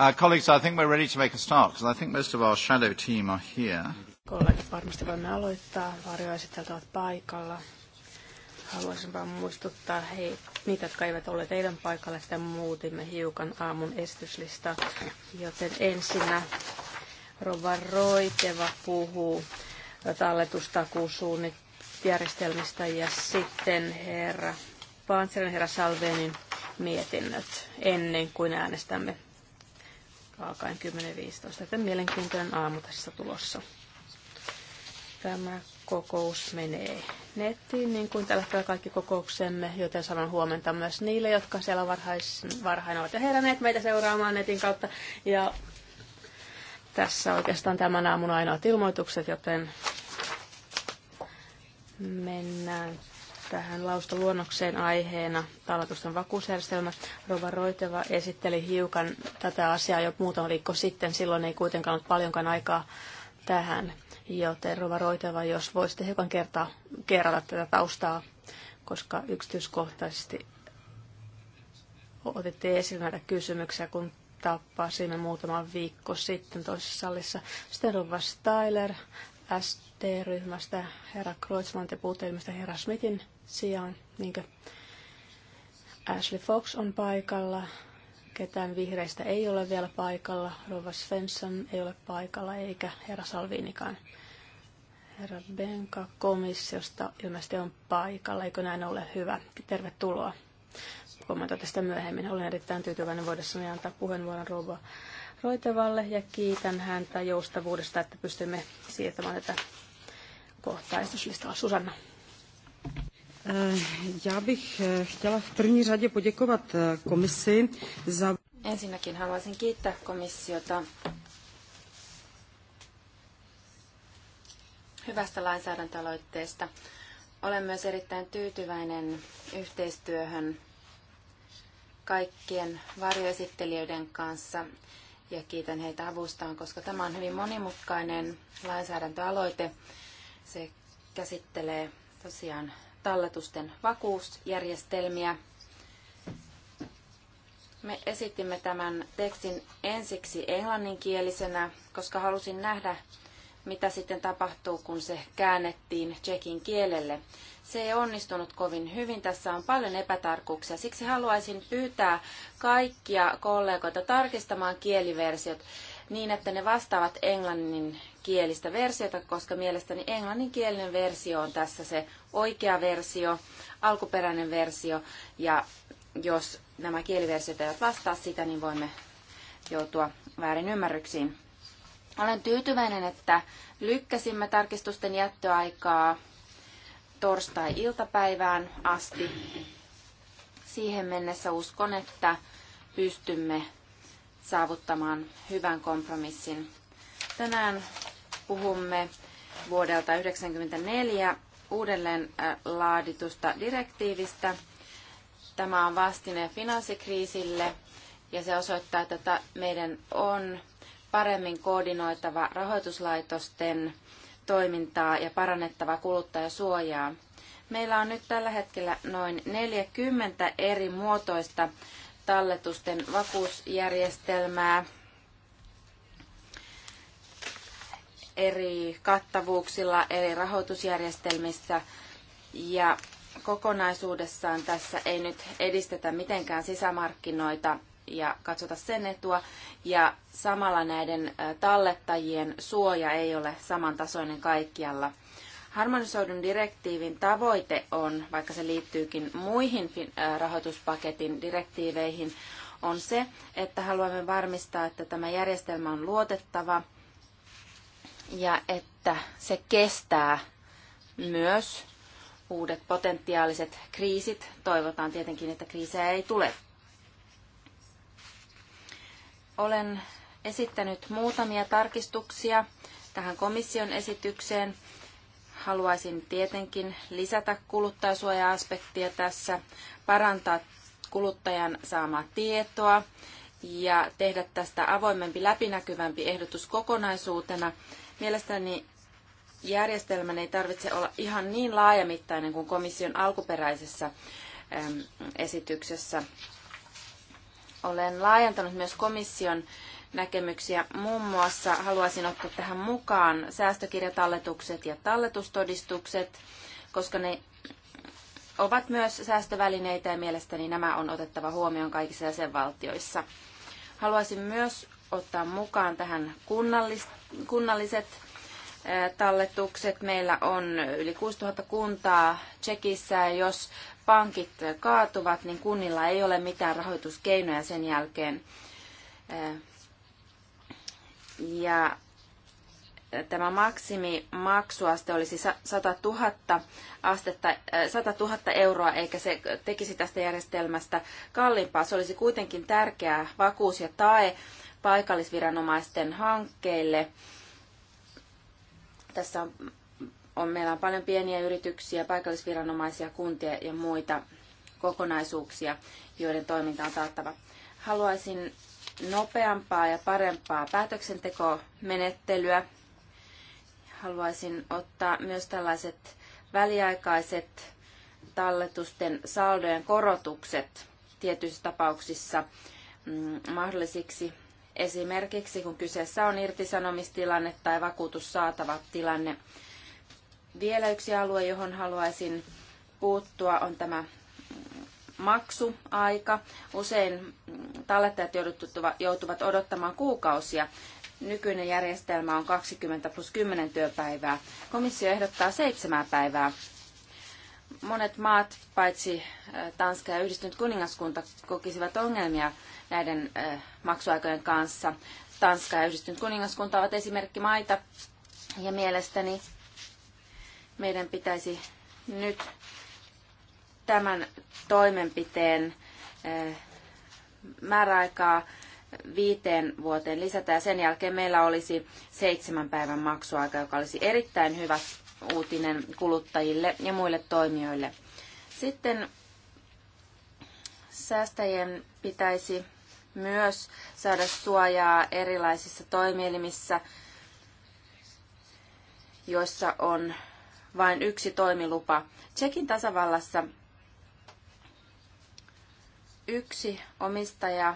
Uh, colleagues, I think we're ready to make a start, because I think most of our shadow team are here. Kollegit, varmasti voimme aloittaa. Varjoesittelijät ovat paikalla. Haluaisin vain muistuttaa hei, niitä, jotka eivät ole teidän paikalla, sitä muutimme hiukan aamun esityslistaa. Joten ensinnä Rova Roiteva puhuu talletustakuusuunnitelmista ja sitten herra Panserin herra Salvenin mietinnöt ennen kuin äänestämme alkaen 10.15. Joten mielenkiintoinen aamu tässä tulossa. Tämä kokous menee nettiin, niin kuin tällä hetkellä kaikki kokouksemme, joten sanon huomenta myös niille, jotka siellä varhais, varhain ovat jo heränneet meitä seuraamaan netin kautta. Ja tässä oikeastaan tämän aamun ainoat ilmoitukset, joten mennään tähän luonnokseen aiheena talletusten vakuusjärjestelmä. Rova Roiteva esitteli hiukan tätä asiaa jo muutama viikko sitten. Silloin ei kuitenkaan ollut paljonkaan aikaa tähän. Joten Rova Roiteva, jos voisitte hiukan kertaa, kerrata tätä taustaa, koska yksityiskohtaisesti otitte esille näitä kysymyksiä, kun tapasimme muutama viikko sitten toisessa salissa. Sitten Rova Styler, ST-ryhmästä, herra Kreutzmann, te puhutte ilmeisesti herra Smithin sijaan. Niinkö? Ashley Fox on paikalla. Ketään vihreistä ei ole vielä paikalla. Rova Svensson ei ole paikalla, eikä herra Salvinikaan. Herra Benka komissiosta ilmeisesti on paikalla, eikö näin ole hyvä? Tervetuloa. Kommentoin tästä myöhemmin. Olen erittäin tyytyväinen voidessani antaa puheenvuoron Rova Roitevalle ja kiitän häntä joustavuudesta, että pystymme siirtämään tätä kohtaa Susanna. Eh, já bych eh, chtěla v první řadě poděkovat eh, komisi za... Ensinnäkin haluaisin kiittää komissiota hyvästä lainsäädäntöaloitteesta. Olen myös erittäin tyytyväinen yhteistyöhön kaikkien varjoesittelijöiden kanssa ja kiitän heitä avustaan, koska tämä on hyvin monimutkainen lainsäädäntöaloite. Se käsittelee tosiaan talletusten vakuusjärjestelmiä. Me esitimme tämän tekstin ensiksi englanninkielisenä, koska halusin nähdä, mitä sitten tapahtuu, kun se käännettiin tsekin kielelle. Se ei onnistunut kovin hyvin, tässä on paljon epätarkkuuksia. Siksi haluaisin pyytää kaikkia kollegoita tarkistamaan kieliversiot niin, että ne vastaavat englanninkielistä versiota, koska mielestäni englanninkielinen versio on tässä se oikea versio, alkuperäinen versio ja jos nämä kieliversiot eivät vastaa sitä, niin voimme joutua väärin ymmärryksiin. Olen tyytyväinen, että lykkäsimme tarkistusten jättöaikaa torstai-iltapäivään asti. Siihen mennessä uskon, että pystymme saavuttamaan hyvän kompromissin. Tänään puhumme vuodelta 1994 uudelleen laaditusta direktiivistä. Tämä on vastine finanssikriisille ja se osoittaa, että meidän on paremmin koordinoitava rahoituslaitosten toimintaa ja parannettava kuluttajasuojaa. Meillä on nyt tällä hetkellä noin 40 eri muotoista talletusten vakuusjärjestelmää eri kattavuuksilla eri rahoitusjärjestelmissä ja kokonaisuudessaan tässä ei nyt edistetä mitenkään sisämarkkinoita ja katsota sen etua. Ja samalla näiden tallettajien suoja ei ole samantasoinen kaikkialla. Harmonisoidun direktiivin tavoite on, vaikka se liittyykin muihin rahoituspaketin direktiiveihin, on se, että haluamme varmistaa, että tämä järjestelmä on luotettava – ja että se kestää myös uudet potentiaaliset kriisit. Toivotaan tietenkin, että kriisejä ei tule. Olen esittänyt muutamia tarkistuksia tähän komission esitykseen. Haluaisin tietenkin lisätä kuluttajasuoja-aspektia tässä, parantaa kuluttajan saamaa tietoa ja tehdä tästä avoimempi, läpinäkyvämpi ehdotus kokonaisuutena Mielestäni järjestelmän ei tarvitse olla ihan niin laajamittainen kuin komission alkuperäisessä esityksessä. Olen laajentanut myös komission näkemyksiä. Muun muassa haluaisin ottaa tähän mukaan säästökirjatalletukset ja talletustodistukset, koska ne ovat myös säästövälineitä ja mielestäni nämä on otettava huomioon kaikissa jäsenvaltioissa. Haluaisin myös ottaa mukaan tähän kunnallista kunnalliset talletukset. Meillä on yli 6000 kuntaa Tsekissä ja jos pankit kaatuvat, niin kunnilla ei ole mitään rahoituskeinoja sen jälkeen. Ja tämä maksimimaksuaste olisi 100 000, astetta, 100 000 euroa, eikä se tekisi tästä järjestelmästä kalliimpaa. Se olisi kuitenkin tärkeä vakuus ja tae paikallisviranomaisten hankkeille. Tässä on, on, meillä on paljon pieniä yrityksiä, paikallisviranomaisia, kuntia ja muita kokonaisuuksia, joiden toiminta on taattava. Haluaisin nopeampaa ja parempaa päätöksentekomenettelyä. Haluaisin ottaa myös tällaiset väliaikaiset talletusten saldojen korotukset tietyissä tapauksissa mm, mahdollisiksi esimerkiksi kun kyseessä on irtisanomistilanne tai vakuutussaatava tilanne. Vielä yksi alue, johon haluaisin puuttua, on tämä maksuaika. Usein tallettajat joutuvat odottamaan kuukausia. Nykyinen järjestelmä on 20 plus 10 työpäivää. Komissio ehdottaa seitsemää päivää monet maat, paitsi äh, Tanska ja yhdistynyt kuningaskunta, kokisivat ongelmia näiden äh, maksuaikojen kanssa. Tanska ja yhdistynyt kuningaskunta ovat maita, ja mielestäni meidän pitäisi nyt tämän toimenpiteen äh, määräaikaa viiteen vuoteen lisätä ja sen jälkeen meillä olisi seitsemän päivän maksuaika, joka olisi erittäin hyvä uutinen kuluttajille ja muille toimijoille. Sitten säästäjien pitäisi myös saada suojaa erilaisissa toimielimissä, joissa on vain yksi toimilupa. Tsekin tasavallassa yksi omistaja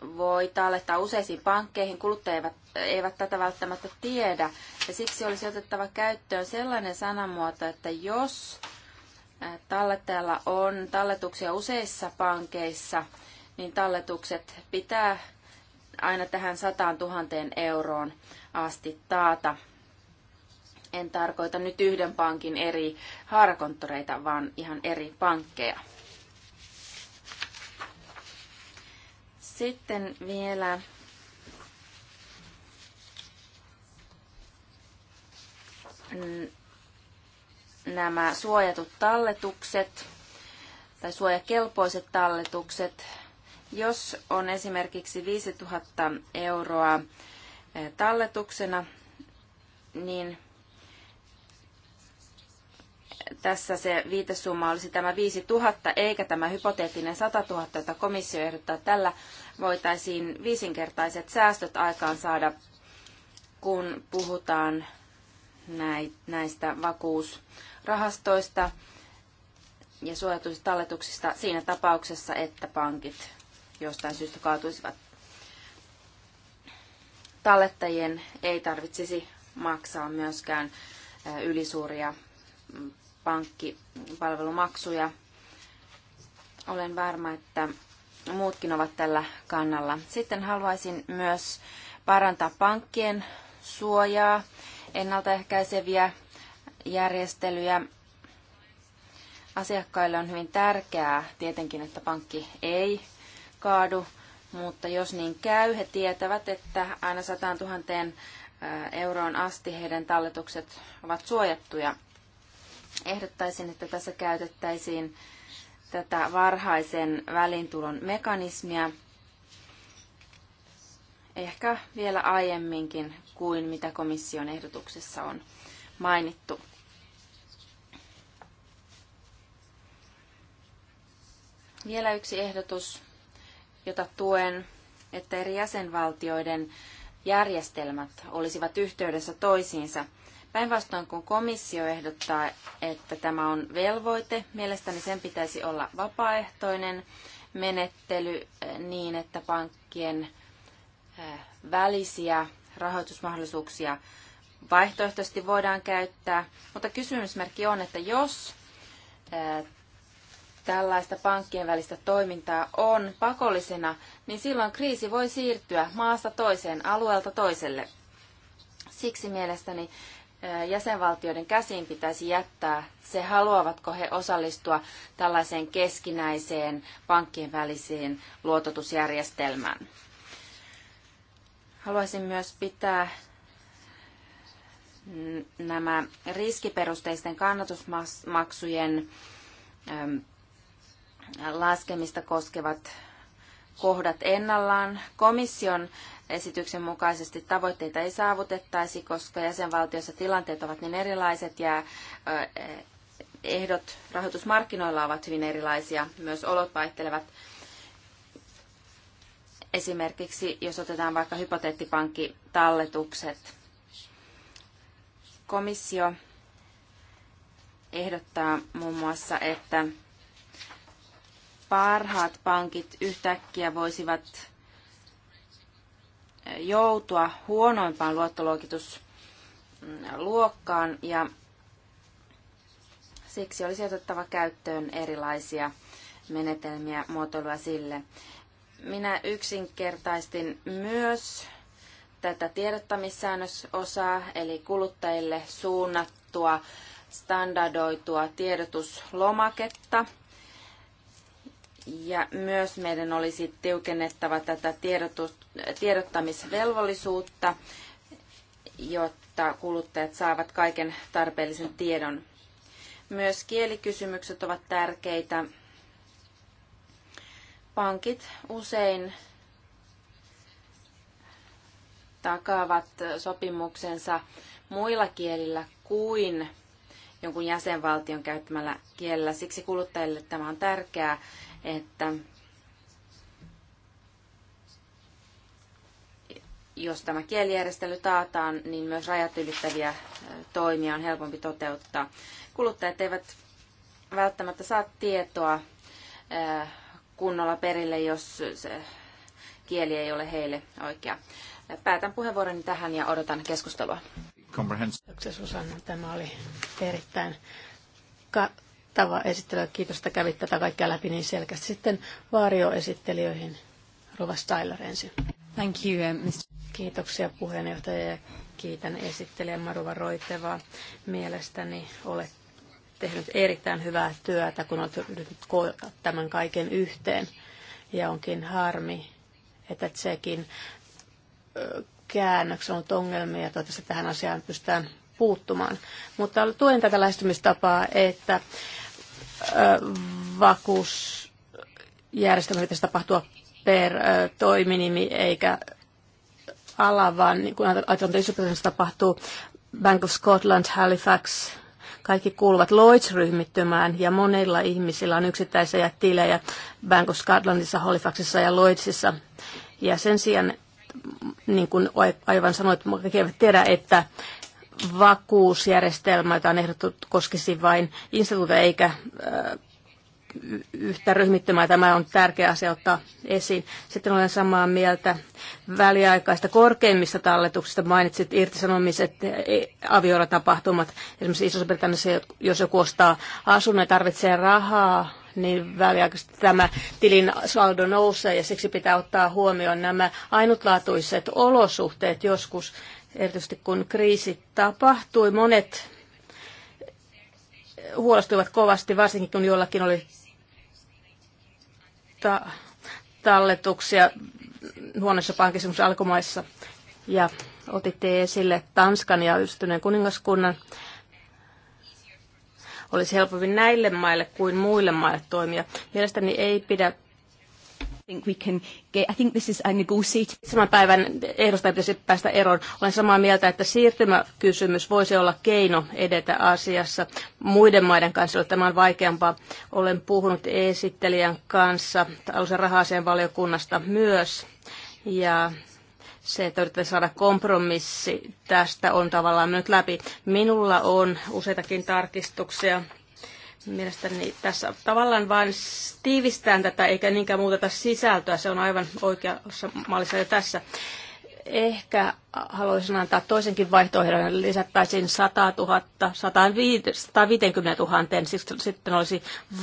voi tallettaa useisiin pankkeihin. Kuluttajat eivät, eivät tätä välttämättä tiedä. Ja siksi olisi otettava käyttöön sellainen sanamuoto, että jos tallettajalla on talletuksia useissa pankeissa, niin talletukset pitää aina tähän 100 000 euroon asti taata. En tarkoita nyt yhden pankin eri haarakonttoreita, vaan ihan eri pankkeja. Sitten vielä nämä suojatut talletukset tai suojakelpoiset talletukset. Jos on esimerkiksi 5000 euroa eh, talletuksena, niin tässä se viitesumma olisi tämä 5000 eikä tämä hypoteettinen 100 000, jota komissio ehdottaa. Tällä voitaisiin viisinkertaiset säästöt aikaan saada, kun puhutaan näistä vakuusrahastoista ja suojatuista talletuksista siinä tapauksessa, että pankit jostain syystä kaatuisivat. Tallettajien ei tarvitsisi maksaa myöskään ylisuuria mm, pankkipalvelumaksuja. Olen varma, että muutkin ovat tällä kannalla. Sitten haluaisin myös parantaa pankkien suojaa, ennaltaehkäiseviä järjestelyjä. Asiakkaille on hyvin tärkeää tietenkin, että pankki ei kaadu, mutta jos niin käy, he tietävät, että aina 100 000 euroon asti heidän talletukset ovat suojattuja. Ehdottaisin, että tässä käytettäisiin tätä varhaisen välintulon mekanismia ehkä vielä aiemminkin kuin mitä komission ehdotuksessa on mainittu. Vielä yksi ehdotus, jota tuen, että eri jäsenvaltioiden järjestelmät olisivat yhteydessä toisiinsa – Päinvastoin kun komissio ehdottaa, että tämä on velvoite, mielestäni sen pitäisi olla vapaaehtoinen menettely eh, niin, että pankkien eh, välisiä rahoitusmahdollisuuksia vaihtoehtoisesti voidaan käyttää. Mutta kysymysmerkki on, että jos eh, tällaista pankkien välistä toimintaa on pakollisena, niin silloin kriisi voi siirtyä maasta toiseen, alueelta toiselle. Siksi mielestäni jäsenvaltioiden käsiin pitäisi jättää se, haluavatko he osallistua tällaiseen keskinäiseen pankkien väliseen luototusjärjestelmään. Haluaisin myös pitää nämä riskiperusteisten kannatusmaksujen laskemista koskevat kohdat ennallaan. Komission esityksen mukaisesti tavoitteita ei saavutettaisi, koska jäsenvaltiossa tilanteet ovat niin erilaiset ja ehdot rahoitusmarkkinoilla ovat hyvin erilaisia. Myös olot vaihtelevat. Esimerkiksi jos otetaan vaikka hypoteettipankkitalletukset. Komissio ehdottaa muun muassa, että parhaat pankit yhtäkkiä voisivat joutua huonoimpaan luottoluokitusluokkaan ja siksi olisi otettava käyttöön erilaisia menetelmiä, muotoilua sille. Minä yksinkertaistin myös tätä tiedottamissäännösosaa, eli kuluttajille suunnattua standardoitua tiedotuslomaketta – ja myös meidän olisi tiukennettava tätä tiedottamisvelvollisuutta, jotta kuluttajat saavat kaiken tarpeellisen tiedon. Myös kielikysymykset ovat tärkeitä. Pankit usein takaavat sopimuksensa muilla kielillä kuin jonkun jäsenvaltion käyttämällä kielellä. Siksi kuluttajille tämä on tärkeää että jos tämä kielijärjestely taataan, niin myös rajat ylittäviä toimia on helpompi toteuttaa. Kuluttajat eivät välttämättä saa tietoa kunnolla perille, jos se kieli ei ole heille oikea. Päätän puheenvuoroni tähän ja odotan keskustelua. Kiitoksia Susanna. Tämä oli erittäin kattava esittely. Kiitos, että kävit tätä kaikkea läpi niin selkeästi. Sitten varjoesittelijöihin. Rova Styler ensin. Thank you, uh, Mr. Kiitoksia puheenjohtaja ja kiitän esittelijä Maruva Roitevaa. Mielestäni olet tehnyt erittäin hyvää työtä, kun olet yrittänyt koota tämän kaiken yhteen. Ja onkin harmi, että sekin käännöksessä on ongelmia ja toivottavasti tähän asiaan pystytään puuttumaan. Mutta tuen tätä lähestymistapaa, että vakuusjärjestelmä pitäisi tapahtua per toiminimi eikä ala, vaan niin kun ajatellaan, että tapahtuu Bank of Scotland, Halifax, kaikki kuuluvat Lloyds-ryhmittymään ja monilla ihmisillä on yksittäisiä tilejä Bank of Scotlandissa, Halifaxissa ja Lloydsissa. Ja sen sijaan, niin kuin aivan sanoit, mutta eivät tiedä, että vakuusjärjestelmä, jota on ehdotettu, koskisi vain instituutteja eikä yhtä ryhmittymää. Tämä on tärkeä asia ottaa esiin. Sitten olen samaa mieltä väliaikaista korkeimmista talletuksista. Mainitsit irtisanomiset, e, avioratapahtumat. Esimerkiksi Iso-Britanniassa, jos joku ostaa asunnon ja tarvitsee rahaa, niin väliaikaisesti tämä tilin saldo nousee ja siksi pitää ottaa huomioon nämä ainutlaatuiset olosuhteet joskus Erityisesti kun kriisi tapahtui, monet huolestuivat kovasti, varsinkin kun jollakin oli ta- talletuksia huonossa pankissa, alkumaissa. Ja otitte esille Tanskan ja yhdistyneen kuningaskunnan. Olisi helpommin näille maille kuin muille maille toimia. Mielestäni ei pidä I think think we can get. this is a Tämän päivän ehdosta pitäisi päästä eroon. Olen samaa mieltä, että siirtymäkysymys voisi olla keino edetä asiassa muiden maiden kanssa, jolle tämä on vaikeampaa. Olen puhunut esittelijän kanssa alusen raha valiokunnasta myös. Ja se, että yritetään saada kompromissi tästä on tavallaan nyt läpi. Minulla on useitakin tarkistuksia Mielestäni tässä tavallaan vain tiivistään tätä eikä niinkään muuteta sisältöä. Se on aivan oikeassa mallissa jo tässä ehkä haluaisin antaa toisenkin vaihtoehdon, lisättäisiin 100 000, 150 000, siis sitten olisi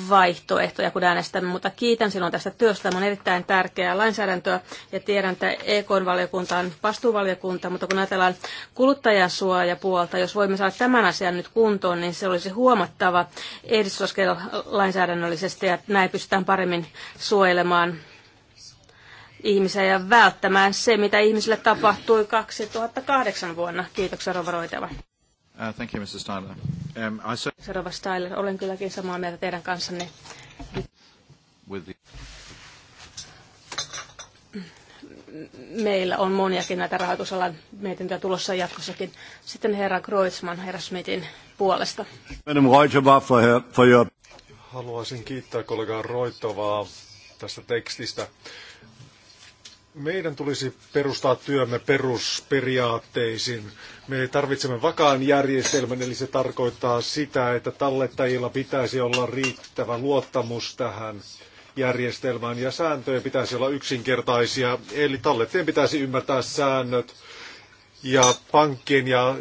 vaihtoehtoja, kun äänestämme. Mutta kiitän sinua tästä työstä, tämä on erittäin tärkeää lainsäädäntöä ja tiedän, että EK-valiokunta on vastuuvaliokunta, mutta kun ajatellaan kuluttajansuojapuolta, jos voimme saada tämän asian nyt kuntoon, niin se olisi huomattava edistysaskel lainsäädännöllisesti ja näin pystytään paremmin suojelemaan ihmisiä ja välttämään se, mitä ihmisille tapahtui 2008 vuonna. Kiitoksia, Rova Roiteva. Uh, thank you, Mr. Styler. Um, I Rova Steiler, olen kylläkin samaa mieltä teidän kanssanne. With the... Meillä on moniakin näitä rahoitusalan mietintöjä tulossa jatkossakin. Sitten herra Kreutzmann, herra Smithin puolesta. Haluaisin kiittää kollegaa Roitovaa tästä tekstistä. Meidän tulisi perustaa työmme perusperiaatteisiin. Me tarvitsemme vakaan järjestelmän, eli se tarkoittaa sitä, että tallettajilla pitäisi olla riittävä luottamus tähän järjestelmään ja sääntöjä pitäisi olla yksinkertaisia, eli tallettajien pitäisi ymmärtää säännöt ja pankkien ja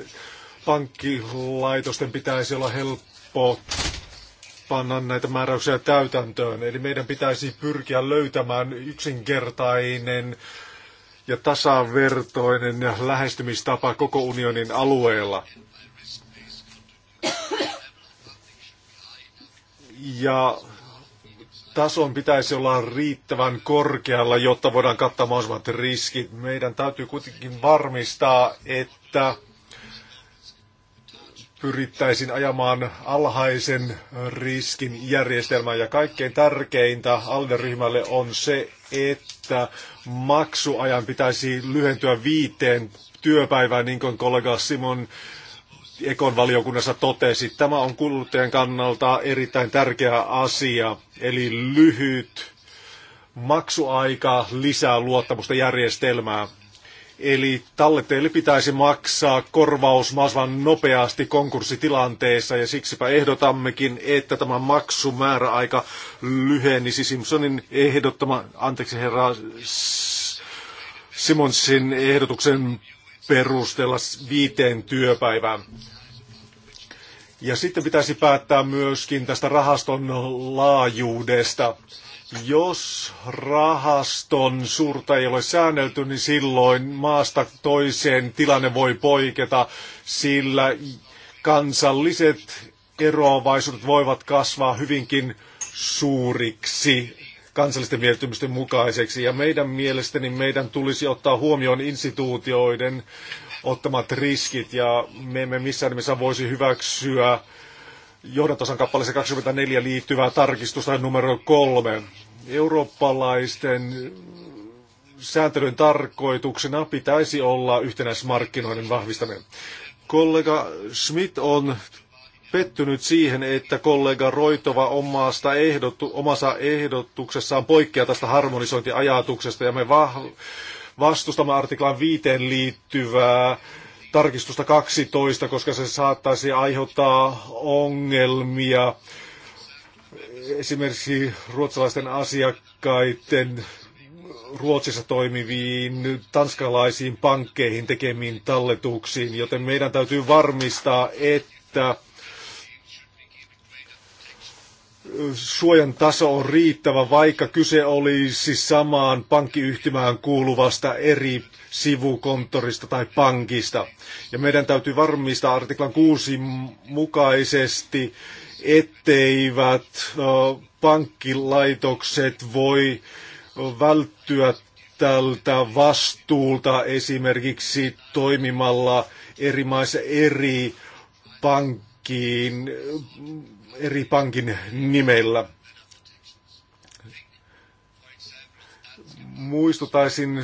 pankkilaitosten pitäisi olla helppo panna näitä määräyksiä täytäntöön. Eli meidän pitäisi pyrkiä löytämään yksinkertainen ja tasavertoinen lähestymistapa koko unionin alueella. Ja tason pitäisi olla riittävän korkealla, jotta voidaan kattaa mahdollisimmat riskit. Meidän täytyy kuitenkin varmistaa, että pyrittäisiin ajamaan alhaisen riskin järjestelmään. Ja kaikkein tärkeintä ALDE-ryhmälle on se, että maksuajan pitäisi lyhentyä viiteen työpäivään, niin kuin kollega Simon Ekon valiokunnassa totesi. Tämä on kuluttajan kannalta erittäin tärkeä asia, eli lyhyt maksuaika lisää luottamusta järjestelmään. Eli talletteille pitäisi maksaa korvaus mahdollisimman nopeasti konkurssitilanteessa ja siksipä ehdotammekin, että tämä maksumääräaika lyhenisi Simpsonin ehdottama, anteeksi herra Simonsin ehdotuksen perusteella viiteen työpäivään. Ja sitten pitäisi päättää myöskin tästä rahaston laajuudesta. Jos rahaston suurta ei ole säännelty, niin silloin maasta toiseen tilanne voi poiketa, sillä kansalliset eroavaisuudet voivat kasvaa hyvinkin suuriksi kansallisten mieltymysten mukaiseksi. Ja meidän mielestäni meidän tulisi ottaa huomioon instituutioiden ottamat riskit ja me emme missään nimessä voisi hyväksyä johdantosan kappaleeseen 24 liittyvää tarkistusta numero kolme. Eurooppalaisten sääntelyn tarkoituksena pitäisi olla yhtenäismarkkinoiden vahvistaminen. Kollega Schmidt on pettynyt siihen, että kollega Roitova omasta ehdotu, omassa ehdotuksessaan poikkeaa tästä harmonisointiajatuksesta ja me vah, vastustamme artiklan viiteen liittyvää tarkistusta 12, koska se saattaisi aiheuttaa ongelmia esimerkiksi ruotsalaisten asiakkaiden Ruotsissa toimiviin tanskalaisiin pankkeihin tekemiin talletuksiin, joten meidän täytyy varmistaa, että suojan taso on riittävä, vaikka kyse olisi samaan pankkiyhtymään kuuluvasta eri sivukonttorista tai pankista. Ja meidän täytyy varmistaa artiklan 6 mukaisesti, etteivät no, pankkilaitokset voi välttyä tältä vastuulta esimerkiksi toimimalla eri maissa eri pankkiin, eri pankin nimellä. Muistutaisin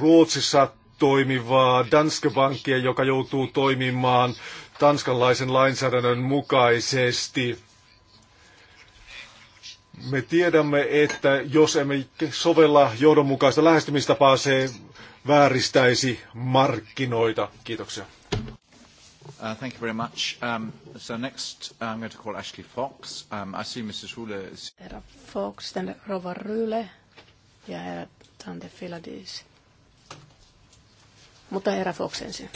Ruotsissa toimivaa Danske Bankia, joka joutuu toimimaan tanskanlaisen lainsäädännön mukaisesti. Me tiedämme, että jos emme sovella johdonmukaista lähestymistapaa, se vääristäisi markkinoita. Kiitoksia. Uh, thank you very much. Um, so next, I'm going to call Ashley Fox. Um, I see Mrs. Rule is... Herra Fox, then Rova Ryle ja herra Tante Filadis. Mutta herra Fox ensin.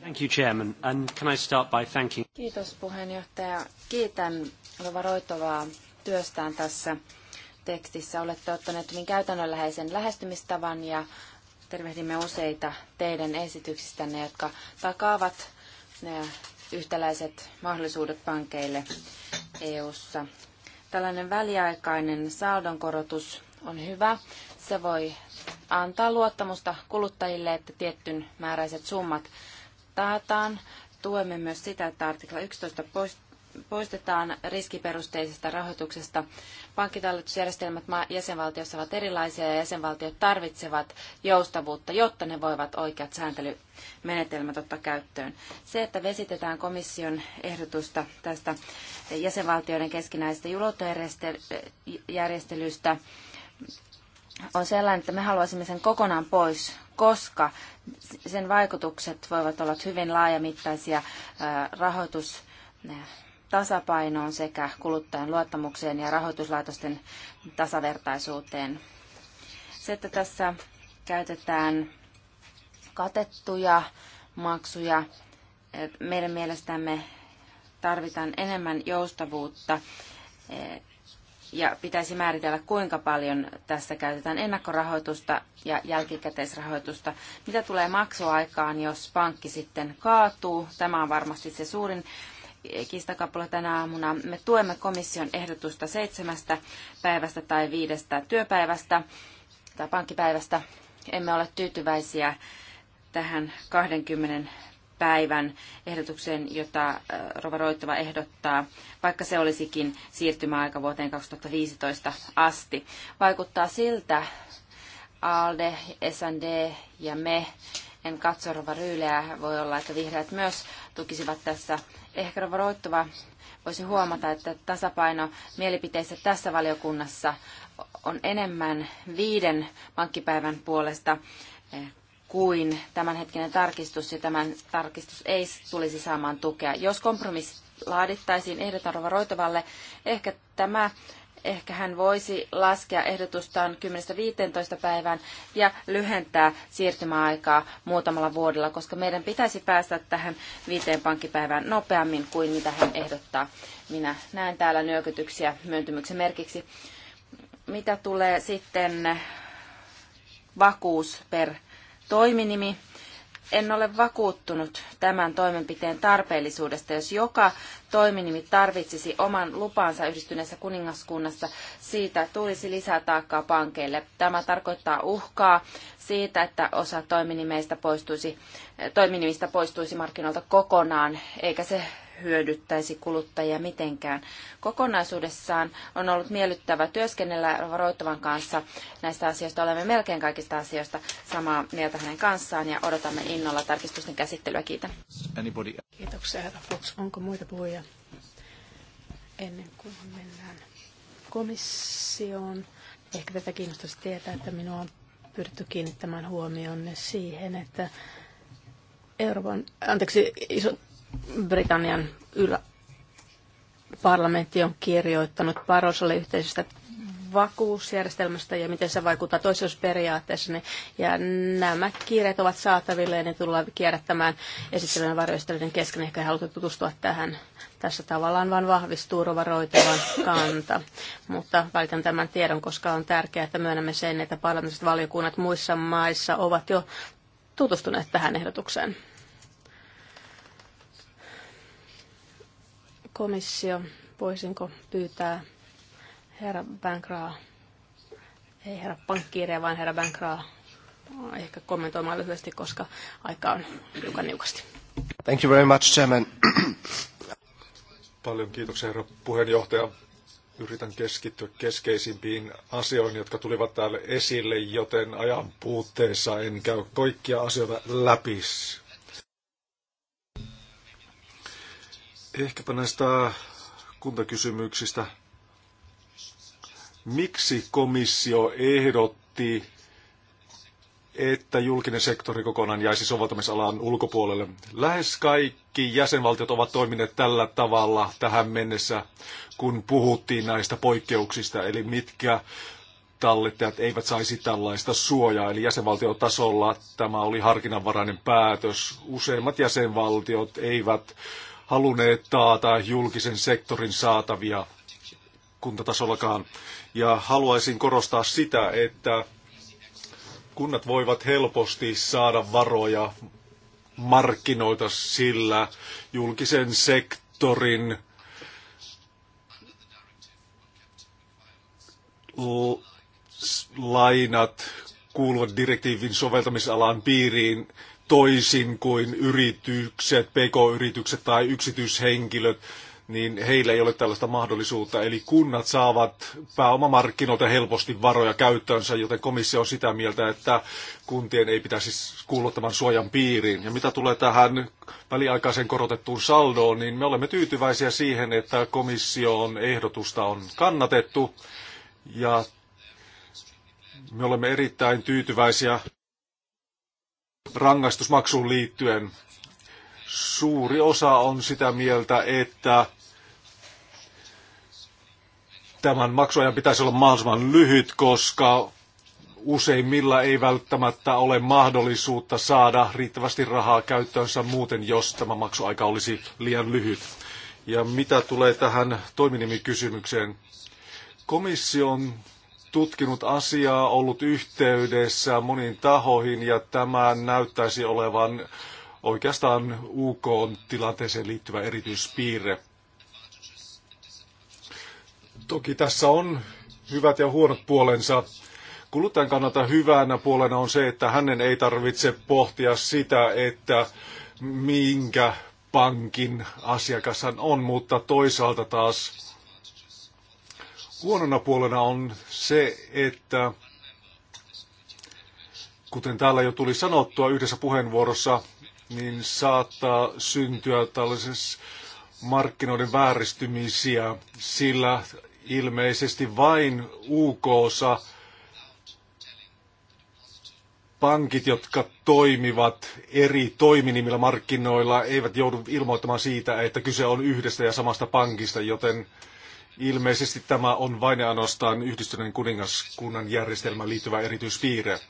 Thank you, Chairman. And can I start by thanking... Kiitos puheenjohtaja. Kiitän Rova Roitovaa työstään tässä tekstissä. Olette ottaneet hyvin käytännönläheisen lähestymistavan ja tervehdimme useita teidän esityksistänne, jotka takaavat ne yhtäläiset mahdollisuudet pankeille EU:ssa. Tällainen väliaikainen saldonkorotus on hyvä. Se voi antaa luottamusta kuluttajille, että tietyn määräiset summat taataan. Tuemme myös sitä, että artikla 11 poistetaan riskiperusteisesta rahoituksesta. Pankkitalletusjärjestelmät jäsenvaltiossa ovat erilaisia ja jäsenvaltiot tarvitsevat joustavuutta, jotta ne voivat oikeat sääntelymenetelmät ottaa käyttöön. Se, että vesitetään komission ehdotusta tästä jäsenvaltioiden keskinäisestä julottojärjestelystä, on sellainen, että me haluaisimme sen kokonaan pois, koska sen vaikutukset voivat olla hyvin laajamittaisia rahoitus tasapainoon sekä kuluttajan luottamukseen ja rahoituslaitosten tasavertaisuuteen. Se, että tässä käytetään katettuja maksuja, meidän mielestämme tarvitaan enemmän joustavuutta eh, ja pitäisi määritellä, kuinka paljon tässä käytetään ennakkorahoitusta ja jälkikäteisrahoitusta. Mitä tulee maksuaikaan, jos pankki sitten kaatuu? Tämä on varmasti se suurin kiistakappale tänä aamuna. Me tuemme komission ehdotusta seitsemästä päivästä tai viidestä työpäivästä tai pankkipäivästä. Emme ole tyytyväisiä tähän 20 päivän ehdotukseen, jota äh, Rova Roittava ehdottaa, vaikka se olisikin siirtymäaika vuoteen 2015 asti. Vaikuttaa siltä, ALDE, SND ja me, en katso Rova Ryyleä, voi olla, että vihreät myös tukisivat tässä ehkä varoittava voisi huomata, että tasapaino mielipiteissä tässä valiokunnassa on enemmän viiden pankkipäivän puolesta eh, kuin tämänhetkinen tarkistus, ja tämän tarkistus ei tulisi saamaan tukea. Jos kompromissi laadittaisiin ehdotan Roitovalle, ehkä tämä ehkä hän voisi laskea ehdotustaan 10-15 päivään ja lyhentää siirtymäaikaa muutamalla vuodella, koska meidän pitäisi päästä tähän viiteen pankkipäivään nopeammin kuin mitä hän ehdottaa. Minä näen täällä nyökytyksiä myöntymyksen merkiksi. Mitä tulee sitten vakuus per toiminimi, en ole vakuuttunut tämän toimenpiteen tarpeellisuudesta. Jos joka toiminimi tarvitsisi oman lupansa yhdistyneessä kuningaskunnassa, siitä tulisi lisää taakkaa pankeille. Tämä tarkoittaa uhkaa siitä, että osa toiminimeistä poistuisi, toiminimistä poistuisi markkinoilta kokonaan, eikä se hyödyttäisi kuluttajia mitenkään. Kokonaisuudessaan on ollut miellyttävä työskennellä varoittavan kanssa näistä asioista. Olemme melkein kaikista asioista samaa mieltä hänen kanssaan ja odotamme innolla tarkistusten käsittelyä. Kiitän. Anybody? Kiitoksia herra Fox. Onko muita puhujia ennen kuin mennään komissioon? Ehkä tätä kiinnostaisi tietää, että minua on pyritty kiinnittämään huomioon siihen, että Euroopan, anteeksi, iso, Britannian ylä- parlamentti on kirjoittanut Barrosolle yhteisestä vakuusjärjestelmästä ja miten se vaikuttaa toisellisuusperiaatteeseen. Niin- ja nämä kirjat ovat saatavilla ja ne tullaan kierrättämään esittelyyn ja kesken. Ehkä haluta tutustua tähän. Tässä tavallaan vain vahvistuu rovaroitavan kanta. Mutta välitän tämän tiedon, koska on tärkeää, että myönnämme sen, että parlamentiset valiokunnat muissa maissa ovat jo tutustuneet tähän ehdotukseen. komissio, voisinko pyytää herra Bankraa, ei herra pankkiiriä, vaan herra Bankraa ehkä kommentoimaan lyhyesti, koska aika on hiukan niukasti. Thank you very much, Chairman. Paljon kiitoksia, herra puheenjohtaja. Yritän keskittyä keskeisimpiin asioihin, jotka tulivat täällä esille, joten ajan puutteessa en käy kaikkia asioita läpi Ehkäpä näistä kuntakysymyksistä. Miksi komissio ehdotti, että julkinen sektori kokonaan jäisi soveltamisalan ulkopuolelle? Lähes kaikki jäsenvaltiot ovat toimineet tällä tavalla tähän mennessä, kun puhuttiin näistä poikkeuksista, eli mitkä tallettajat eivät saisi tällaista suojaa, eli jäsenvaltiotasolla tämä oli harkinnanvarainen päätös. Useimmat jäsenvaltiot eivät halunneet taata julkisen sektorin saatavia kuntatasollakaan. Ja haluaisin korostaa sitä, että kunnat voivat helposti saada varoja markkinoita sillä julkisen sektorin lainat kuuluvat direktiivin soveltamisalan piiriin toisin kuin yritykset, pk-yritykset tai yksityishenkilöt, niin heillä ei ole tällaista mahdollisuutta. Eli kunnat saavat pääomamarkkinoilta helposti varoja käyttöönsä, joten komissio on sitä mieltä, että kuntien ei pitäisi kuulua tämän suojan piiriin. Ja mitä tulee tähän väliaikaisen korotettuun saldoon, niin me olemme tyytyväisiä siihen, että komission ehdotusta on kannatettu. Ja me olemme erittäin tyytyväisiä rangaistusmaksuun liittyen. Suuri osa on sitä mieltä, että tämän maksuajan pitäisi olla mahdollisimman lyhyt, koska useimmilla ei välttämättä ole mahdollisuutta saada riittävästi rahaa käyttöönsä muuten, jos tämä maksuaika olisi liian lyhyt. Ja mitä tulee tähän toiminimikysymykseen? Komission tutkinut asiaa, ollut yhteydessä moniin tahoihin ja tämä näyttäisi olevan oikeastaan UK-tilanteeseen liittyvä erityispiirre. Toki tässä on hyvät ja huonot puolensa. Kuluttajan kannalta hyvänä puolena on se, että hänen ei tarvitse pohtia sitä, että minkä pankin asiakas hän on, mutta toisaalta taas Huonona puolena on se, että kuten täällä jo tuli sanottua yhdessä puheenvuorossa, niin saattaa syntyä tällaisessa markkinoiden vääristymisiä, sillä ilmeisesti vain uk pankit, jotka toimivat eri toiminimillä markkinoilla, eivät joudu ilmoittamaan siitä, että kyse on yhdestä ja samasta pankista, joten Ilmeisesti tämä on vain ja ainoastaan yhdistyneen kuningaskunnan järjestelmään liittyvä erityispiirre.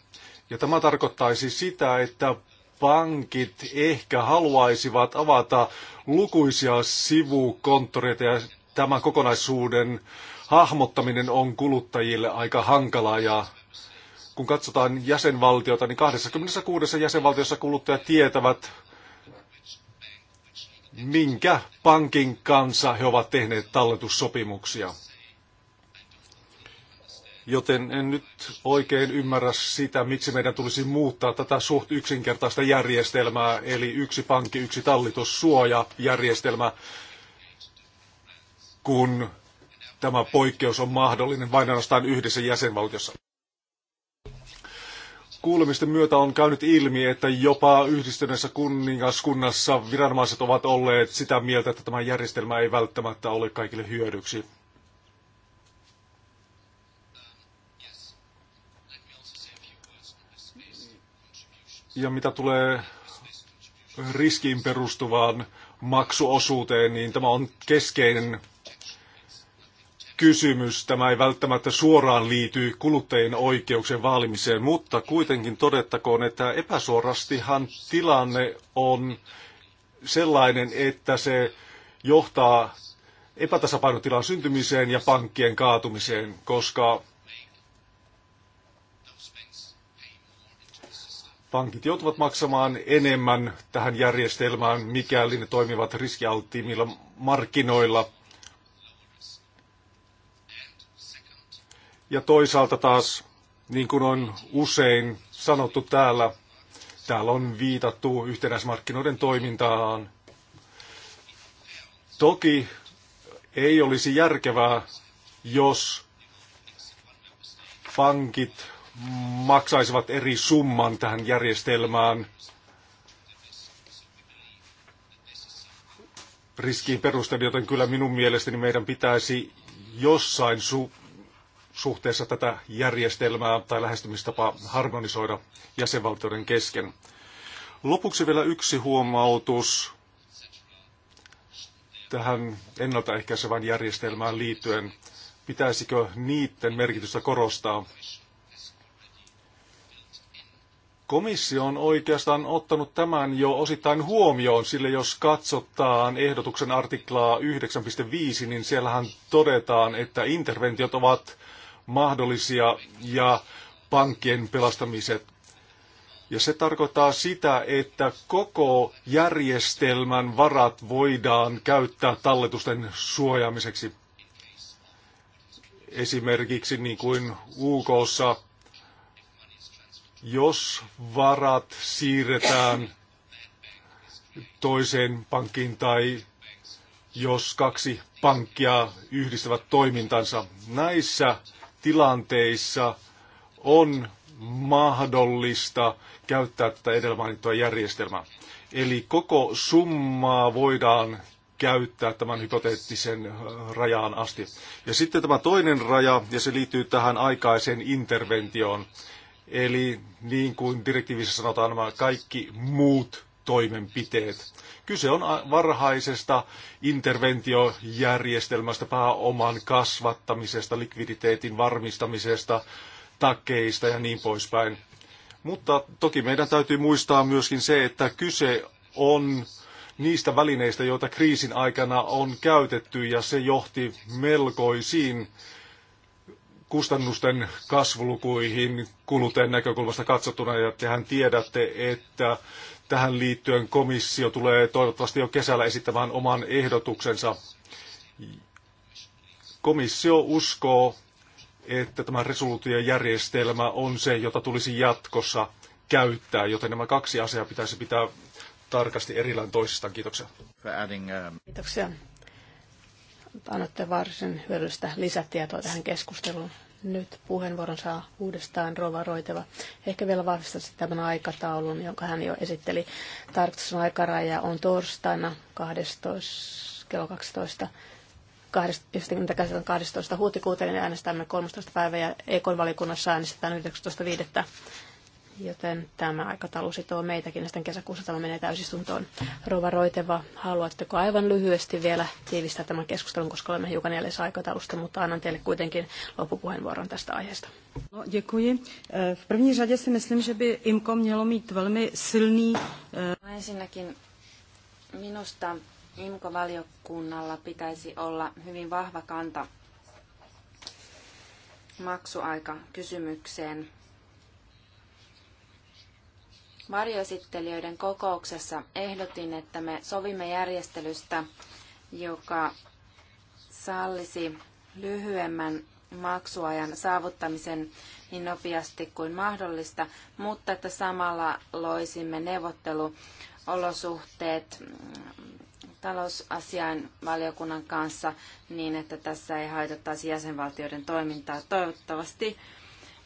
Ja tämä tarkoittaisi sitä, että pankit ehkä haluaisivat avata lukuisia sivukonttoreita ja tämän kokonaisuuden hahmottaminen on kuluttajille aika hankalaa ja kun katsotaan jäsenvaltiota, niin 26 jäsenvaltiossa kuluttajat tietävät minkä pankin kanssa he ovat tehneet talletussopimuksia. Joten en nyt oikein ymmärrä sitä, miksi meidän tulisi muuttaa tätä suht yksinkertaista järjestelmää, eli yksi pankki, yksi tallitussuoja järjestelmä, kun tämä poikkeus on mahdollinen vain ainoastaan yhdessä jäsenvaltiossa. Kuulemisten myötä on käynyt ilmi, että jopa yhdistyneessä kuningaskunnassa viranomaiset ovat olleet sitä mieltä, että tämä järjestelmä ei välttämättä ole kaikille hyödyksi. Ja mitä tulee riskiin perustuvaan maksuosuuteen, niin tämä on keskeinen kysymys. Tämä ei välttämättä suoraan liity kuluttajien oikeuksien vaalimiseen, mutta kuitenkin todettakoon, että epäsuorastihan tilanne on sellainen, että se johtaa epätasapainotilan syntymiseen ja pankkien kaatumiseen, koska pankit joutuvat maksamaan enemmän tähän järjestelmään, mikäli ne toimivat riskialttiimilla markkinoilla. Ja toisaalta taas, niin kuin on usein sanottu täällä, täällä on viitattu yhtenäismarkkinoiden toimintaan. Toki ei olisi järkevää, jos pankit maksaisivat eri summan tähän järjestelmään riskiin perusten, joten kyllä minun mielestäni meidän pitäisi jossain su- suhteessa tätä järjestelmää tai lähestymistapaa harmonisoida jäsenvaltioiden kesken. Lopuksi vielä yksi huomautus tähän ennaltaehkäisevään järjestelmään liittyen. Pitäisikö niiden merkitystä korostaa? Komissio on oikeastaan ottanut tämän jo osittain huomioon, sillä jos katsotaan ehdotuksen artiklaa 9.5, niin siellähän todetaan, että interventiot ovat mahdollisia ja pankkien pelastamiset. Ja se tarkoittaa sitä, että koko järjestelmän varat voidaan käyttää talletusten suojaamiseksi. Esimerkiksi niin kuin UKssa, jos varat siirretään toiseen pankkiin tai jos kaksi pankkia yhdistävät toimintansa. Näissä tilanteissa on mahdollista käyttää tätä edellä mainittua järjestelmää. Eli koko summaa voidaan käyttää tämän hypoteettisen rajaan asti. Ja sitten tämä toinen raja, ja se liittyy tähän aikaiseen interventioon. Eli niin kuin direktiivissä sanotaan, nämä kaikki muut toimenpiteet. Kyse on varhaisesta interventiojärjestelmästä, pääoman kasvattamisesta, likviditeetin varmistamisesta, takkeista ja niin poispäin. Mutta toki meidän täytyy muistaa myöskin se, että kyse on niistä välineistä, joita kriisin aikana on käytetty, ja se johti melkoisiin kustannusten kasvulukuihin kuluteen näkökulmasta katsottuna, ja tehän tiedätte, että Tähän liittyen komissio tulee toivottavasti jo kesällä esittämään oman ehdotuksensa. Komissio uskoo, että tämä resoluutiojärjestelmä on se, jota tulisi jatkossa käyttää, joten nämä kaksi asiaa pitäisi pitää tarkasti erillään toisistaan. Kiitoksia. Um, Kiitoksia. Annatte varsin hyödyllistä lisätietoa tähän keskusteluun. Nyt puheenvuoron saa uudestaan Rova Roiteva. Ehkä vielä vahvistaisi tämän aikataulun, jonka hän jo esitteli. Tarkastuksen aikaraja on torstaina 12, kello 12. 20, 12. huhtikuuta, niin äänestämme 13. päivä ja EK-valikunnassa äänestetään 19.5 joten tämä aikataulu sitoo meitäkin ja sitten kesäkuussa tämä menee täysistuntoon. Rova Roiteva, haluatteko aivan lyhyesti vielä tiivistää tämän keskustelun, koska olemme hiukan jäljessä aikataulusta, mutta annan teille kuitenkin loppupuheenvuoron tästä aiheesta. No, děkuji. Eh, v první řadě si myslím, že by IMKO mělo mít velmi silný... Eh, no, ensinnäkin minusta IMKO-valiokunnalla pitäisi olla hyvin vahva kanta maksuaika kysymykseen Varjoesittelijöiden kokouksessa ehdotin, että me sovimme järjestelystä, joka sallisi lyhyemmän maksuajan saavuttamisen niin nopeasti kuin mahdollista, mutta että samalla loisimme neuvotteluolosuhteet mm, talousasiain valiokunnan kanssa niin, että tässä ei haitattaisi jäsenvaltioiden toimintaa. Toivottavasti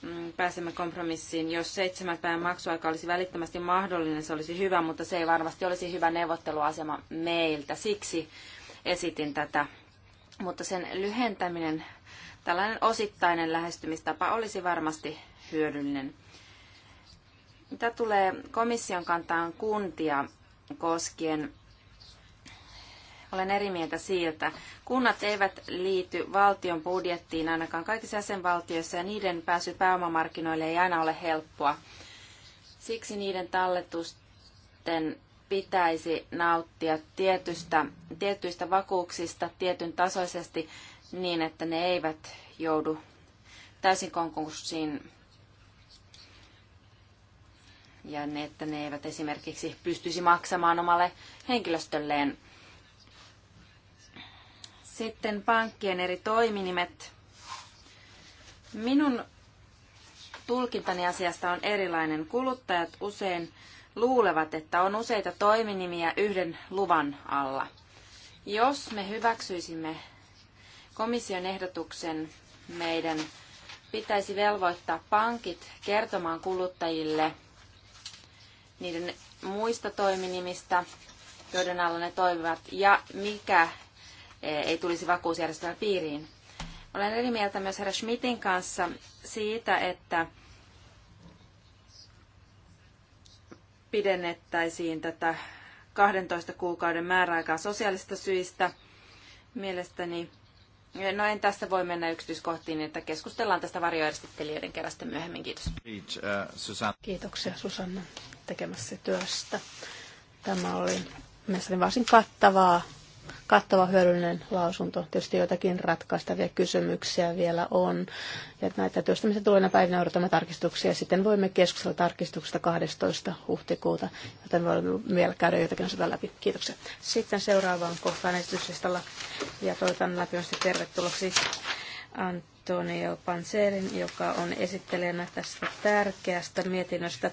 Mm, pääsemme kompromissiin. Jos seitsemän päivän maksuaika olisi välittömästi mahdollinen, se olisi hyvä, mutta se ei varmasti olisi hyvä neuvotteluasema meiltä. Siksi esitin tätä. Mutta sen lyhentäminen, tällainen osittainen lähestymistapa olisi varmasti hyödyllinen. Mitä tulee komission kantaan kuntia koskien olen eri mieltä siitä. Kunnat eivät liity valtion budjettiin ainakaan kaikissa jäsenvaltioissa ja niiden pääsy pääomamarkkinoille ei aina ole helppoa. Siksi niiden talletusten pitäisi nauttia tietystä, tietyistä vakuuksista tietyn tasoisesti niin, että ne eivät joudu täysin konkurssiin ja ne, että ne eivät esimerkiksi pystyisi maksamaan omalle henkilöstölleen sitten pankkien eri toiminimet. Minun tulkintani asiasta on erilainen. Kuluttajat usein luulevat, että on useita toiminimiä yhden luvan alla. Jos me hyväksyisimme komission ehdotuksen, meidän pitäisi velvoittaa pankit kertomaan kuluttajille niiden muista toiminimistä, joiden alla ne toimivat, ja mikä ei tulisi vakuusjärjestelmän piiriin. Olen eri mieltä myös herra Schmidtin kanssa siitä, että pidennettäisiin tätä 12 kuukauden määräaikaa sosiaalista syistä. Mielestäni, no en tässä voi mennä yksityiskohtiin, niin että keskustellaan tästä varjoesittelijöiden kerrasta myöhemmin. Kiitos. Äh, Kiitoksia Susanna tekemässä työstä. Tämä oli mielestäni varsin kattavaa kattava hyödyllinen lausunto. Tietysti joitakin ratkaistavia kysymyksiä vielä on. Ja näitä työstämistä tulevina päivinä odotamme tarkistuksia. Sitten voimme keskustella tarkistuksesta 12. huhtikuuta, joten voimme vielä käydä jotakin sitä läpi. Kiitoksia. Sitten seuraavaan kohtaan esityslistalla ja toivotan lämpimästi tervetulleeksi Antonio Panserin, joka on esittelijänä tästä tärkeästä mietinnöstä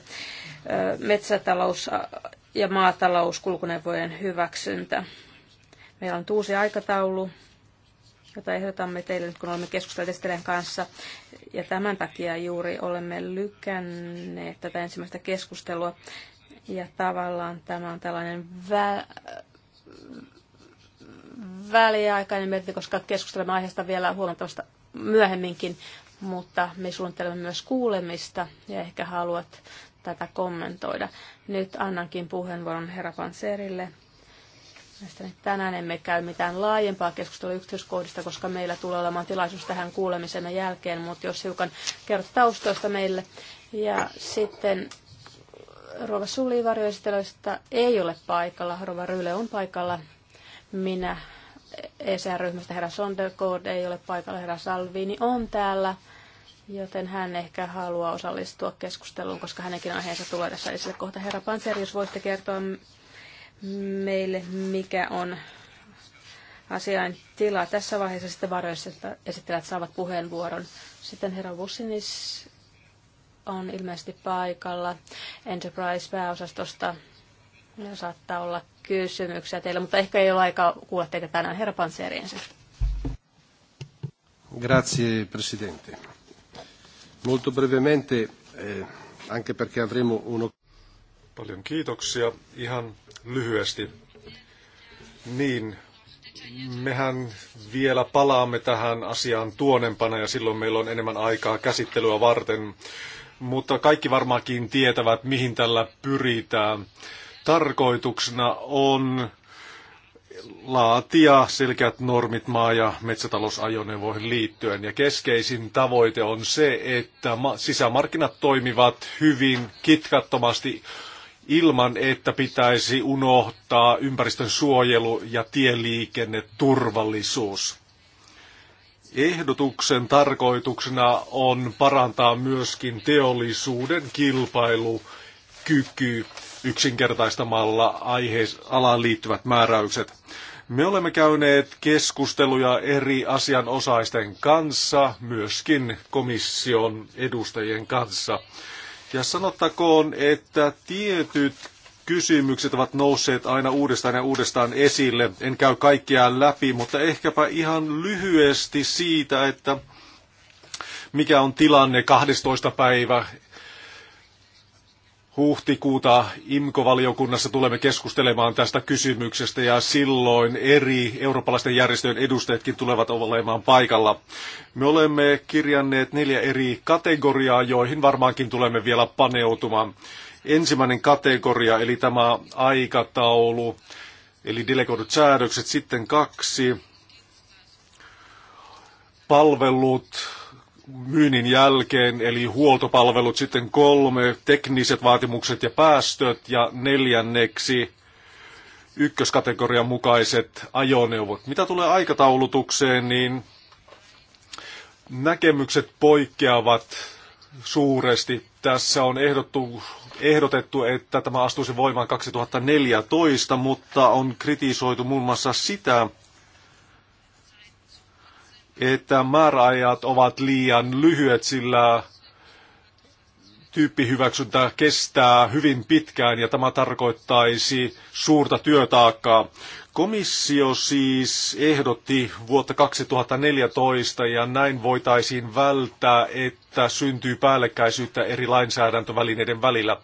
metsätalous ja maatalous kulkuneuvojen hyväksyntä. Meillä on uusi aikataulu, jota ehdotamme teille nyt, kun olemme keskustelleet teidän kanssa. Ja tämän takia juuri olemme lykänneet tätä ensimmäistä keskustelua. Ja tavallaan tämä on tällainen vä- väliaikainen merkki, koska keskustelemme aiheesta vielä huomattavasti myöhemminkin, mutta me suunnittelemme myös kuulemista ja ehkä haluat tätä kommentoida. Nyt annankin puheenvuoron herra Panserille Mielestäni tänään emme käy mitään laajempaa keskustelua yksityiskohdista, koska meillä tulee olemaan tilaisuus tähän kuulemisen jälkeen, mutta jos hiukan kerrot taustoista meille. Ja sitten Rova Suli ei ole paikalla, Rova Ryle on paikalla. Minä ECR-ryhmästä herra Sondergaard ei ole paikalla, herra Salvini on täällä, joten hän ehkä haluaa osallistua keskusteluun, koska hänenkin aiheensa tulee tässä esille kohta. Herra Panzer, jos voitte kertoa meille, mikä on asian tila. Tässä vaiheessa sitten esittelijät saavat puheenvuoron. Sitten herra Vussinis on ilmeisesti paikalla Enterprise-pääosastosta. Ja saattaa olla kysymyksiä teille, mutta ehkä ei ole aika kuulla teitä tänään. Herra Panseriensä. Grazie Presidente. Molto brevemente, eh, anche perché avremo uno... Paljon kiitoksia. Ihan lyhyesti. Niin, mehän vielä palaamme tähän asiaan tuonempana ja silloin meillä on enemmän aikaa käsittelyä varten. Mutta kaikki varmaankin tietävät, mihin tällä pyritään. Tarkoituksena on laatia selkeät normit maa- ja metsätalousajoneuvoihin liittyen. Ja keskeisin tavoite on se, että sisämarkkinat toimivat hyvin kitkattomasti ilman, että pitäisi unohtaa ympäristön suojelu ja tieliikenneturvallisuus. Ehdotuksen tarkoituksena on parantaa myöskin teollisuuden kilpailukyky yksinkertaistamalla aihealaan liittyvät määräykset. Me olemme käyneet keskusteluja eri asianosaisten kanssa, myöskin komission edustajien kanssa. Ja sanottakoon, että tietyt kysymykset ovat nousseet aina uudestaan ja uudestaan esille. En käy kaikkia läpi, mutta ehkäpä ihan lyhyesti siitä, että mikä on tilanne 12. päivä huhtikuuta IMKO-valiokunnassa tulemme keskustelemaan tästä kysymyksestä ja silloin eri eurooppalaisten järjestöjen edustajatkin tulevat olemaan paikalla. Me olemme kirjanneet neljä eri kategoriaa, joihin varmaankin tulemme vielä paneutumaan. Ensimmäinen kategoria, eli tämä aikataulu, eli delegoidut säädökset. Sitten kaksi, palvelut, myynnin jälkeen, eli huoltopalvelut, sitten kolme, tekniset vaatimukset ja päästöt, ja neljänneksi ykköskategorian mukaiset ajoneuvot. Mitä tulee aikataulutukseen, niin näkemykset poikkeavat suuresti. Tässä on ehdottu, ehdotettu, että tämä astuisi voimaan 2014, mutta on kritisoitu muun muassa sitä, että määräajat ovat liian lyhyet, sillä tyyppihyväksyntä kestää hyvin pitkään ja tämä tarkoittaisi suurta työtaakkaa. Komissio siis ehdotti vuotta 2014 ja näin voitaisiin välttää, että syntyy päällekkäisyyttä eri lainsäädäntövälineiden välillä.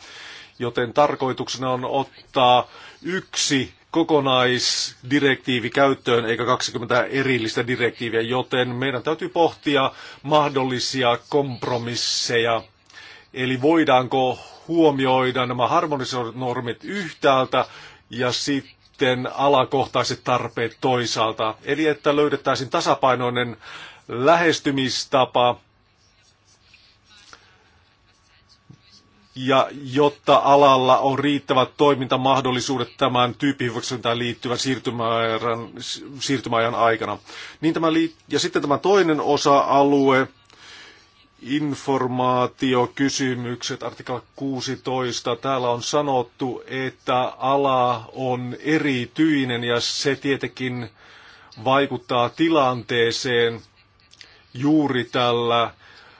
Joten tarkoituksena on ottaa yksi kokonaisdirektiivi käyttöön eikä 20 erillistä direktiiviä, joten meidän täytyy pohtia mahdollisia kompromisseja. Eli voidaanko huomioida nämä harmonisoidut normit yhtäältä ja sitten alakohtaiset tarpeet toisaalta. Eli että löydettäisiin tasapainoinen lähestymistapa ja jotta alalla on riittävät toimintamahdollisuudet tämän tyyppihyväksyntään liittyvän siirtymäajan, siirtymäajan aikana. Niin tämä ja sitten tämä toinen osa-alue, informaatiokysymykset, artikla 16. Täällä on sanottu, että ala on erityinen ja se tietenkin vaikuttaa tilanteeseen juuri tällä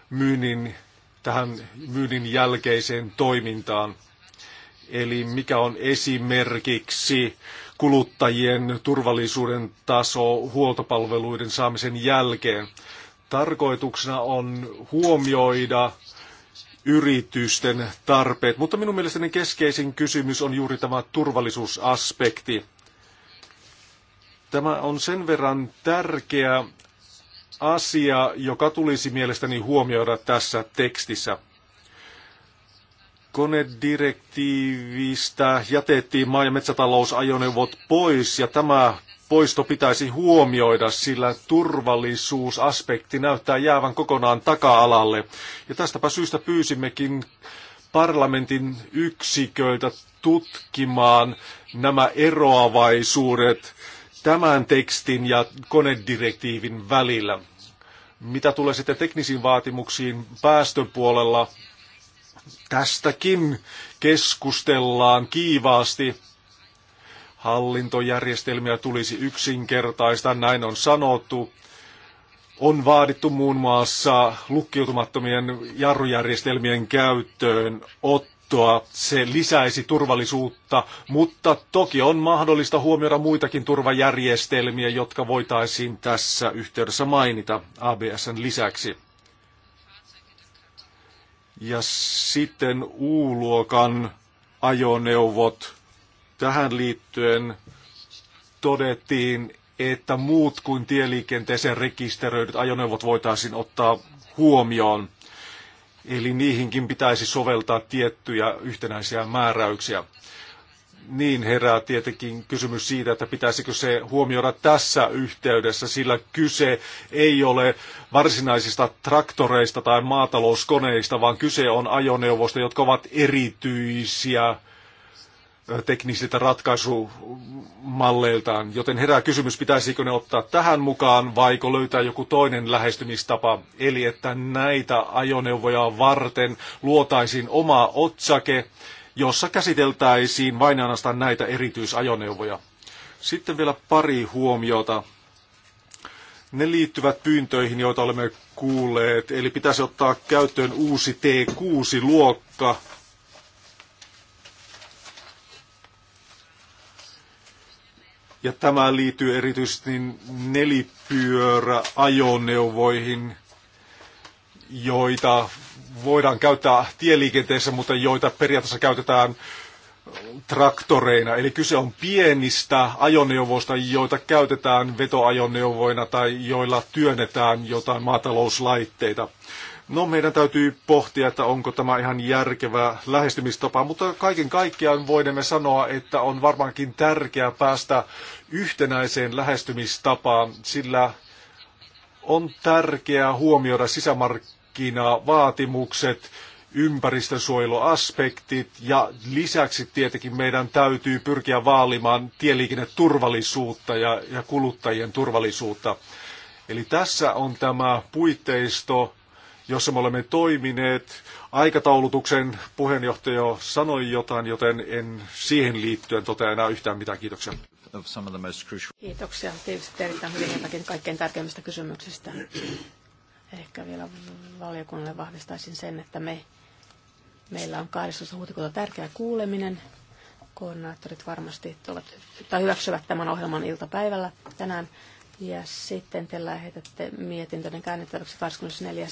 myynnin tähän myynnin jälkeiseen toimintaan. Eli mikä on esimerkiksi kuluttajien turvallisuuden taso huoltopalveluiden saamisen jälkeen. Tarkoituksena on huomioida yritysten tarpeet, mutta minun mielestäni keskeisin kysymys on juuri tämä turvallisuusaspekti. Tämä on sen verran tärkeä, asia, joka tulisi mielestäni huomioida tässä tekstissä. Konedirektiivistä jätettiin maa- ja metsätalousajoneuvot pois ja tämä poisto pitäisi huomioida, sillä turvallisuusaspekti näyttää jäävän kokonaan taka-alalle. Ja tästäpä syystä pyysimmekin parlamentin yksiköitä tutkimaan nämä eroavaisuudet tämän tekstin ja konedirektiivin välillä. Mitä tulee sitten teknisiin vaatimuksiin päästön puolella, tästäkin keskustellaan kiivaasti. Hallintojärjestelmiä tulisi yksinkertaista, näin on sanottu. On vaadittu muun muassa lukkiutumattomien jarrujärjestelmien käyttöön ot käyttöönottoa. Se lisäisi turvallisuutta, mutta toki on mahdollista huomioida muitakin turvajärjestelmiä, jotka voitaisiin tässä yhteydessä mainita ABSn lisäksi. Ja sitten U-luokan ajoneuvot. Tähän liittyen todettiin, että muut kuin tieliikenteeseen rekisteröidyt ajoneuvot voitaisiin ottaa huomioon. Eli niihinkin pitäisi soveltaa tiettyjä yhtenäisiä määräyksiä. Niin herää tietenkin kysymys siitä, että pitäisikö se huomioida tässä yhteydessä, sillä kyse ei ole varsinaisista traktoreista tai maatalouskoneista, vaan kyse on ajoneuvoista, jotka ovat erityisiä teknisiltä ratkaisumalleiltaan. Joten herää kysymys, pitäisikö ne ottaa tähän mukaan, vaiko löytää joku toinen lähestymistapa. Eli että näitä ajoneuvoja varten luotaisiin oma otsake, jossa käsiteltäisiin vain ainoastaan näitä erityisajoneuvoja. Sitten vielä pari huomiota. Ne liittyvät pyyntöihin, joita olemme kuulleet, eli pitäisi ottaa käyttöön uusi T6-luokka, Ja tämä liittyy erityisesti nelipyöräajoneuvoihin, joita voidaan käyttää tieliikenteessä, mutta joita periaatteessa käytetään traktoreina. Eli kyse on pienistä ajoneuvoista, joita käytetään vetoajoneuvoina tai joilla työnnetään jotain maatalouslaitteita. No meidän täytyy pohtia, että onko tämä ihan järkevä lähestymistapa, mutta kaiken kaikkiaan voimme sanoa, että on varmaankin tärkeää päästä yhtenäiseen lähestymistapaan, sillä on tärkeää huomioida sisämarkkinavaatimukset, ympäristönsuojeluaspektit ja lisäksi tietenkin meidän täytyy pyrkiä vaalimaan tieliikenneturvallisuutta ja, ja kuluttajien turvallisuutta. Eli tässä on tämä puitteisto, jossa me olemme toimineet. Aikataulutuksen puheenjohtaja sanoi jotain, joten en siihen liittyen totea enää yhtään mitään. Kiitoksia. Kiitoksia. Tietysti erittäin hyvin jotakin kaikkein tärkeimmistä kysymyksistä. Ehkä vielä valiokunnalle vahvistaisin sen, että me, meillä on 12. huhtikuuta tärkeä kuuleminen. Koordinaattorit varmasti tulevat, tai hyväksyvät tämän ohjelman iltapäivällä tänään. Ja sitten te lähetätte mietintöiden niin käännettäväksi 24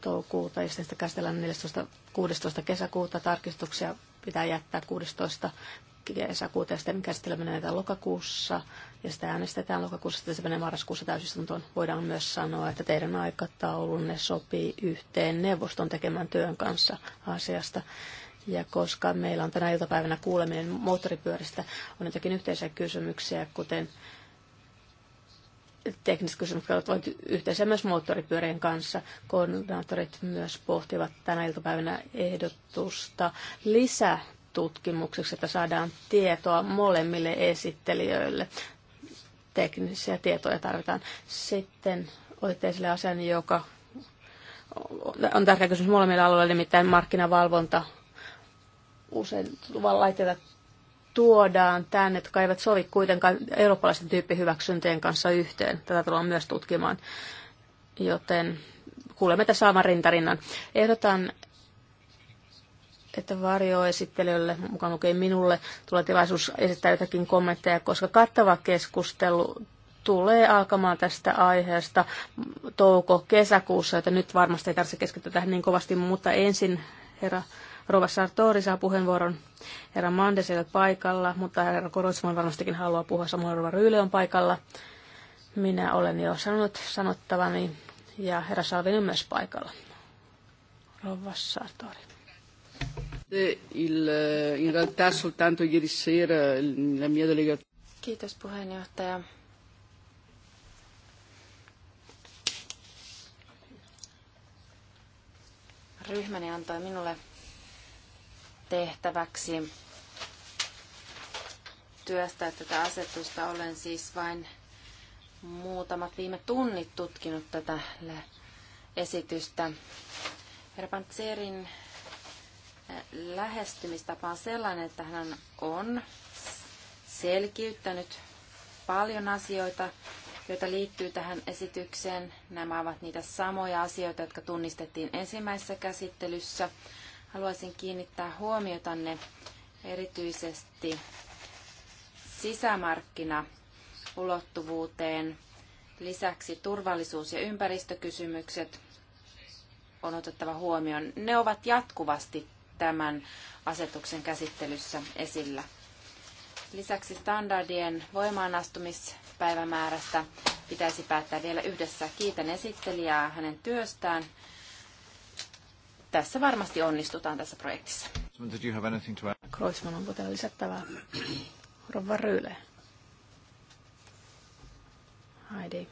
toukokuuta ja sitten käsitellään 14. 16. kesäkuuta. Tarkistuksia pitää jättää 16 kesäkuuta ja sitten käsittelemme näitä lokakuussa ja sitä äänestetään lokakuussa, sitten se menee marraskuussa täysistuntoon. Voidaan myös sanoa, että teidän aikataulunne sopii yhteen neuvoston tekemän työn kanssa asiasta. Ja koska meillä on tänä iltapäivänä kuuleminen moottoripyöristä, on jotakin yhteisiä kysymyksiä, kuten tekniset kysymykset ovat olleet yhteisiä myös moottoripyörien kanssa. Koordinaattorit myös pohtivat tänä iltapäivänä ehdotusta lisätutkimukseksi, että saadaan tietoa molemmille esittelijöille. Teknisiä tietoja tarvitaan. Sitten otitte esille asian, joka on tärkeä kysymys molemmilla alueilla, nimittäin markkinavalvonta. Usein laitteita tuodaan tänne, jotka eivät sovi kuitenkaan eurooppalaisten tyyppihyväksyntien kanssa yhteen. Tätä tullaan myös tutkimaan, joten kuulemme tässä saaman rintarinnan. Ehdotan, että varjoesittelijöille, mukaan lukien minulle, tulee tilaisuus esittää jotakin kommentteja, koska kattava keskustelu tulee alkamaan tästä aiheesta touko-kesäkuussa, joten nyt varmasti ei tarvitse keskittyä tähän niin kovasti, mutta ensin herra Rova Sartori saa puheenvuoron. Herra Mandes ei ole paikalla, mutta herra Korotsman varmastikin haluaa puhua. Samoin Rova Ryyle on paikalla. Minä olen jo sanonut sanottavani ja herra Salvin on myös paikalla. Rova Sartori. in realtà soltanto ieri sera la mia delegazione... Kiitos puheenjohtaja. ryhmäni antoi minulle tehtäväksi työstää tätä asetusta. Olen siis vain muutamat viime tunnit tutkinut tätä esitystä. Herra Pantserin äh, lähestymistapa on sellainen, että hän on selkiyttänyt paljon asioita, joita liittyy tähän esitykseen. Nämä ovat niitä samoja asioita, jotka tunnistettiin ensimmäisessä käsittelyssä. Haluaisin kiinnittää huomiotanne erityisesti sisämarkkinaulottuvuuteen. Lisäksi turvallisuus- ja ympäristökysymykset on otettava huomioon. Ne ovat jatkuvasti tämän asetuksen käsittelyssä esillä. Lisäksi standardien voimaanastumispäivämäärästä pitäisi päättää vielä yhdessä. Kiitän esittelijää hänen työstään tässä varmasti onnistutaan tässä projektissa. Kroisman, onko täällä lisättävää? Rova Ryle. Heidi. Niin.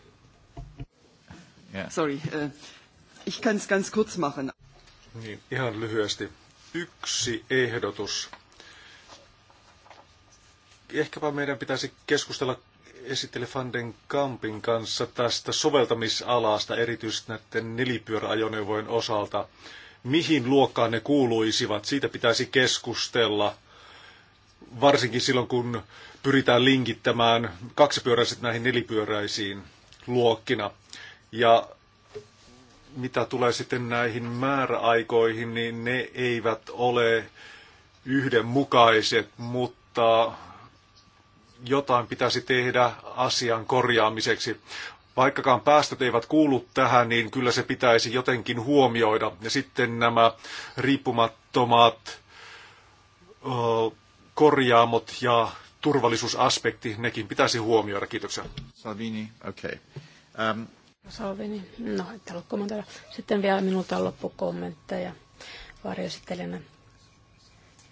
Yeah. Sorry, eh, ich kann es ganz kurz machen. Niin, ihan lyhyesti. Yksi ehdotus. Ehkäpä meidän pitäisi keskustella esittele Fanden Kampin kanssa tästä soveltamisalasta, erityisesti näiden nelipyöräajoneuvojen osalta mihin luokkaan ne kuuluisivat. Siitä pitäisi keskustella, varsinkin silloin kun pyritään linkittämään kaksipyöräiset näihin nelipyöräisiin luokkina. Ja mitä tulee sitten näihin määräaikoihin, niin ne eivät ole yhdenmukaiset, mutta jotain pitäisi tehdä asian korjaamiseksi. Vaikkakaan päästöt eivät kuulu tähän, niin kyllä se pitäisi jotenkin huomioida. Ja sitten nämä riippumattomat ö, korjaamot ja turvallisuusaspekti, nekin pitäisi huomioida. Kiitoksia. Salvini, okei. Okay. Um. Salvini, no, ette kommentoida. Sitten vielä minulta loppukommentteja varjoesittelijänä.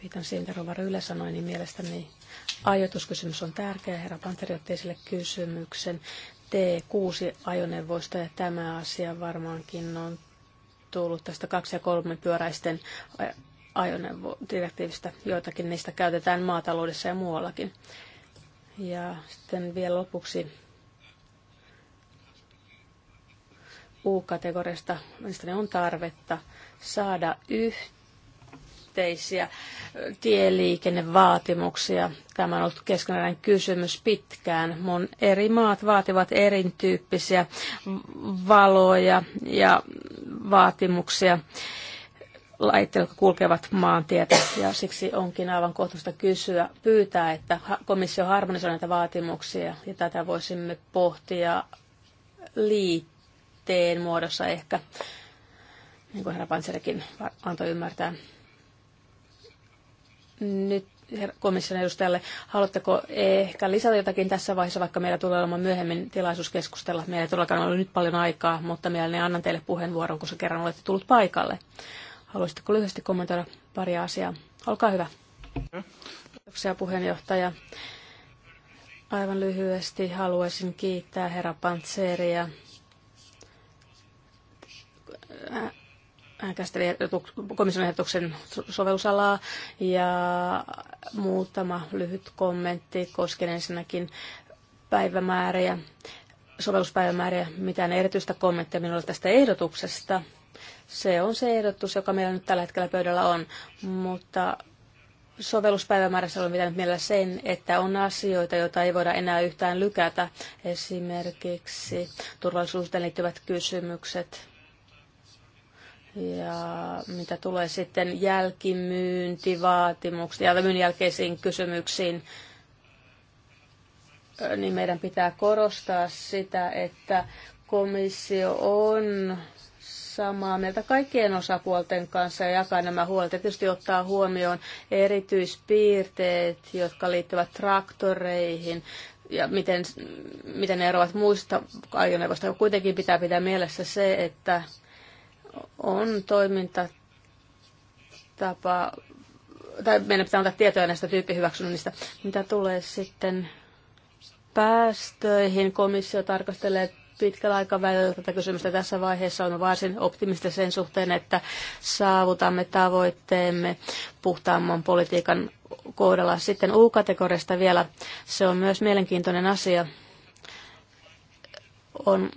Viitan siihen, mitä Rova Yle sanoi, niin mielestäni ajoituskysymys on tärkeä. Herra Panteri otti esille kysymyksen T6-ajoneuvoista ja tämä asia varmaankin on tullut tästä kaksi- ja pyöräisten ajoneuvodirektiivistä. Joitakin niistä käytetään maataloudessa ja muuallakin. Ja sitten vielä lopuksi U-kategoriasta, mistä on tarvetta saada yhteen yhteisiä tieliikennevaatimuksia. Tämä on ollut keskeinen kysymys pitkään. Mun eri maat vaativat erityyppisiä valoja ja vaatimuksia laitteilla, jotka kulkevat maantietä. Ja siksi onkin aivan kohtuullista kysyä, pyytää, että komissio harmonisoi näitä vaatimuksia. Ja tätä voisimme pohtia liitteen muodossa ehkä, niin kuin herra Pantserikin antoi ymmärtää nyt komission edustajalle. Haluatteko ehkä lisätä jotakin tässä vaiheessa, vaikka meillä tulee olemaan myöhemmin tilaisuus keskustella. Meillä ei todellakaan ole nyt paljon aikaa, mutta mielelläni annan teille puheenvuoron, se kerran olette tullut paikalle. Haluaisitteko lyhyesti kommentoida pari asiaa? Olkaa hyvä. Kiitoksia puheenjohtaja. Aivan lyhyesti haluaisin kiittää herra Pantseria hän käsitteli komission ehdotuksen sovellusalaa ja muutama lyhyt kommentti koskien ensinnäkin päivämääriä, sovelluspäivämääriä, mitään erityistä kommenttia minulla tästä ehdotuksesta. Se on se ehdotus, joka meillä nyt tällä hetkellä pöydällä on, mutta sovelluspäivämäärässä olen pitänyt mielellä sen, että on asioita, joita ei voida enää yhtään lykätä, esimerkiksi turvallisuuteen liittyvät kysymykset, ja mitä tulee sitten jälkimyyntivaatimuksiin ja myyn jälkeisiin kysymyksiin, niin meidän pitää korostaa sitä, että komissio on samaa mieltä kaikkien osapuolten kanssa ja jakaa nämä huolet. Ja tietysti ottaa huomioon erityispiirteet, jotka liittyvät traktoreihin ja miten, miten ne eroavat muista ajoneuvoista. Kuitenkin pitää pitää mielessä se, että on toimintatapa, tai meidän pitää antaa tietoja näistä tyyppihyväksynnistä. Mitä tulee sitten päästöihin, komissio tarkastelee pitkällä aikavälillä tätä kysymystä tässä vaiheessa on varsin optimista sen suhteen, että saavutamme tavoitteemme puhtaamman politiikan kohdalla. Sitten U-kategoriasta vielä, se on myös mielenkiintoinen asia on,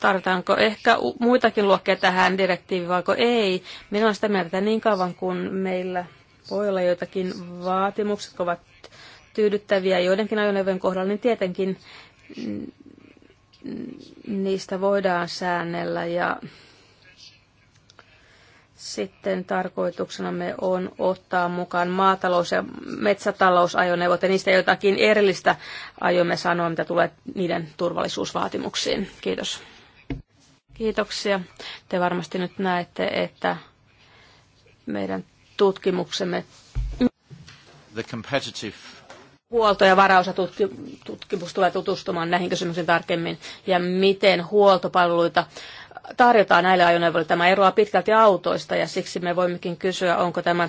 tarvitaanko ehkä muitakin luokkia tähän direktiiviin vaiko ei. Minä olen sitä mieltä, että niin kauan kuin meillä voi olla joitakin vaatimukset, jotka ovat tyydyttäviä joidenkin ajoneuvojen kohdalla, niin tietenkin niistä voidaan säännellä ja sitten tarkoituksenamme on ottaa mukaan maatalous- ja metsätalousajoneuvot ja niistä jotakin erillistä aiomme sanoa, mitä tulee niiden turvallisuusvaatimuksiin. Kiitos. Kiitoksia. Te varmasti nyt näette, että meidän tutkimuksemme The competitive huolto- ja varaosatutkimus tulee tutustumaan näihin kysymyksiin tarkemmin ja miten huoltopalveluita tarjotaan näille ajoneuvoille. Tämä eroaa pitkälti autoista ja siksi me voimmekin kysyä, onko tämä,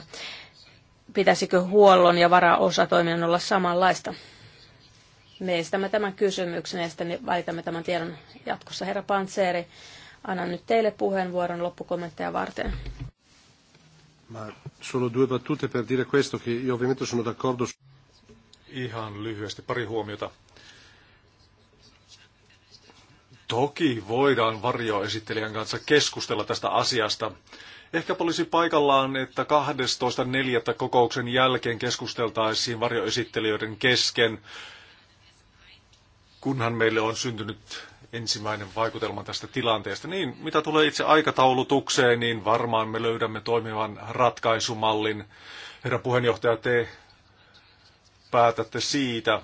pitäisikö huollon ja toiminnan olla samanlaista. Me estämme tämän kysymyksen ja sitten valitamme tämän tiedon jatkossa. Herra Pantseeri, annan nyt teille puheenvuoron loppukommentteja varten. Ma solo due battute per dire questo, che io ovviamente sono d'accordo. Ihan lyhyesti pari huomiota. Toki voidaan varjoesittelijän kanssa keskustella tästä asiasta. Ehkä olisi paikallaan, että 12.4. kokouksen jälkeen keskusteltaisiin varjoesittelijöiden kesken, kunhan meille on syntynyt ensimmäinen vaikutelma tästä tilanteesta. Niin, mitä tulee itse aikataulutukseen, niin varmaan me löydämme toimivan ratkaisumallin. Herra puheenjohtaja, te päätätte siitä.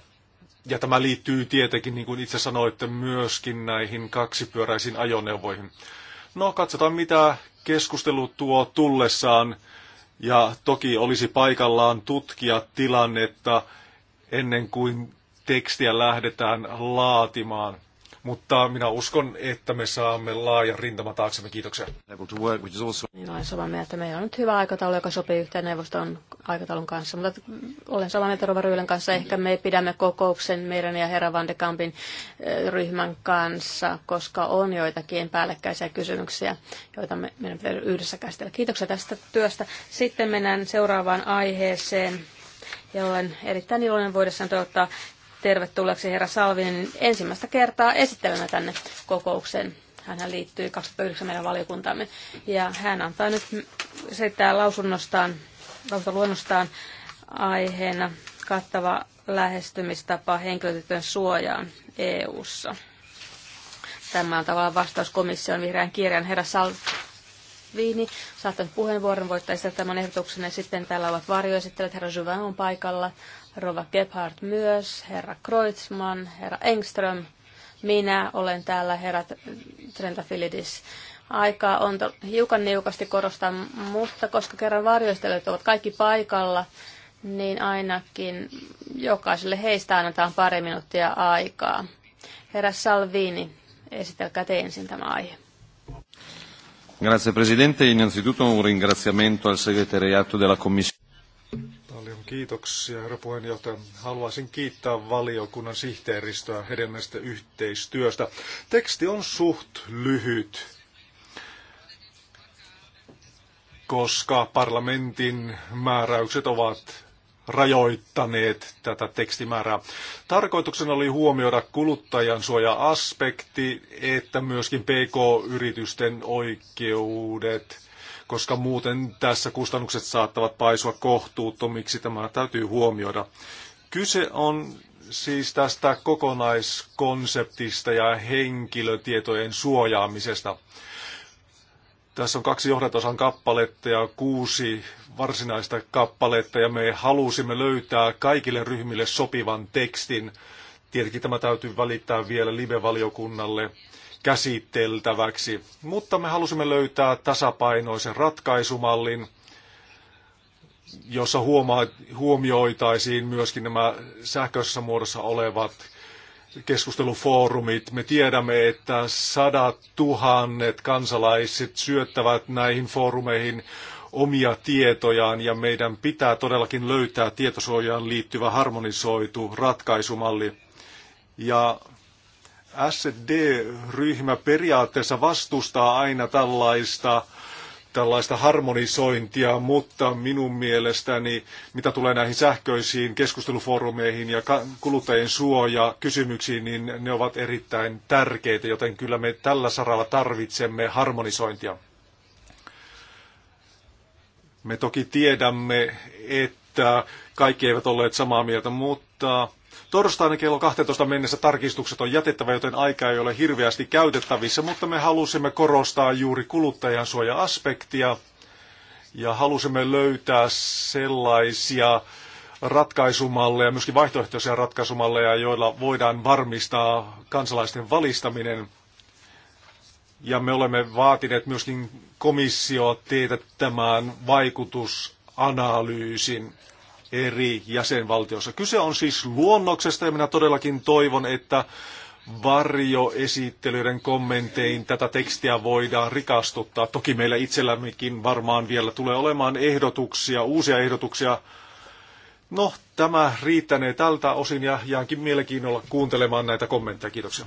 Ja tämä liittyy tietenkin, niin kuin itse sanoitte, myöskin näihin kaksipyöräisiin ajoneuvoihin. No, katsotaan mitä keskustelu tuo tullessaan. Ja toki olisi paikallaan tutkia tilannetta ennen kuin tekstiä lähdetään laatimaan. Mutta minä uskon, että me saamme laajan rintama taaksemme. Kiitoksia. Minä niin, olen samaa mieltä. Meillä on nyt hyvä aikataulu, joka sopii yhteen neuvoston aikataulun kanssa. Mutta olen samaa mieltä Rova Ryylän kanssa. Ehkä me pidämme kokouksen meidän ja herra Van de Kampin eh, ryhmän kanssa, koska on joitakin päällekkäisiä kysymyksiä, joita me, meidän pitää yhdessä käsitellä. Kiitoksia tästä työstä. Sitten mennään seuraavaan aiheeseen ja olen erittäin iloinen voidessaan toivottaa tervetulleeksi herra Salvinen ensimmäistä kertaa esittelemään tänne kokoukseen. Hän liittyy 2009 meidän valiokuntaamme ja hän antaa nyt sitä lausunnostaan, lausuntoluonnostaan aiheena kattava lähestymistapa henkilötytön suojaan EU-ssa. Tämä on tavallaan vastaus komission vihreän kirjan. Herra Salvini, Saatan puheenvuoron, voittaisi tämän ehdotuksen ja sitten täällä ovat varjoesittelijät. Herra Syvä on paikalla, Rova Gebhardt myös, herra Kreutzmann, herra Engström. Minä olen täällä, herra Trentafilidis. Aikaa on hiukan niukasti korostaa, mutta koska kerran varjoistelijat ovat kaikki paikalla, niin ainakin jokaiselle heistä annetaan pari minuuttia aikaa. Herra Salvini, esitelkää te ensin tämä aihe. Grazie Presidente, innanzitutto un ringraziamento al segretariato della Commissione. Kiitoksia, herra puheenjohtaja. Haluaisin kiittää valiokunnan sihteeristöä hedelmästä yhteistyöstä. Teksti on suht lyhyt, koska parlamentin määräykset ovat rajoittaneet tätä tekstimäärää. Tarkoituksena oli huomioida kuluttajan suoja-aspekti, että myöskin PK-yritysten oikeudet – koska muuten tässä kustannukset saattavat paisua kohtuuttomiksi. Tämä täytyy huomioida. Kyse on siis tästä kokonaiskonseptista ja henkilötietojen suojaamisesta. Tässä on kaksi johdatosan kappaletta ja kuusi varsinaista kappaletta ja me halusimme löytää kaikille ryhmille sopivan tekstin. Tietenkin tämä täytyy välittää vielä live-valiokunnalle käsiteltäväksi, mutta me halusimme löytää tasapainoisen ratkaisumallin, jossa huomioitaisiin myöskin nämä sähköisessä muodossa olevat keskustelufoorumit. Me tiedämme, että sadat tuhannet kansalaiset syöttävät näihin foorumeihin omia tietojaan ja meidän pitää todellakin löytää tietosuojaan liittyvä harmonisoitu ratkaisumalli. Ja SD-ryhmä periaatteessa vastustaa aina tällaista tällaista harmonisointia, mutta minun mielestäni, mitä tulee näihin sähköisiin keskustelufoorumeihin ja kuluttajien suoja kysymyksiin, niin ne ovat erittäin tärkeitä, joten kyllä me tällä saralla tarvitsemme harmonisointia. Me toki tiedämme, että kaikki eivät olleet samaa mieltä, mutta Torstaina kello 12 mennessä tarkistukset on jätettävä, joten aikaa ei ole hirveästi käytettävissä, mutta me halusimme korostaa juuri kuluttajan suoja-aspektia ja halusimme löytää sellaisia ratkaisumalleja, myöskin vaihtoehtoisia ratkaisumalleja, joilla voidaan varmistaa kansalaisten valistaminen. Ja me olemme vaatineet myöskin komissio teetättämään vaikutusanalyysin eri jäsenvaltioissa. Kyse on siis luonnoksesta ja minä todellakin toivon, että varjoesittelyiden kommentein tätä tekstiä voidaan rikastuttaa. Toki meillä itsellämmekin varmaan vielä tulee olemaan ehdotuksia, uusia ehdotuksia. No, tämä riittänee tältä osin ja jäänkin mielenkiinnolla kuuntelemaan näitä kommentteja. Kiitoksia.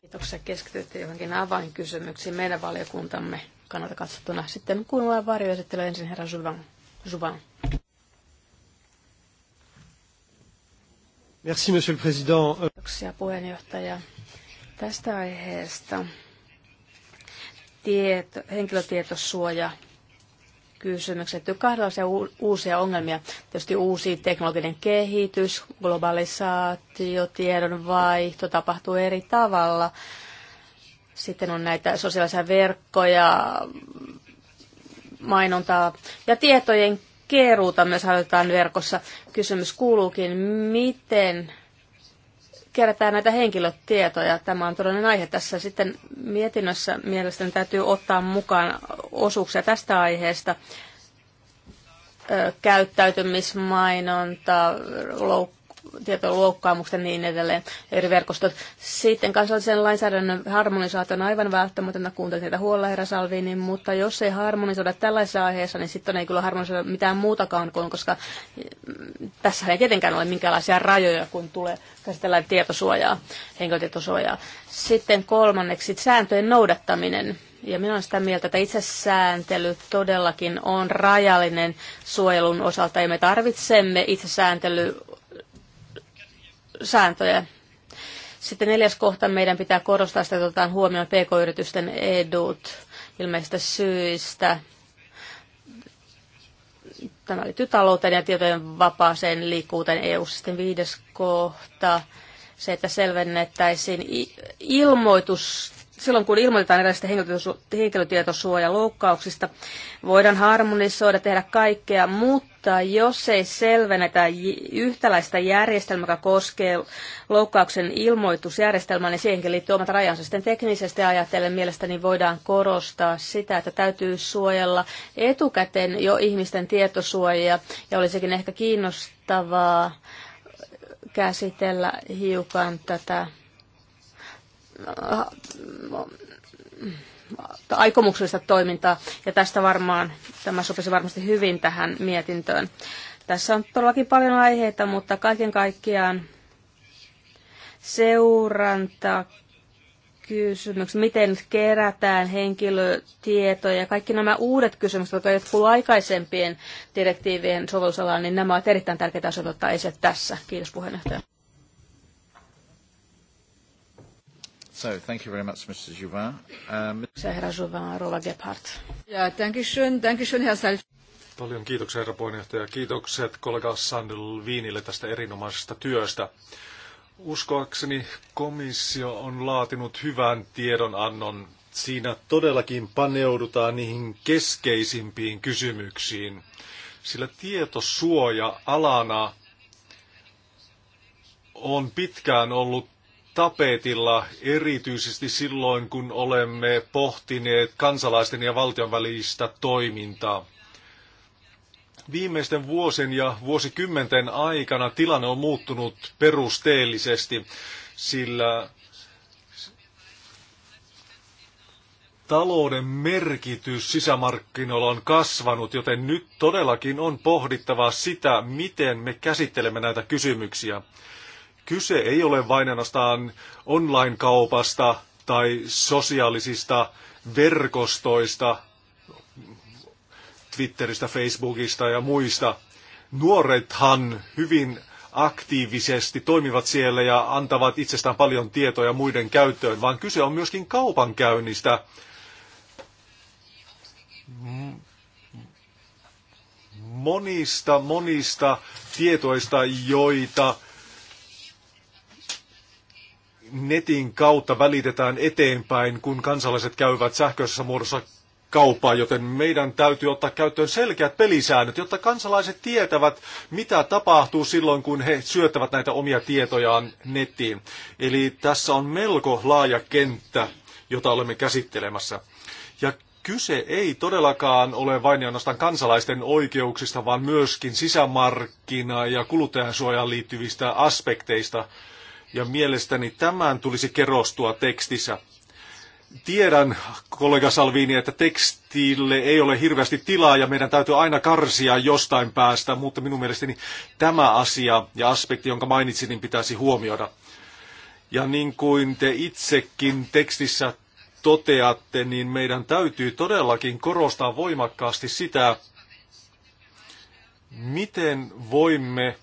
Kiitoksia. Keskityttiin johonkin avainkysymyksiin meidän valiokuntamme kannalta katsottuna. Sitten kuunnellaan varjoesittelyä ensin herra Zuvan. Zuvan. Merci, monsieur le président. Kiitoksia puheenjohtaja tästä aiheesta. Tieto, henkilötietosuoja kysymykset. On kahdenlaisia uusia ongelmia. Tietysti uusi teknologinen kehitys, globalisaatio, tiedonvaihto tapahtuu eri tavalla. Sitten on näitä sosiaalisia verkkoja, mainontaa ja tietojen keruuta myös harjoitetaan verkossa. Kysymys kuuluukin, miten kerätään näitä henkilötietoja. Tämä on todellinen aihe tässä. Sitten mietinnössä mielestäni täytyy ottaa mukaan osuuksia tästä aiheesta. Käyttäytymismainonta, louk- tietoluokkaamukset ja niin edelleen eri verkostot. Sitten kansallisen lainsäädännön harmonisaatio on aivan välttämätöntä, kuuntelua teitä huolella, herra Salvini, mutta jos ei harmonisoida tällaisessa aiheessa, niin sitten ei kyllä harmonisoida mitään muutakaan kuin, koska mm, tässä ei tietenkään ole minkäänlaisia rajoja, kun tulee käsitellään tietosuojaa, henkilötietosuojaa. Sitten kolmanneksi sääntöjen noudattaminen. Ja minä olen sitä mieltä, että itse sääntely todellakin on rajallinen suojelun osalta ja me tarvitsemme itsesääntely sääntöjä. Sitten neljäs kohta meidän pitää korostaa sitä, että otetaan huomioon pk-yritysten edut ilmeistä syistä. Tämä liittyy talouteen ja tietojen vapaaseen liikkuuteen eu Sitten viides kohta, se, että selvennettäisiin ilmoitus silloin kun ilmoitetaan erilaisista loukkauksista, voidaan harmonisoida, tehdä kaikkea, mutta jos ei selvennetä yhtäläistä järjestelmää, joka koskee loukkauksen ilmoitusjärjestelmää, niin siihenkin liittyy omat rajansa. Sitten teknisesti ajatellen mielestäni voidaan korostaa sitä, että täytyy suojella etukäteen jo ihmisten tietosuojia, ja olisikin ehkä kiinnostavaa käsitellä hiukan tätä Äh, aikomuksellista toimintaa, ja tästä varmaan, tämä sopisi varmasti hyvin tähän mietintöön. Tässä on todellakin paljon aiheita, mutta kaiken kaikkiaan seuranta kysymykset, miten kerätään henkilötietoja kaikki nämä uudet kysymykset, jotka eivät kuulu aikaisempien direktiivien sovellusalaan, niin nämä ovat erittäin tärkeitä asioita ottaa esille tässä. Kiitos puheenjohtaja. So, thank you very much, Mr. Um, herra Rova Ja, schön, schön, Salf. Paljon kiitoksia, herra puheenjohtaja. Kiitokset kollega Sandel Viinille tästä erinomaisesta työstä. Uskoakseni komissio on laatinut hyvän tiedonannon. Siinä todellakin paneudutaan niihin keskeisimpiin kysymyksiin, sillä tietosuoja alana on pitkään ollut tapetilla, erityisesti silloin, kun olemme pohtineet kansalaisten ja valtion välistä toimintaa. Viimeisten vuosien ja vuosikymmenten aikana tilanne on muuttunut perusteellisesti, sillä talouden merkitys sisämarkkinoilla on kasvanut, joten nyt todellakin on pohdittava sitä, miten me käsittelemme näitä kysymyksiä. Kyse ei ole vain ainoastaan online-kaupasta tai sosiaalisista verkostoista, Twitteristä, Facebookista ja muista. Nuorethan hyvin aktiivisesti toimivat siellä ja antavat itsestään paljon tietoja muiden käyttöön, vaan kyse on myöskin kaupankäynnistä. Monista, monista tietoista, joita netin kautta välitetään eteenpäin, kun kansalaiset käyvät sähköisessä muodossa kaupaa, joten meidän täytyy ottaa käyttöön selkeät pelisäännöt, jotta kansalaiset tietävät, mitä tapahtuu silloin, kun he syöttävät näitä omia tietojaan nettiin. Eli tässä on melko laaja kenttä, jota olemme käsittelemässä. Ja kyse ei todellakaan ole vain ja ainoastaan kansalaisten oikeuksista, vaan myöskin sisämarkkina- ja kuluttajansuojaan liittyvistä aspekteista – ja mielestäni tämän tulisi kerostua tekstissä. Tiedän, kollega Salvini, että tekstille ei ole hirveästi tilaa ja meidän täytyy aina karsia jostain päästä, mutta minun mielestäni tämä asia ja aspekti, jonka mainitsin, niin pitäisi huomioida. Ja niin kuin te itsekin tekstissä toteatte, niin meidän täytyy todellakin korostaa voimakkaasti sitä, miten voimme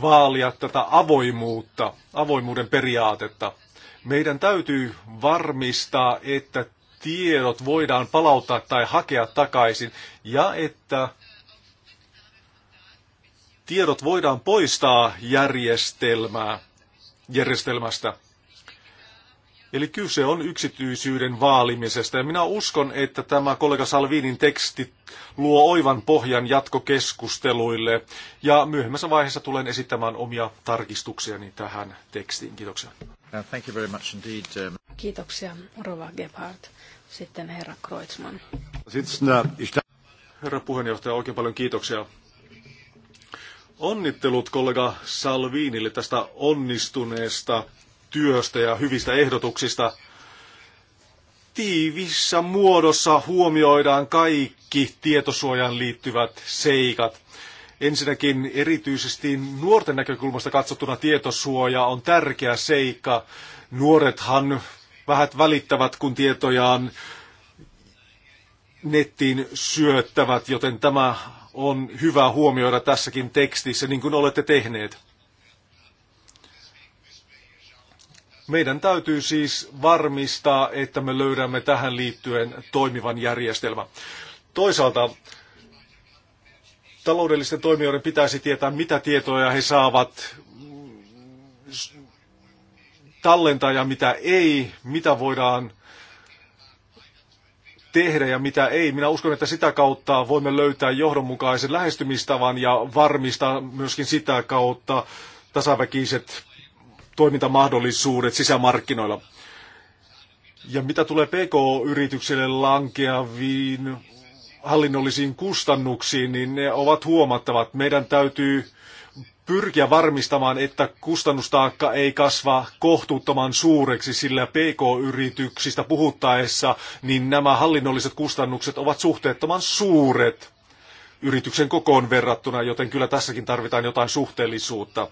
vaalia tätä avoimuutta, avoimuuden periaatetta. Meidän täytyy varmistaa, että tiedot voidaan palauttaa tai hakea takaisin ja että tiedot voidaan poistaa järjestelmää, järjestelmästä. Eli kyse on yksityisyyden vaalimisesta ja minä uskon, että tämä kollega Salvinin teksti luo oivan pohjan jatkokeskusteluille ja myöhemmässä vaiheessa tulen esittämään omia tarkistuksiani tähän tekstiin. Kiitoksia. Thank you very much indeed. Um, kiitoksia, Rova Gebhardt. Sitten herra Kreutzmann. Herra puheenjohtaja, oikein paljon kiitoksia. Onnittelut kollega Salvinille tästä onnistuneesta työstä ja hyvistä ehdotuksista. Tiivissä muodossa huomioidaan kaikki tietosuojaan liittyvät seikat. Ensinnäkin erityisesti nuorten näkökulmasta katsottuna tietosuoja on tärkeä seikka. Nuorethan vähät välittävät, kun tietojaan nettiin syöttävät, joten tämä on hyvä huomioida tässäkin tekstissä, niin kuin olette tehneet. Meidän täytyy siis varmistaa, että me löydämme tähän liittyen toimivan järjestelmän. Toisaalta taloudellisten toimijoiden pitäisi tietää, mitä tietoja he saavat tallentaa ja mitä ei, mitä voidaan tehdä ja mitä ei. Minä uskon, että sitä kautta voimme löytää johdonmukaisen lähestymistavan ja varmistaa myöskin sitä kautta tasaväkiset toimintamahdollisuudet sisämarkkinoilla. Ja mitä tulee PK-yrityksille lankeaviin hallinnollisiin kustannuksiin, niin ne ovat huomattavat. Meidän täytyy pyrkiä varmistamaan, että kustannustaakka ei kasva kohtuuttoman suureksi, sillä PK-yrityksistä puhuttaessa, niin nämä hallinnolliset kustannukset ovat suhteettoman suuret yrityksen kokoon verrattuna, joten kyllä tässäkin tarvitaan jotain suhteellisuutta.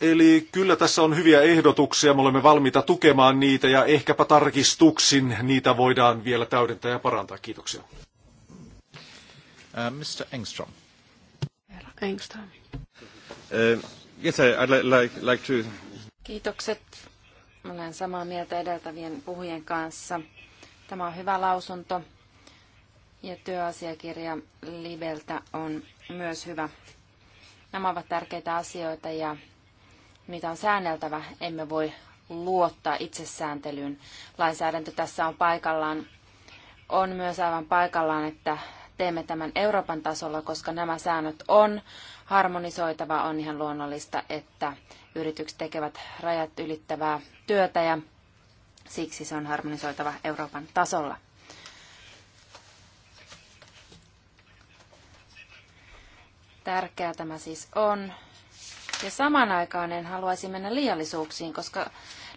Eli kyllä tässä on hyviä ehdotuksia, me olemme valmiita tukemaan niitä ja ehkäpä tarkistuksin niitä voidaan vielä täydentää ja parantaa. Kiitoksia. Uh, Mr. Engström. Herra Engström. Uh, yes, I'd like, like to... Kiitokset. Olen samaa mieltä edeltävien puhujien kanssa. Tämä on hyvä lausunto ja työasiakirja Libeltä on myös hyvä. Nämä ovat tärkeitä asioita ja mitä on säänneltävä, emme voi luottaa itsesääntelyyn. Lainsäädäntö tässä on paikallaan. On myös aivan paikallaan, että teemme tämän Euroopan tasolla, koska nämä säännöt on harmonisoitava. On ihan luonnollista, että yritykset tekevät rajat ylittävää työtä ja siksi se on harmonisoitava Euroopan tasolla. Tärkeää tämä siis on. Ja samaan aikaan en haluaisi mennä liiallisuuksiin, koska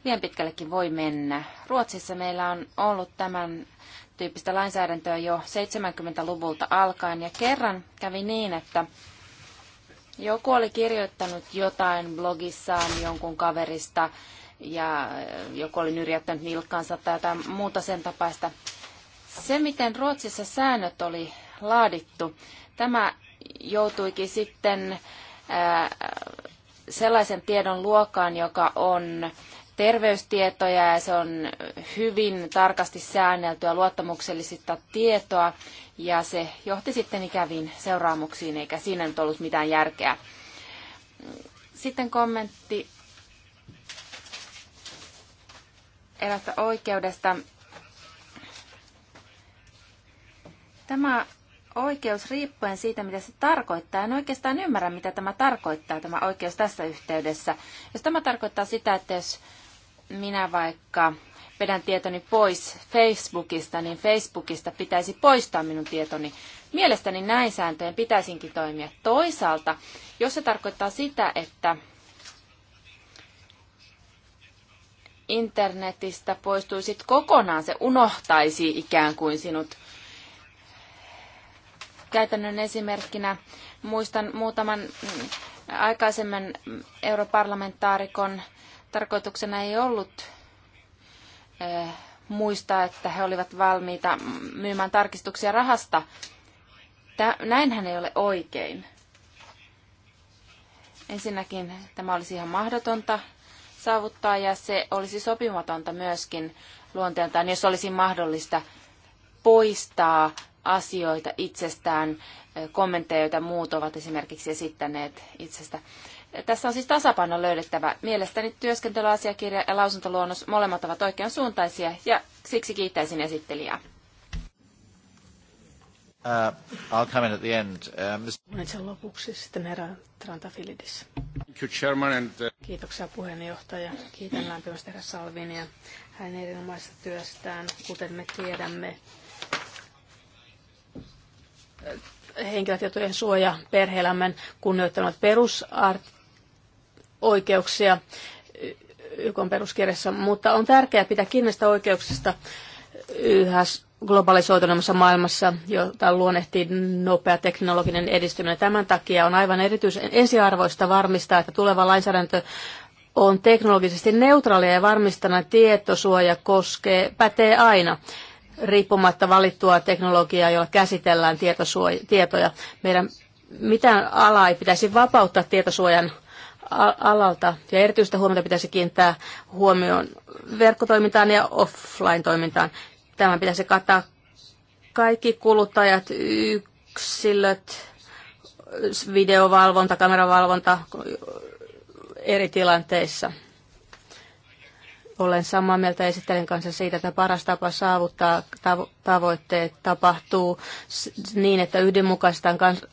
liian pitkällekin voi mennä. Ruotsissa meillä on ollut tämän tyyppistä lainsäädäntöä jo 70-luvulta alkaen, ja kerran kävi niin, että joku oli kirjoittanut jotain blogissaan jonkun kaverista, ja joku oli nyrjättänyt nilkkansa tai jotain muuta sen tapaista. Se, miten Ruotsissa säännöt oli laadittu, tämä joutuikin sitten sellaisen tiedon luokan, joka on terveystietoja ja se on hyvin tarkasti säänneltyä luottamuksellisista tietoa ja se johti sitten ikäviin seuraamuksiin eikä siinä nyt ollut mitään järkeä. Sitten kommentti erästä oikeudesta. Tämä oikeus riippuen siitä, mitä se tarkoittaa. En oikeastaan ymmärrä, mitä tämä tarkoittaa, tämä oikeus tässä yhteydessä. Jos tämä tarkoittaa sitä, että jos minä vaikka vedän tietoni pois Facebookista, niin Facebookista pitäisi poistaa minun tietoni. Mielestäni näin sääntöjen pitäisinkin toimia. Toisaalta, jos se tarkoittaa sitä, että internetistä poistuisit kokonaan, se unohtaisi ikään kuin sinut – käytännön esimerkkinä muistan muutaman mm, aikaisemman europarlamentaarikon tarkoituksena ei ollut eh, muistaa, että he olivat valmiita myymään tarkistuksia rahasta. Näinhän ei ole oikein. Ensinnäkin tämä olisi ihan mahdotonta saavuttaa ja se olisi sopimatonta myöskin luonteeltaan, jos olisi mahdollista poistaa asioita itsestään, kommentteja, joita muut ovat esimerkiksi esittäneet itsestä. Tässä on siis tasapaino löydettävä. Mielestäni työskentelyasiakirja ja lausuntoluonnos molemmat ovat oikean suuntaisia ja siksi kiittäisin esittelijää. Uh, I'll come in at the end. Uh, lopuksi sitten herra Trantafilidis. and, uh, Kiitoksia puheenjohtaja. Kiitän lämpimästi herra Salvinia hänen erinomaisesta työstään. Kuten me tiedämme, henkilötietojen suoja perheelämän kunnioittamat perusoikeuksia YK peruskirjassa, mutta on tärkeää pitää kiinni näistä oikeuksista yhä globalisoituneemmassa maailmassa, jota luonnehtii nopea teknologinen edistyminen. Tämän takia on aivan erityisen ensiarvoista varmistaa, että tuleva lainsäädäntö on teknologisesti neutraalia ja varmistana tietosuoja koskee, pätee aina riippumatta valittua teknologiaa, jolla käsitellään tietosuoja, tietoja. Meidän mitään ala ei pitäisi vapauttaa tietosuojan alalta ja erityistä huomiota pitäisi kiinnittää huomioon verkkotoimintaan ja offline-toimintaan. Tämä pitäisi kattaa kaikki kuluttajat, yksilöt, videovalvonta, kameravalvonta eri tilanteissa. Olen samaa mieltä esittelijän kanssa siitä, että paras tapa saavuttaa tavoitteet tapahtuu niin, että yhdenmukaistetaan kans-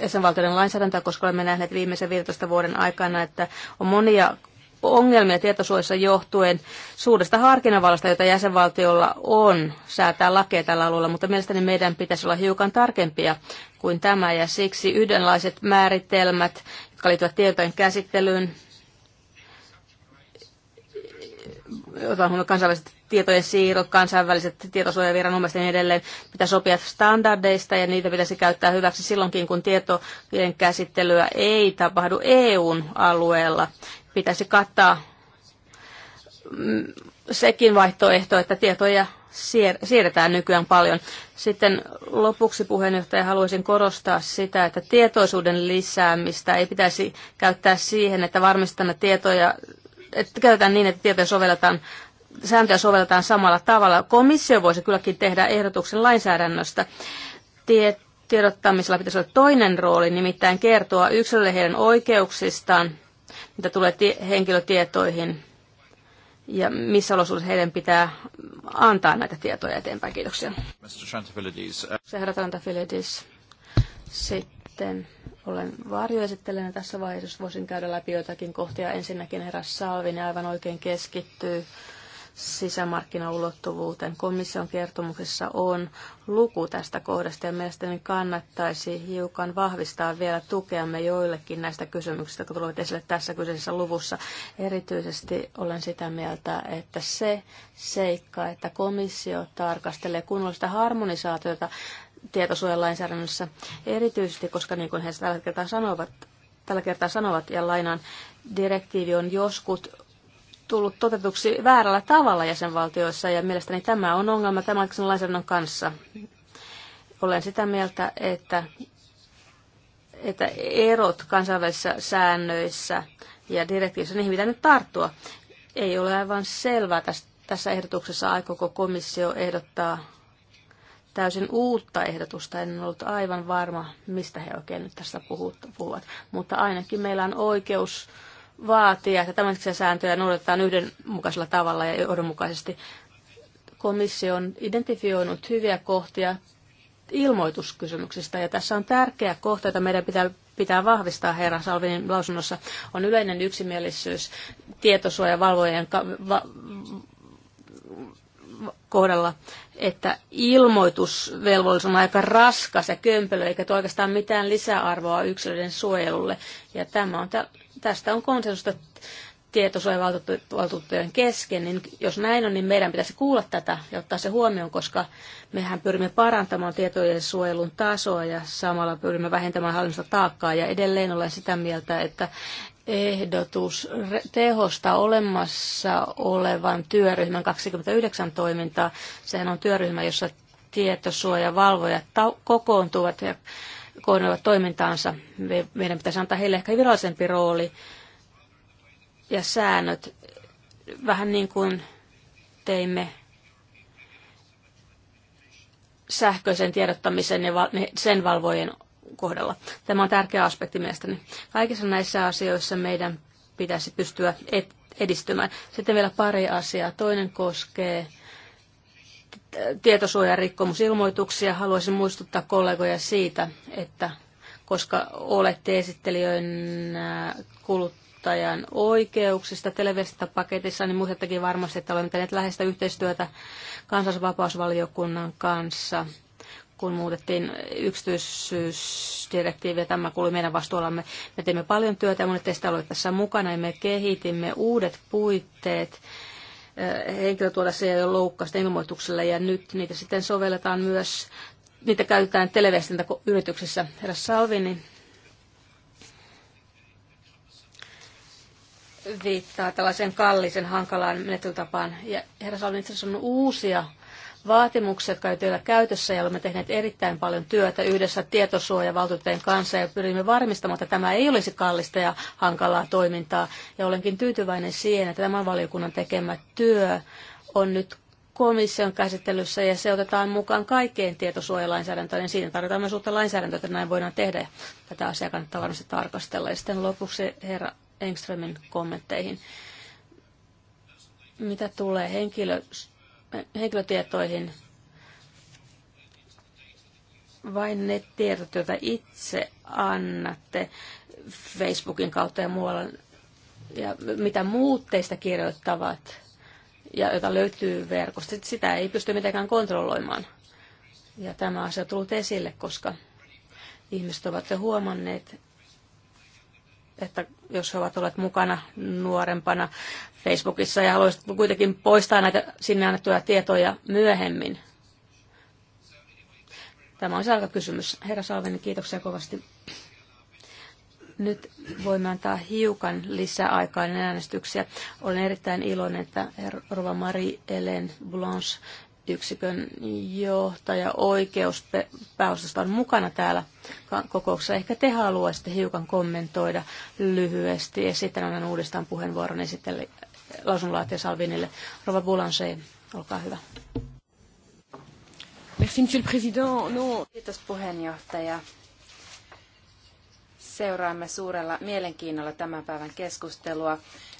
jäsenvaltioiden lainsäädäntöä, koska olemme nähneet viimeisen 15 vuoden aikana, että on monia ongelmia tietosuojassa johtuen suuresta harkinnanvallasta, jota jäsenvaltiolla on säätää lakeja tällä alueella, mutta mielestäni meidän pitäisi olla hiukan tarkempia kuin tämä, ja siksi yhdenlaiset määritelmät, jotka liittyvät tietojen käsittelyyn, otetaan huomioon kansainväliset tietojen siirrot, kansainväliset tietosuojaviranomaiset ja niin edelleen. Pitää sopia standardeista ja niitä pitäisi käyttää hyväksi silloinkin, kun tietojen käsittelyä ei tapahdu EUn alueella. Pitäisi kattaa mm, sekin vaihtoehto, että tietoja siirretään nykyään paljon. Sitten lopuksi puheenjohtaja haluaisin korostaa sitä, että tietoisuuden lisäämistä ei pitäisi käyttää siihen, että varmistamme tietoja että käytetään niin, että tietoja sovelletaan sääntöjä sovelletaan samalla tavalla. Komissio voisi kylläkin tehdä ehdotuksen lainsäädännöstä. Tiet, tiedottamisella pitäisi olla toinen rooli, nimittäin kertoa yksilölle heidän oikeuksistaan, mitä tulee henkilötietoihin ja missä olosuudessa heidän pitää antaa näitä tietoja eteenpäin. Kiitoksia. Mr. Eh, sitten olen varjoesittelijänä tässä vaiheessa, voisin käydä läpi joitakin kohtia. Ensinnäkin herra Salvinen aivan oikein keskittyy sisämarkkinaulottuvuuteen. Komission kertomuksessa on luku tästä kohdasta ja mielestäni kannattaisi hiukan vahvistaa vielä tukeamme joillekin näistä kysymyksistä, jotka tulevat esille tässä kyseisessä luvussa. Erityisesti olen sitä mieltä, että se seikka, että komissio tarkastelee kunnollista harmonisaatiota tietosuojalainsäädännössä erityisesti, koska niin kuin he tällä kertaa sanovat, tällä kertaa sanovat ja lainaan, direktiivi on joskus tullut toteutuksi väärällä tavalla jäsenvaltioissa ja mielestäni tämä on ongelma tämän lainsäädännön kanssa. Olen sitä mieltä, että, että erot kansainvälisissä säännöissä ja direktiivissä, niihin pitää nyt tarttua. Ei ole aivan selvää tässä ehdotuksessa, aikooko komissio ehdottaa täysin uutta ehdotusta. En ollut aivan varma, mistä he oikein nyt tässä puhuvat. Mutta ainakin meillä on oikeus vaatia, että tämmöisiä sääntöjä noudatetaan yhdenmukaisella tavalla ja johdonmukaisesti. Komissio on identifioinut hyviä kohtia ilmoituskysymyksistä, ja tässä on tärkeä kohta, jota meidän pitää pitää vahvistaa, herra Salvinin lausunnossa, on yleinen yksimielisyys tietosuojavalvojen ka- va- kohdalla, että ilmoitusvelvollisuus on aika raskas ja kömpelö, eikä tuo oikeastaan mitään lisäarvoa yksilöiden suojelulle. Ja tämä on, tästä on konsensusta tietosuojavaltuutettujen kesken, niin jos näin on, niin meidän pitäisi kuulla tätä ja ottaa se huomioon, koska mehän pyrimme parantamaan tietojen suojelun tasoa ja samalla pyrimme vähentämään hallinnosta taakkaa. Ja edelleen olen sitä mieltä, että ehdotus tehosta olemassa olevan työryhmän 29 toimintaa. Sehän on työryhmä, jossa tietosuojavalvojat kokoontuvat ja koordinoivat toimintaansa. Meidän pitäisi antaa heille ehkä virallisempi rooli ja säännöt, vähän niin kuin teimme sähköisen tiedottamisen ja sen valvojen kohdalla. Tämä on tärkeä aspekti mielestäni. Kaikissa näissä asioissa meidän pitäisi pystyä edistymään. Sitten vielä pari asiaa. Toinen koskee tietosuojarikkomusilmoituksia. Haluaisin muistuttaa kollegoja siitä, että koska olette esittelijöinä kuluttajan oikeuksista televestapaketissa, niin muistattekin varmasti, että olemme tehneet läheistä yhteistyötä kansallisvapausvaliokunnan kanssa – kun muutettiin yksityisyysdirektiiviä. Tämä kuului meidän vastuullamme. Me teimme paljon työtä ja monet teistä olivat tässä mukana ja me kehitimme uudet puitteet eh, henkilötuodessa ja loukkausten ilmoituksella ja nyt niitä sitten sovelletaan myös, niitä käytetään televiestintäyrityksissä. Herra Salvini viittaa tällaisen kallisen, hankalaan menettelytapaan. Ja herra Salvini itse asiassa on uusia vaatimukset, jotka ovat vielä käytössä, ja olemme tehneet erittäin paljon työtä yhdessä tietosuojavaltuuteen kanssa, ja pyrimme varmistamaan, että tämä ei olisi kallista ja hankalaa toimintaa. Ja olenkin tyytyväinen siihen, että tämän valiokunnan tekemä työ on nyt komission käsittelyssä ja se otetaan mukaan kaikkeen tietosuojalainsäädäntöön, niin siinä tarvitaan myös uutta lainsäädäntöä, että näin voidaan tehdä. Tätä asiaa kannattaa varmasti tarkastella. Ja sitten lopuksi herra Engströmin kommentteihin. Mitä tulee henkilö henkilötietoihin vain ne tiedot, joita itse annatte Facebookin kautta ja muualla, ja mitä muut teistä kirjoittavat, ja joita löytyy verkosta, sitä ei pysty mitenkään kontrolloimaan. Ja tämä asia on tullut esille, koska ihmiset ovat jo huomanneet, että jos he ovat olleet mukana nuorempana Facebookissa ja haluaisit kuitenkin poistaa näitä sinne annettuja tietoja myöhemmin. Tämä on aika kysymys. Herra Salveni, kiitoksia kovasti. Nyt voimme antaa hiukan lisäaikaa äänestyksiä. Olen erittäin iloinen, että Rova Marie Hélène Blanche yksikön johtaja oikeuspääosastosta on mukana täällä kokouksessa. Ehkä te haluaisitte hiukan kommentoida lyhyesti ja sitten annan uudestaan puheenvuoron esitelle lausunlaatio Salvinille. Rova Boulanger, olkaa hyvä. Merci, monsieur le président. No. Kiitos puheenjohtaja. Seuraamme suurella mielenkiinnolla tämän päivän keskustelua.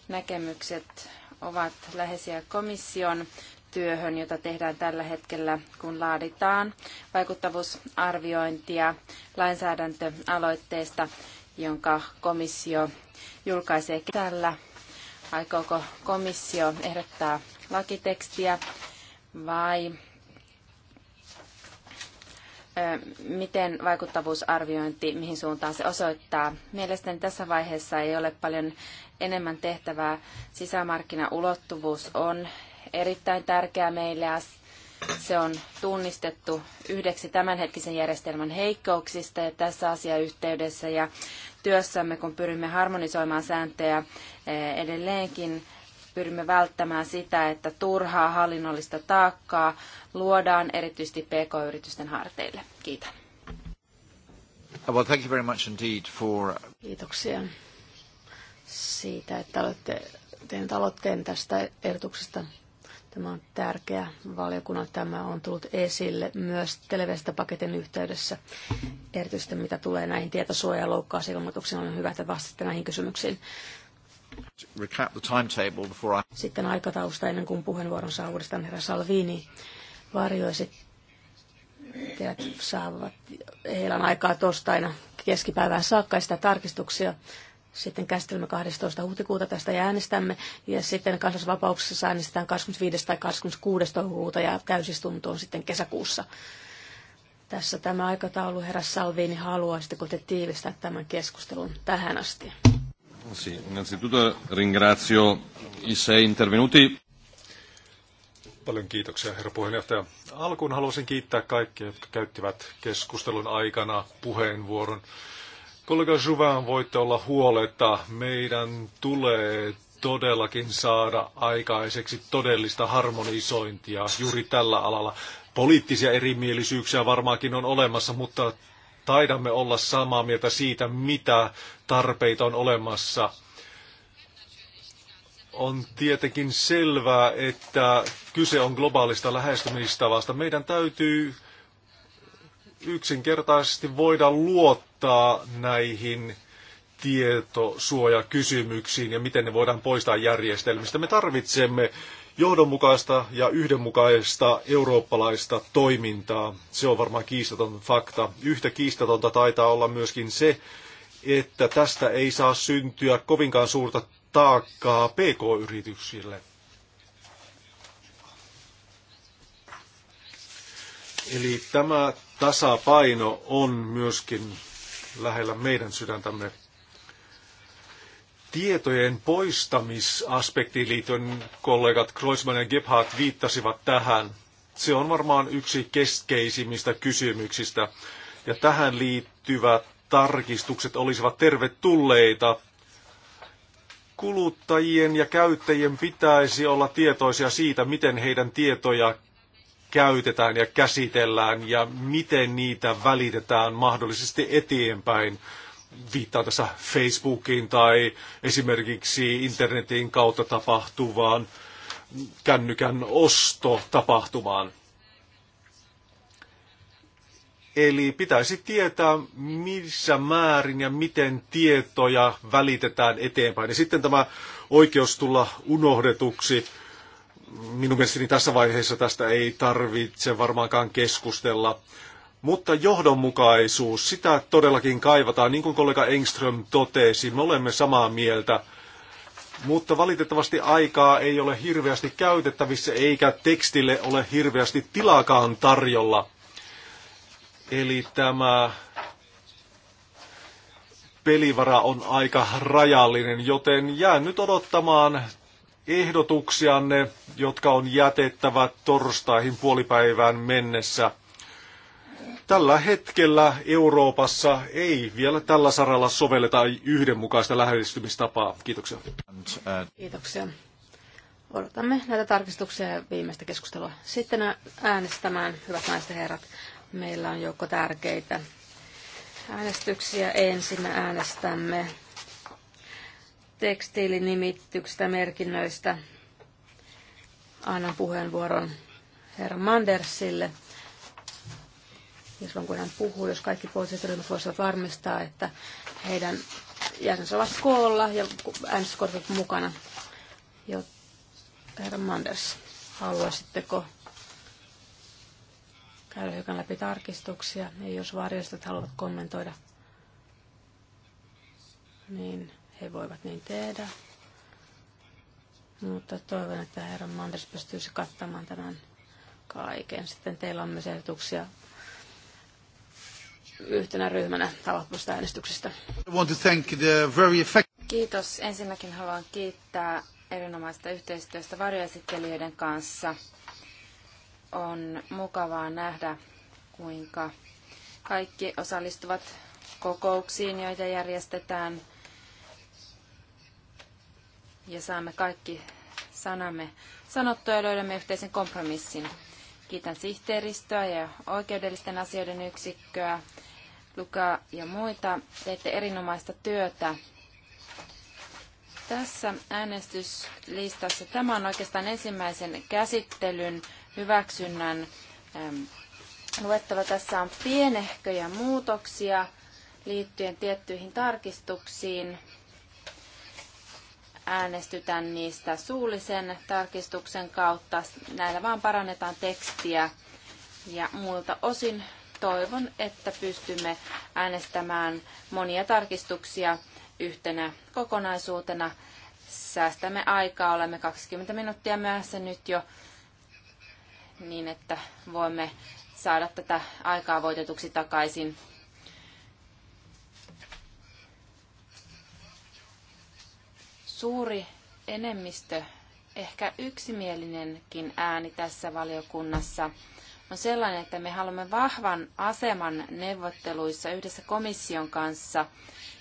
Näkemykset ovat läheisiä komission työhön, jota tehdään tällä hetkellä, kun laaditaan vaikuttavuusarviointia lainsäädäntöaloitteesta, jonka komissio julkaisee tällä. Aikooko komissio ehdottaa lakitekstiä vai miten vaikuttavuusarviointi, mihin suuntaan se osoittaa. Mielestäni tässä vaiheessa ei ole paljon enemmän tehtävää. Sisämarkkinaulottuvuus on erittäin tärkeä meille ja se on tunnistettu yhdeksi tämänhetkisen järjestelmän heikkouksista ja tässä asiayhteydessä ja työssämme, kun pyrimme harmonisoimaan sääntöjä eh, edelleenkin, pyrimme välttämään sitä, että turhaa hallinnollista taakkaa luodaan erityisesti pk-yritysten harteille. Kiitän. Well, thank you very much indeed for... Kiitoksia siitä, että olette tehneet aloitteen tästä ehdotuksesta. Tämä on tärkeä valiokunnan. Tämä on tullut esille myös televesitapaketin yhteydessä. Erityisesti mitä tulee näihin tietosuojaloukkausilmoituksiin, on hyvä, että vastaatte näihin kysymyksiin. Sitten aikatausta ennen kuin puheenvuoron saa uudestaan herra Salvini. Varjoesittäjät saavat, heillä on aikaa torstaina keskipäivään saakka sitä tarkistuksia sitten käsittelemme 12. huhtikuuta tästä ja äänestämme. Ja sitten kansallisvapauksessa äänestetään 25. tai 26. huhtikuuta ja täysistuntoon sitten kesäkuussa. Tässä tämä aikataulu, herra Salvini, haluaisitteko te tiivistää tämän keskustelun tähän asti? Sì, innanzitutto ringrazio i sei intervenuti. Paljon kiitoksia, herra puheenjohtaja. Alkuun haluaisin kiittää kaikkia, jotka käyttivät keskustelun aikana puheenvuoron. Kollega Juvan, voitte olla huoletta. Meidän tulee todellakin saada aikaiseksi todellista harmonisointia juuri tällä alalla. Poliittisia erimielisyyksiä varmaankin on olemassa, mutta taidamme olla samaa mieltä siitä, mitä tarpeita on olemassa. On tietenkin selvää, että kyse on globaalista lähestymistavasta. Meidän täytyy yksinkertaisesti voida luottaa vaikuttaa näihin tietosuojakysymyksiin ja miten ne voidaan poistaa järjestelmistä. Me tarvitsemme johdonmukaista ja yhdenmukaista eurooppalaista toimintaa. Se on varmaan kiistaton fakta. Yhtä kiistatonta taitaa olla myöskin se, että tästä ei saa syntyä kovinkaan suurta taakkaa pk-yrityksille. Eli tämä tasapaino on myöskin lähellä meidän sydäntämme. Tietojen poistamisaspektiin liittyen kollegat Kreuzmann ja Gebhardt viittasivat tähän. Se on varmaan yksi keskeisimmistä kysymyksistä. Ja tähän liittyvät tarkistukset olisivat tervetulleita. Kuluttajien ja käyttäjien pitäisi olla tietoisia siitä, miten heidän tietoja käytetään ja käsitellään ja miten niitä välitetään mahdollisesti eteenpäin. Viittaa tässä Facebookiin tai esimerkiksi internetin kautta tapahtuvaan kännykän ostotapahtumaan. Eli pitäisi tietää, missä määrin ja miten tietoja välitetään eteenpäin. Ja sitten tämä oikeus tulla unohdetuksi minun mielestäni tässä vaiheessa tästä ei tarvitse varmaankaan keskustella. Mutta johdonmukaisuus, sitä todellakin kaivataan. Niin kuin kollega Engström totesi, me olemme samaa mieltä. Mutta valitettavasti aikaa ei ole hirveästi käytettävissä, eikä tekstille ole hirveästi tilakaan tarjolla. Eli tämä pelivara on aika rajallinen, joten jään nyt odottamaan ehdotuksianne, jotka on jätettävä torstaihin puolipäivään mennessä. Tällä hetkellä Euroopassa ei vielä tällä saralla sovelleta yhdenmukaista lähestymistapaa. Kiitoksia. Kiitoksia. Odotamme näitä tarkistuksia ja viimeistä keskustelua. Sitten äänestämään, hyvät naiset ja herrat. Meillä on joukko tärkeitä äänestyksiä. Ensin äänestämme tekstiilinimityksistä merkinnöistä. Annan puheenvuoron herra Mandersille. jos silloin kun hän puhuu, jos kaikki poliittiset ryhmät voisivat varmistaa, että heidän jäsensä ovat koolla ja äänestyskortit mukana. Jo, herra Manders, haluaisitteko käydä hiukan läpi tarkistuksia? Ja jos varjostat haluavat kommentoida, niin he voivat niin tehdä. Mutta toivon, että herra Manders pystyisi kattamaan tämän kaiken. Sitten teillä on myös ehdotuksia yhtenä ryhmänä tavoitteista äänestyksistä. Kiitos. Ensinnäkin haluan kiittää erinomaista yhteistyöstä varjoesittelijöiden kanssa. On mukavaa nähdä, kuinka kaikki osallistuvat kokouksiin, joita järjestetään ja saamme kaikki sanamme sanottua ja löydämme yhteisen kompromissin. Kiitän sihteeristöä ja oikeudellisten asioiden yksikköä, Luka ja muita. Teette erinomaista työtä. Tässä äänestyslistassa tämä on oikeastaan ensimmäisen käsittelyn hyväksynnän ähm, luettelo. Tässä on pienehköjä muutoksia liittyen tiettyihin tarkistuksiin äänestytän niistä suullisen tarkistuksen kautta. Näillä vaan parannetaan tekstiä ja muilta osin toivon, että pystymme äänestämään monia tarkistuksia yhtenä kokonaisuutena. Säästämme aikaa, olemme 20 minuuttia myöhässä nyt jo, niin että voimme saada tätä aikaa voitetuksi takaisin. suuri enemmistö, ehkä yksimielinenkin ääni tässä valiokunnassa on sellainen, että me haluamme vahvan aseman neuvotteluissa yhdessä komission kanssa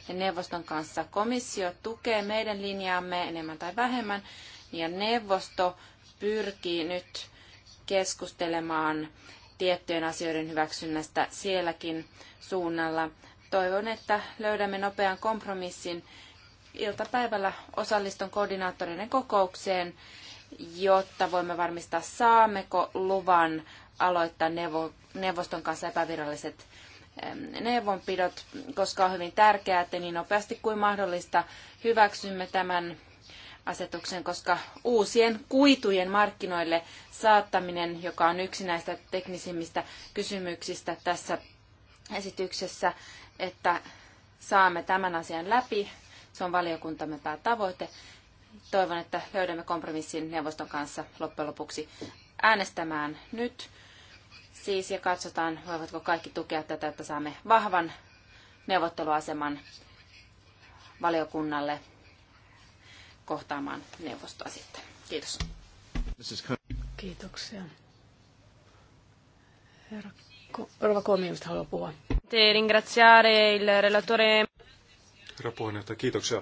ja neuvoston kanssa. Komissio tukee meidän linjaamme enemmän tai vähemmän ja neuvosto pyrkii nyt keskustelemaan tiettyjen asioiden hyväksynnästä sielläkin suunnalla. Toivon, että löydämme nopean kompromissin iltapäivällä osallistun koordinaattoreiden kokoukseen, jotta voimme varmistaa, saammeko luvan aloittaa neuvoston kanssa epäviralliset neuvonpidot, koska on hyvin tärkeää, että niin nopeasti kuin mahdollista hyväksymme tämän asetuksen, koska uusien kuitujen markkinoille saattaminen, joka on yksi näistä teknisimmistä kysymyksistä tässä esityksessä, että saamme tämän asian läpi se on valiokuntamme päätavoite. Toivon, että löydämme kompromissin neuvoston kanssa loppujen lopuksi äänestämään nyt. Siis ja katsotaan, voivatko kaikki tukea tätä, että saamme vahvan neuvotteluaseman valiokunnalle kohtaamaan neuvostoa sitten. Kiitos. Kiitoksia. Herra Rova Komi, haluaa puhua. Ringraziare il relatore herra puheenjohtaja. Kiitoksia.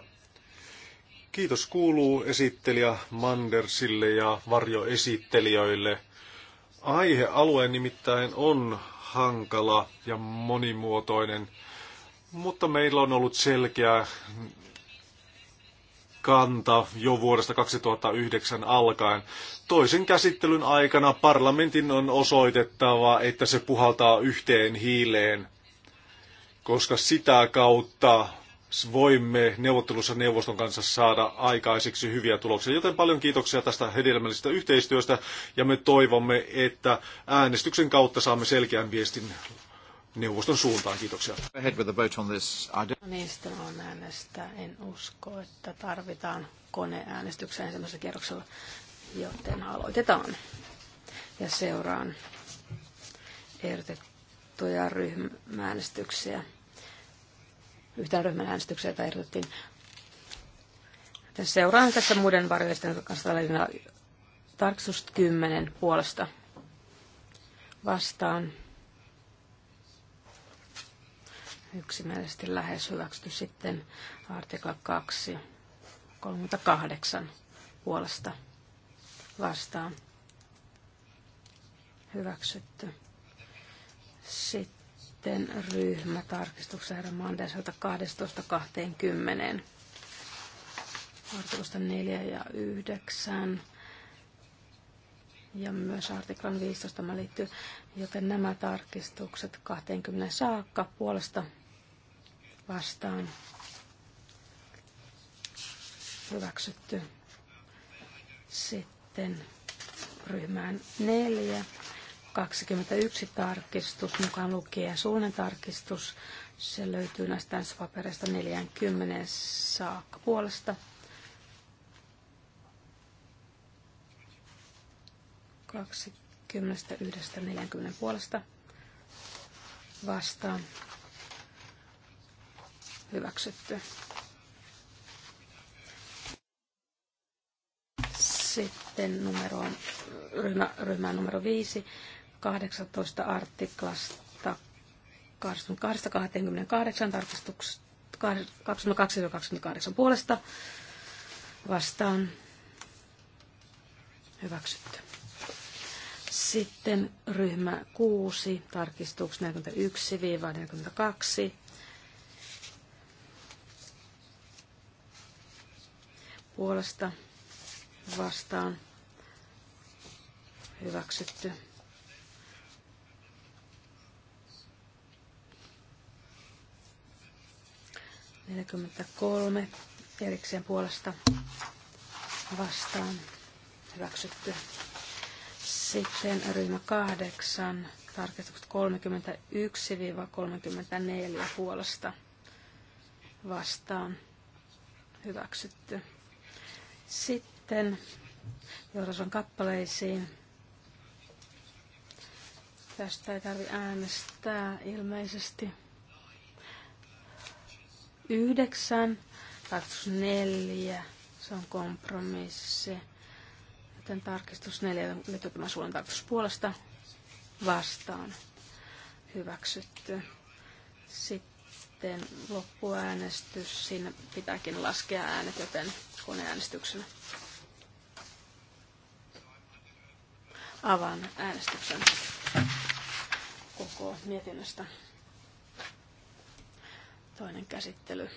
Kiitos kuuluu esittelijä Mandersille ja varjoesittelijöille. Aihealue nimittäin on hankala ja monimuotoinen, mutta meillä on ollut selkeä kanta jo vuodesta 2009 alkaen. Toisen käsittelyn aikana parlamentin on osoitettava, että se puhaltaa yhteen hiileen, koska sitä kautta voimme neuvottelussa neuvoston kanssa saada aikaiseksi hyviä tuloksia. Joten paljon kiitoksia tästä hedelmällisestä yhteistyöstä ja me toivomme, että äänestyksen kautta saamme selkeän viestin neuvoston suuntaan. Kiitoksia. Niistä on no niin, äänestää. En usko, että tarvitaan koneäänestyksen ensimmäisellä kierroksella, joten aloitetaan. Ja seuraan ehdotettuja ryhmääänestyksiä yhtään ryhmän äänestykseen jota ehdotettiin. seuraan tässä muiden varjoisten kanssa tarkistus 10 puolesta vastaan. Yksimielisesti lähes hyväksytty sitten artikla 2, 38 puolesta vastaan. Hyväksytty. Sitten sitten ryhmätarkistuksen herra Mandeselta 12.20. Artikosta 4 ja 9. Ja myös artiklan 15 tämä liittyy, joten nämä tarkistukset 20 saakka puolesta vastaan hyväksytty. Sitten ryhmään neljä. 21 tarkistus, mukaan lukien suunnan tarkistus. Se löytyy näistä tanssipapereista 40 saakka puolesta. 21-40 puolesta vastaan hyväksytty. Sitten numero on, ryhmä, ryhmä numero 5 18 artiklasta 22-28 tarkistuksesta 22-28 puolesta vastaan hyväksytty. Sitten ryhmä 6, tarkistuks 41-42. Puolesta vastaan hyväksytty. 43 erikseen puolesta vastaan hyväksytty. Sitten ryhmä 8, tarkistukset 31-34 puolesta vastaan hyväksytty. Sitten johdason kappaleisiin. Tästä ei tarvitse äänestää ilmeisesti. 9, tarkistus se on kompromissi. Joten tarkistus 4, nyt on tämä suunnan tarkistus puolesta vastaan hyväksytty. Sitten loppuäänestys, siinä pitääkin laskea äänet, joten koneäänestyksenä. Avaan äänestyksen koko mietinnöstä. Toinen käsittely.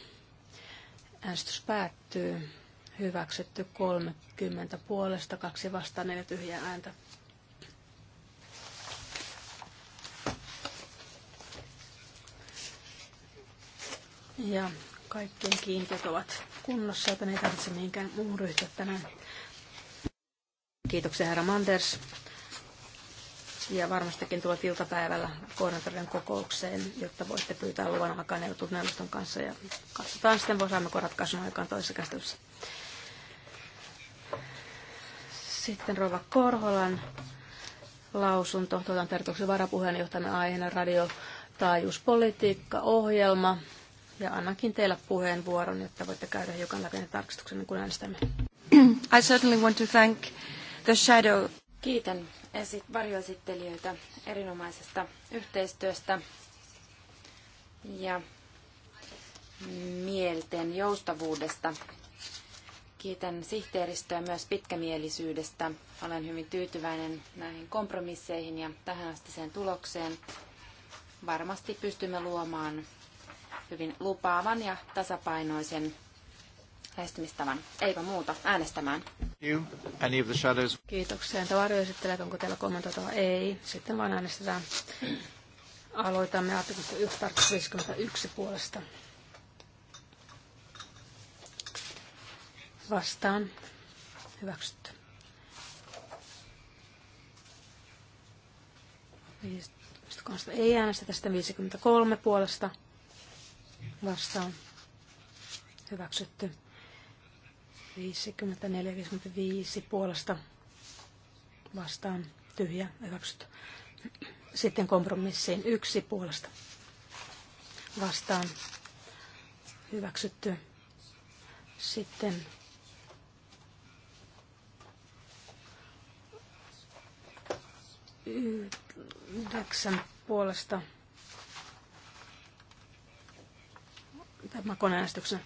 Äänestys päättyy. Hyväksytty 30 puolesta, kaksi vastaan, neljä tyhjää ääntä. Ja kaikkien kiintiöt ovat kunnossa, joten ei tarvitse mihinkään muuhun ryhtyä tänään. Kiitoksia herra Manders ja varmastikin tulet iltapäivällä koordinaattorien kokoukseen, jotta voitte pyytää luvan alkaa neuvotteluneuvoston kanssa ja katsotaan sitten, voimmeko ratkaisun aikaan toisessa käsittelyssä. Sitten Rova Korholan lausunto, tuotan tertuksen varapuheenjohtajan aiheena radio taajuuspolitiikka ohjelma. Ja annankin teillä puheenvuoron, jotta voitte käydä hiukan läpi tarkistuksen, niin kun äänestämme. I certainly want to thank the shadow Kiitän esit- varjoesittelijöitä erinomaisesta yhteistyöstä ja mielten joustavuudesta. Kiitän sihteeristöä myös pitkämielisyydestä. Olen hyvin tyytyväinen näihin kompromisseihin ja tähän asti sen tulokseen. Varmasti pystymme luomaan hyvin lupaavan ja tasapainoisen lähestymistavan. Eipä muuta, äänestämään. You, any of the shadows. Kiitoksia. Entä varjoesittelijät, onko teillä kommentoitava? Ei. Sitten vaan äänestetään. Aloitamme artiklasta 1.51 puolesta. Vastaan. Hyväksytty. 53 ei äänestä tästä 53 puolesta vastaan hyväksytty. 54-55 puolesta vastaan tyhjä hyväksytty. Sitten kompromissiin yksi puolesta vastaan hyväksytty. Sitten yhdeksän puolesta tämä koneäänestyksen.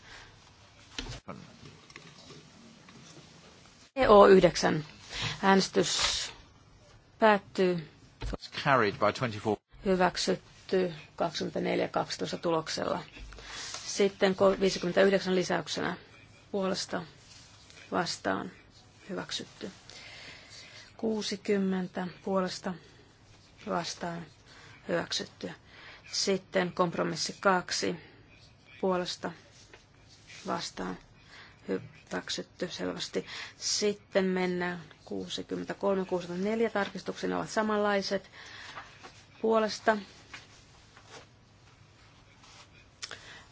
EO9. Äänestys päättyy. Carried by 24. Hyväksytty 24.12 tuloksella. Sitten 59 lisäyksenä puolesta vastaan hyväksytty. 60 puolesta vastaan hyväksytty. Sitten kompromissi 2 puolesta vastaan hyväksytty selvästi. Sitten mennään 63-64 tarkistuksen ovat samanlaiset puolesta.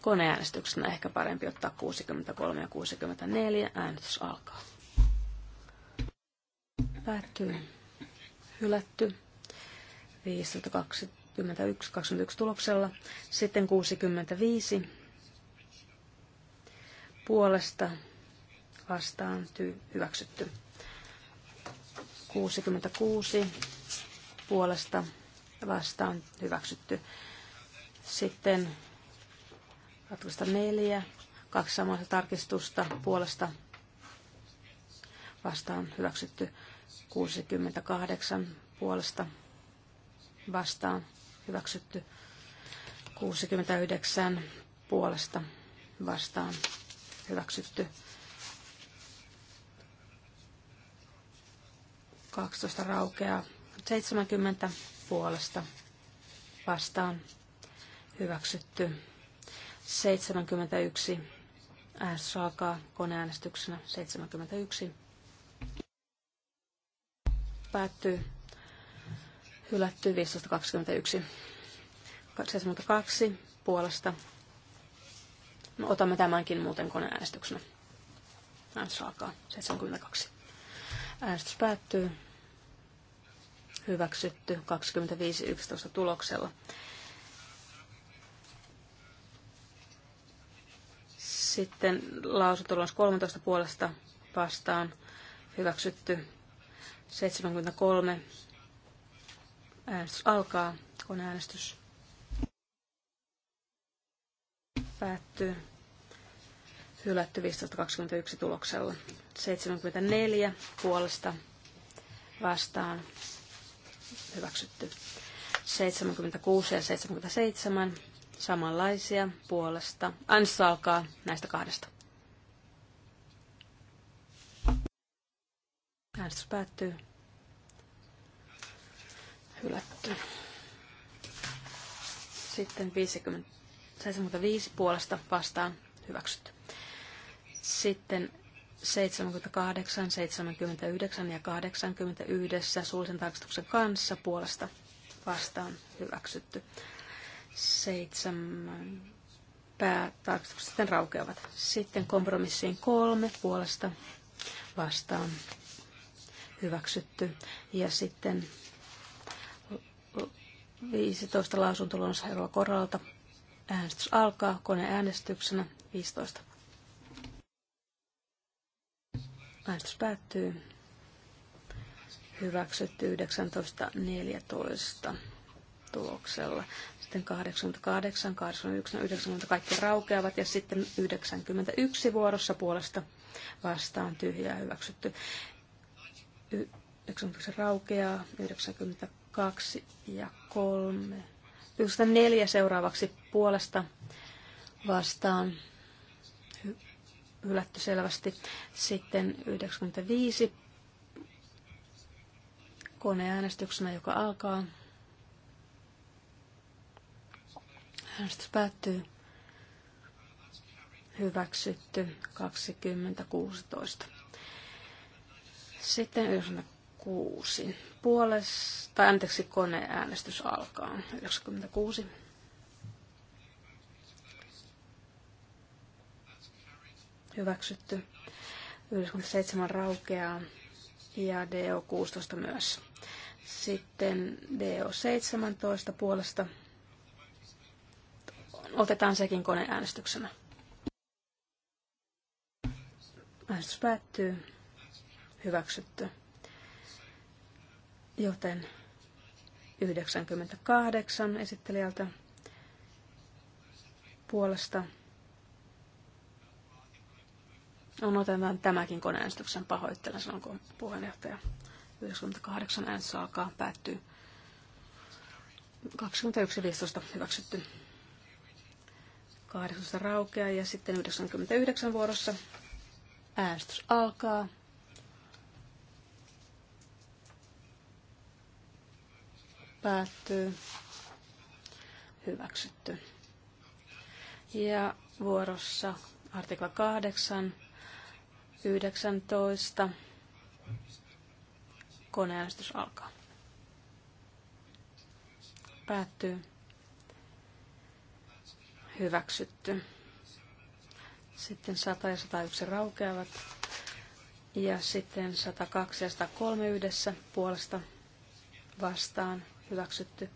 Koneäänestyksenä ehkä parempi ottaa 63 ja 64. Äänestys alkaa. Päättyy. Hylätty. 15.21 21 tuloksella. Sitten 65 puolesta vastaan ty- hyväksytty. 66 puolesta vastaan hyväksytty. Sitten 24, kaksi samaa tarkistusta puolesta vastaan hyväksytty. 68 puolesta vastaan hyväksytty. 69 puolesta vastaan hyväksytty. 12 raukeaa 70 puolesta vastaan hyväksytty. 71 äänestys alkaa koneäänestyksenä 71. Päättyy hylätty 15.21. 72 puolesta Otamme tämänkin muuten koneäänestyksenä. Äänestys alkaa 72. Äänestys päättyy. Hyväksytty 25.11 tuloksella. Sitten lausutulos 13 puolesta vastaan hyväksytty 73. Äänestys alkaa, Koneäänestys päättyy hylätty 15.21 tuloksella. 74 puolesta vastaan hyväksytty. 76 ja 77 samanlaisia puolesta. Anssa alkaa näistä kahdesta. Äänestys päättyy. Hylätty. Sitten 50, 75 puolesta vastaan hyväksytty. Sitten 78, 79 ja 81 suullisen tarkistuksen kanssa puolesta vastaan hyväksytty. Seitsemän päätarkistukset sitten raukeavat. Sitten kompromissiin kolme puolesta vastaan hyväksytty. Ja sitten 15 lausuntolonsa eroa koralta. Äänestys alkaa koneäänestyksenä 15. Äänestys päättyy. Hyväksytty 19.14 tuloksella. Sitten 88, 89, 90 kaikki raukeavat ja sitten 91 vuorossa puolesta vastaan tyhjää hyväksytty. 91 raukeaa, 92 ja 3. 94 seuraavaksi puolesta vastaan hylätty selvästi. Sitten 95 koneäänestyksenä, joka alkaa. Äänestys päättyy. Hyväksytty 2016. Sitten 96. Puolesta, anteeksi, koneäänestys alkaa. 96. hyväksytty. 97 raukeaa ja DO16 myös. Sitten DO17 puolesta otetaan sekin kone äänestyksenä. Äänestys päättyy. Hyväksytty. Joten 98 esittelijältä puolesta No, otetaan tämäkin koneäänestyksen pahoittelen, kun puheenjohtaja. 98 äänestys alkaa, päättyy 21.15 hyväksytty. 18 raukea ja sitten 99 vuorossa äänestys alkaa. Päättyy. Hyväksytty. Ja vuorossa artikla 8, 19. Koneäänestys alkaa. Päättyy. Hyväksytty. Sitten 100 ja 101 raukeavat. Ja sitten 102 ja 103 yhdessä puolesta vastaan hyväksytty.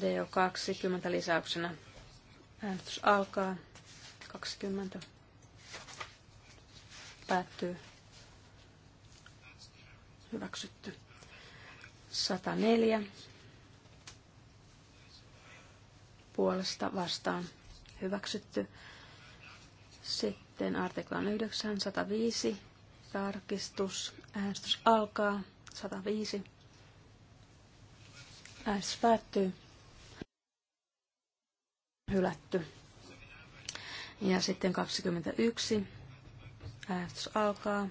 DO 20 lisäyksenä. Äänestys alkaa. 20. Päättyy. Hyväksytty. 104. Puolesta vastaan. Hyväksytty. Sitten artiklan 9, 105. Tarkistus. Äänestys alkaa. 105. Äänestys päättyy. Hylätty. Ja sitten 21 Äänestys alkaa.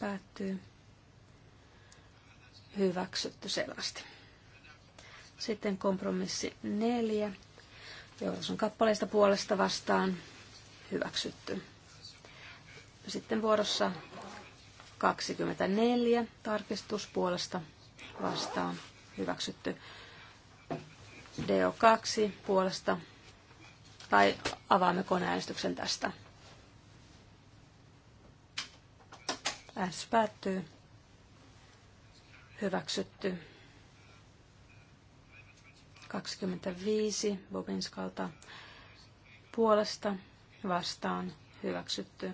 Päättyy. Hyväksytty selvästi. Sitten kompromissi neljä. Johdus on kappaleista puolesta vastaan hyväksytty. Sitten vuorossa 24 tarkistus puolesta vastaan hyväksytty. DO2 puolesta tai avaamme koneäänestyksen tästä. Äänestys päättyy. Hyväksytty. 25 Bobinskalta puolesta vastaan hyväksytty.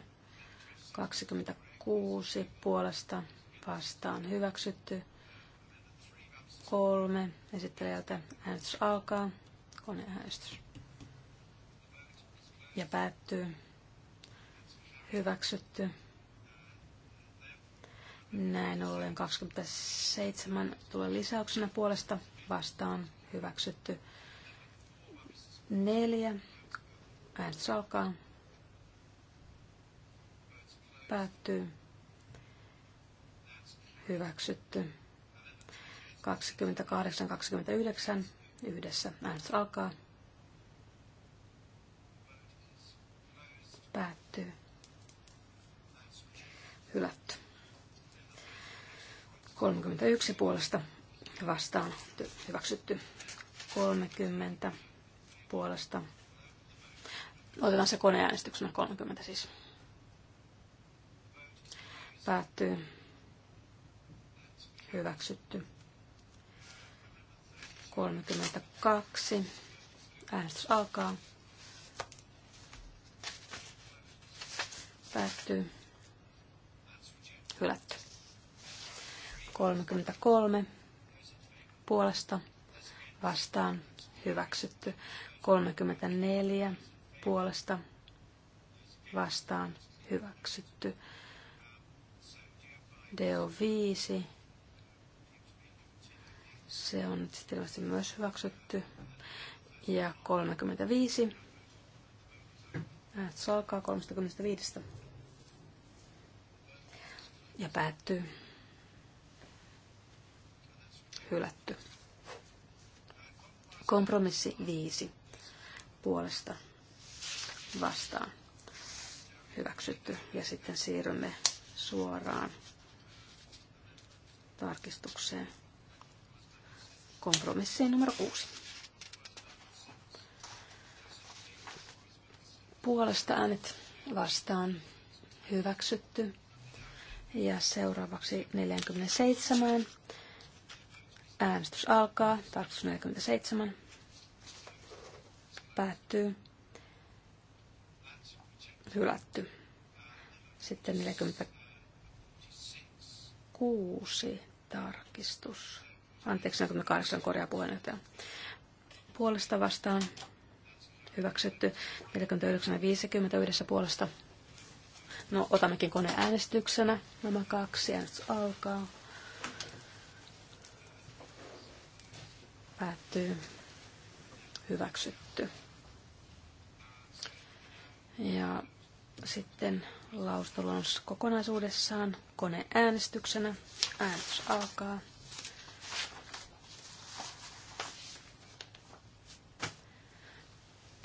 26 puolesta vastaan hyväksytty. Kolme esittelijältä äänestys alkaa. Koneäänestys ja päättyy. Hyväksytty. Näin ollen 27 tulee lisäyksenä puolesta vastaan hyväksytty. Neljä. Äänestys alkaa. Päättyy. Hyväksytty. 28-29 yhdessä. Äänestys alkaa. Päättyy. Hylätty. 31 puolesta vastaan hyväksytty. 30 puolesta. Otetaan se koneäänestyksenä 30 siis. Päättyy. Hyväksytty. 32. Äänestys alkaa. Päättyy. Hylätty. 33 puolesta vastaan hyväksytty. 34 puolesta vastaan hyväksytty. Deo 5. Se on nyt sitten myös hyväksytty. Ja 35. Se alkaa 35 ja päättyy. Hylätty. Kompromissi 5 puolesta vastaan hyväksytty. Ja sitten siirrymme suoraan tarkistukseen. kompromissi numero 6. Puolesta äänet vastaan hyväksytty. Ja seuraavaksi 47. Äänestys alkaa. Tarkoitus 47. Päättyy. Hylätty. Sitten 46 tarkistus. Anteeksi, 48 korjaa puheenjohtaja. Puolesta vastaan hyväksytty. 49 50 yhdessä puolesta No, otammekin äänestyksenä nämä kaksi. nyt alkaa. Päättyy. Hyväksytty. Ja sitten laustolons kokonaisuudessaan koneäänestyksenä. Äänestys alkaa.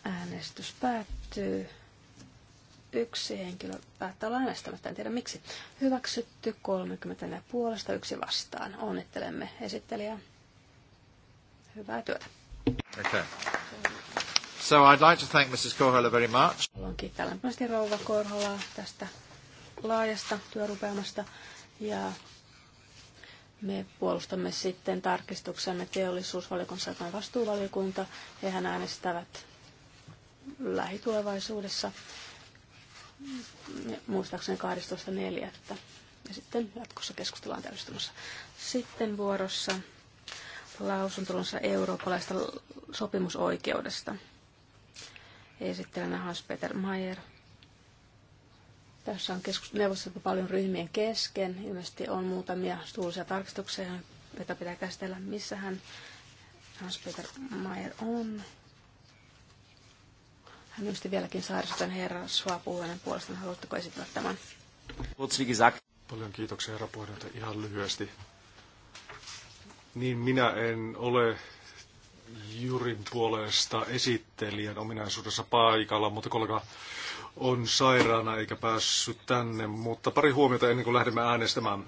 Äänestys päättyy yksi henkilö päättää olla äänestämättä, en tiedä miksi. Hyväksytty ja puolesta, yksi vastaan. Onnittelemme esittelijää. Hyvää työtä. Okay. So I'd like to thank Mrs. Korhola very much. Haluan kiittää lämpimästi rouva Korholaa tästä laajasta työrupeamasta ja me puolustamme sitten tarkistuksemme teollisuusvaliokunnassa tai vastuuvaliokunta. Hehän äänestävät lähitulevaisuudessa muistaakseni 12.4. Ja sitten jatkossa keskustellaan täysistunnossa. Sitten vuorossa lausuntolonsa eurooppalaista sopimusoikeudesta. Esittelenä Hans-Peter Mayer. Tässä on neuvosteltu paljon ryhmien kesken. Ilmeisesti on muutamia suullisia tarkistuksia, joita pitää käsitellä. Missähän Hans-Peter Mayer on? Hän nosti vieläkin herran herra Suapuuhainen puolestaan. Haluatteko esitellä tämän? Paljon kiitoksia herra puheenjohtaja. Ihan lyhyesti. Niin minä en ole Jurin puolesta esittelijän ominaisuudessa paikalla, mutta kollega on sairaana eikä päässyt tänne, mutta pari huomiota ennen kuin lähdemme äänestämään.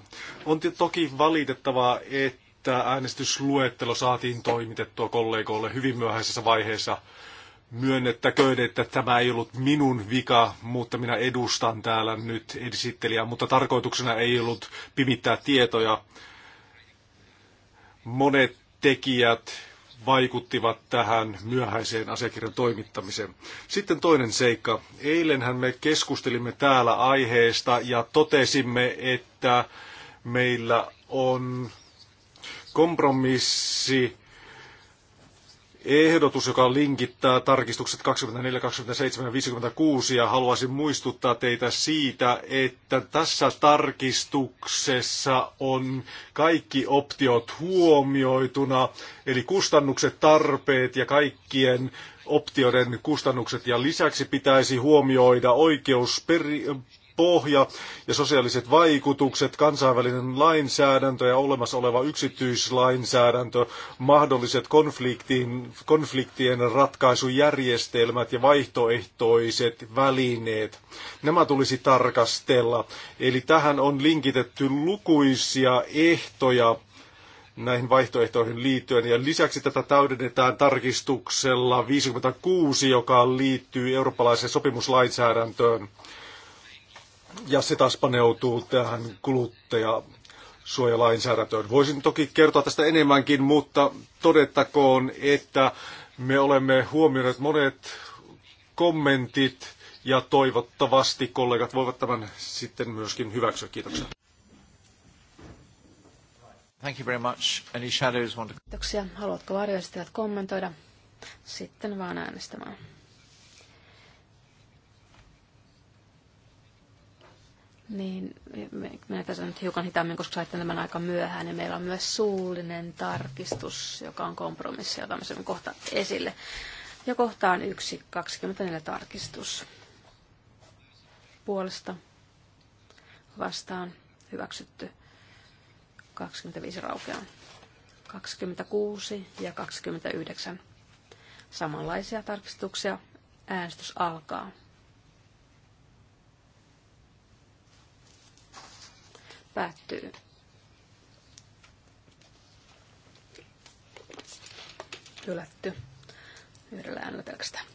On toki valitettavaa, että äänestysluettelo saatiin toimitettua kollegoille hyvin myöhäisessä vaiheessa myönnettäköön, että tämä ei ollut minun vika, mutta minä edustan täällä nyt esittelijää, mutta tarkoituksena ei ollut pimittää tietoja. Monet tekijät vaikuttivat tähän myöhäiseen asiakirjan toimittamiseen. Sitten toinen seikka. Eilenhän me keskustelimme täällä aiheesta ja totesimme, että meillä on kompromissi ehdotus, joka linkittää tarkistukset 24, 27 ja 56 ja haluaisin muistuttaa teitä siitä, että tässä tarkistuksessa on kaikki optiot huomioituna, eli kustannukset, tarpeet ja kaikkien optioiden kustannukset ja lisäksi pitäisi huomioida oikeus pohja ja sosiaaliset vaikutukset, kansainvälinen lainsäädäntö ja olemassa oleva yksityislainsäädäntö, mahdolliset konfliktien ratkaisujärjestelmät ja vaihtoehtoiset välineet. Nämä tulisi tarkastella. Eli tähän on linkitetty lukuisia ehtoja näihin vaihtoehtoihin liittyen. Ja lisäksi tätä täydennetään tarkistuksella 56, joka liittyy eurooppalaiseen sopimuslainsäädäntöön ja se taas paneutuu tähän kuluttajasuojalainsäädäntöön. Voisin toki kertoa tästä enemmänkin, mutta todettakoon, että me olemme huomioineet monet kommentit ja toivottavasti kollegat voivat tämän sitten myöskin hyväksyä. Kiitoksia. Thank you very much. Any shadows want to... Kiitoksia. Haluatko varjoistajat kommentoida? Sitten vaan äänestämään. Niin, me tässä nyt hiukan hitaammin, koska saitte tämän aika myöhään, niin meillä on myös suullinen tarkistus, joka on kompromissi, jota me kohta esille. Ja kohtaan yksi 24 tarkistus. Puolesta vastaan hyväksytty 25 raukeaa. 26 ja 29. Samanlaisia tarkistuksia. Äänestys alkaa. Päättyy. Ylätty. Yhdellä äänellä pelkästään.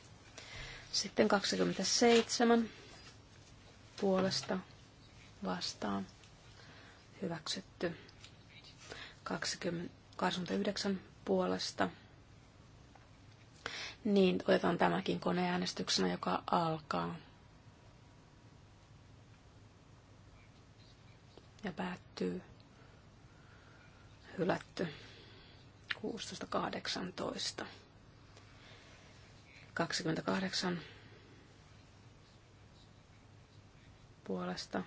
Sitten 27 puolesta vastaan hyväksytty. 20, 29 puolesta. Niin, otetaan tämäkin koneäänestyksenä, joka alkaa. ja päättyy hylätty 16.18. 28 puolesta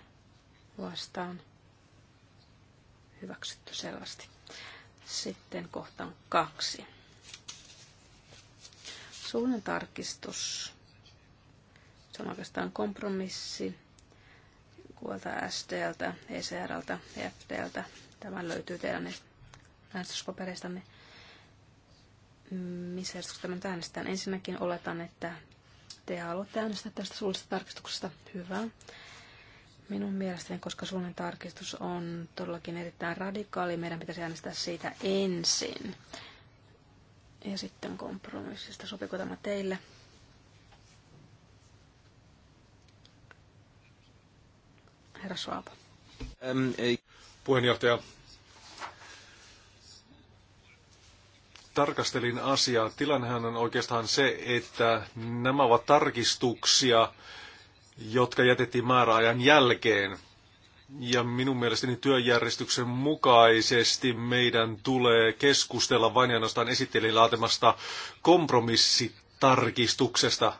vastaan hyväksytty selvästi. Sitten kohtaan kaksi. Suunnan tarkistus. Se on oikeastaan kompromissi GULta, SDltä, ECRltä, FDltä. Tämä löytyy teidän äänestyspaperistanne. Missä järjestyksessä tämän äänestetään? Ensinnäkin oletan, että te haluatte äänestää tästä suullisesta tarkistuksesta. Hyvä. Minun mielestäni, koska suullinen tarkistus on todellakin erittäin radikaali, meidän pitäisi äänestää siitä ensin. Ja sitten kompromissista. Sopiko tämä teille? herra Schwab. Ähm, ei. Puheenjohtaja, tarkastelin asiaa. Tilannehan on oikeastaan se, että nämä ovat tarkistuksia, jotka jätettiin määräajan jälkeen. Ja minun mielestäni työjärjestyksen mukaisesti meidän tulee keskustella vain ainoastaan esittelijän laatemasta kompromissitarkistuksesta.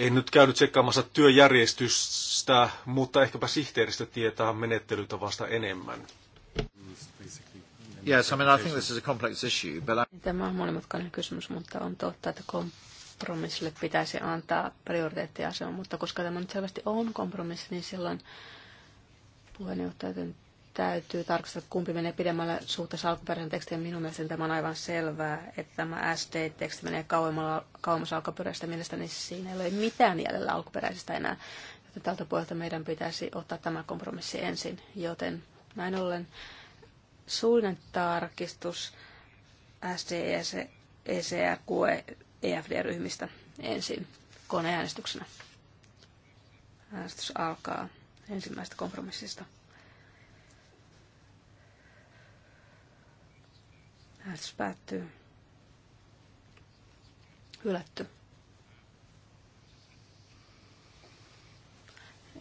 En nyt käynyt tsekkaamassa työjärjestystä, mutta ehkäpä sihteeristä tietää menettelytavasta enemmän. Yes, I mean, I think this is a complex issue, but I... Tämä on monimutkainen kysymys, mutta on totta, että kompromissille pitäisi antaa prioriteettiasema, mutta koska tämä nyt selvästi on kompromissi, niin silloin puheenjohtajan täytyy tarkastella, kumpi menee pidemmälle suhteessa alkuperäisen tekstiin. Minun mielestäni tämä on aivan selvää, että tämä SD-teksti menee kauemmas alkuperäisestä. Mielestäni siinä ei ole mitään jäljellä alkuperäisestä enää. Joten tältä puolelta meidän pitäisi ottaa tämä kompromissi ensin. Joten näin ollen suullinen tarkistus SD, ECR, e QE, EFD-ryhmistä ensin koneäänestyksenä. Äänestys alkaa ensimmäisestä kompromissista. Äänestys päättyy. Hylätty.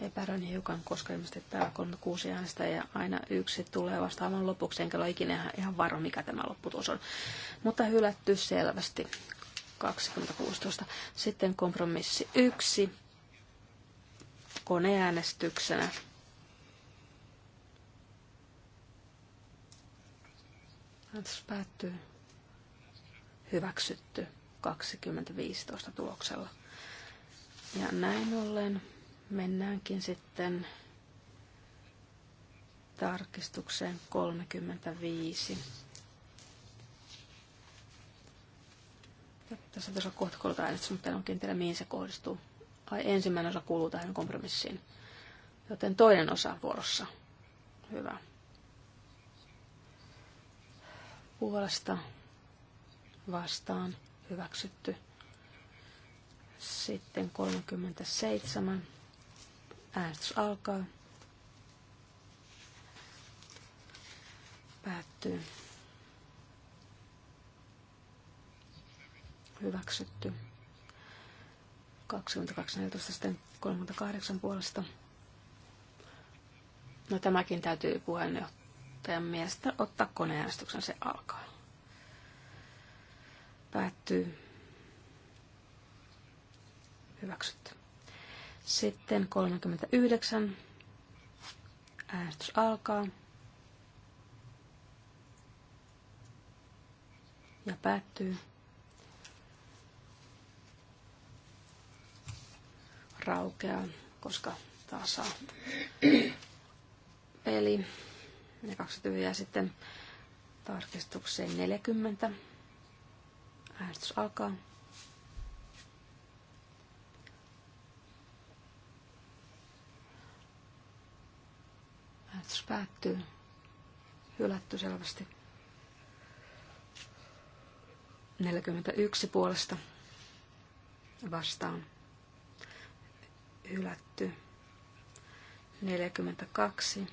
Epäröin hiukan, koska ilmeisesti täällä 36 äänestä ja aina yksi tulee vastaamaan lopuksi, enkä ole ikinä ihan varma, mikä tämä lopputulos on. Mutta hylätty selvästi. 2016. Sitten kompromissi 1 koneäänestyksenä. Päätös päättyy. Hyväksytty 2015 tuloksella. Ja näin ollen mennäänkin sitten tarkistukseen 35. Tässä on tuossa kohta kolta äänestys, mutta en onkin tiedä mihin se kohdistuu. Ai, ensimmäinen osa kuuluu tähän kompromissiin. Joten toinen osa vuorossa. Hyvä puolesta vastaan hyväksytty. Sitten 37. Äänestys alkaa. Päättyy. Hyväksytty. 22.14 sitten 38 puolesta. No tämäkin täytyy puheenjohtaja edustajan mielestä ottaa koneäänestyksen. Se alkaa. Päättyy. Hyväksytty. Sitten 39. Äänestys alkaa. Ja päättyy. Raukeaa, koska saa peli ja kaksi tyhjää sitten tarkistukseen 40. Äänestys alkaa. Äänestys päättyy. Hylätty selvästi. 41 puolesta vastaan. Hylätty. 42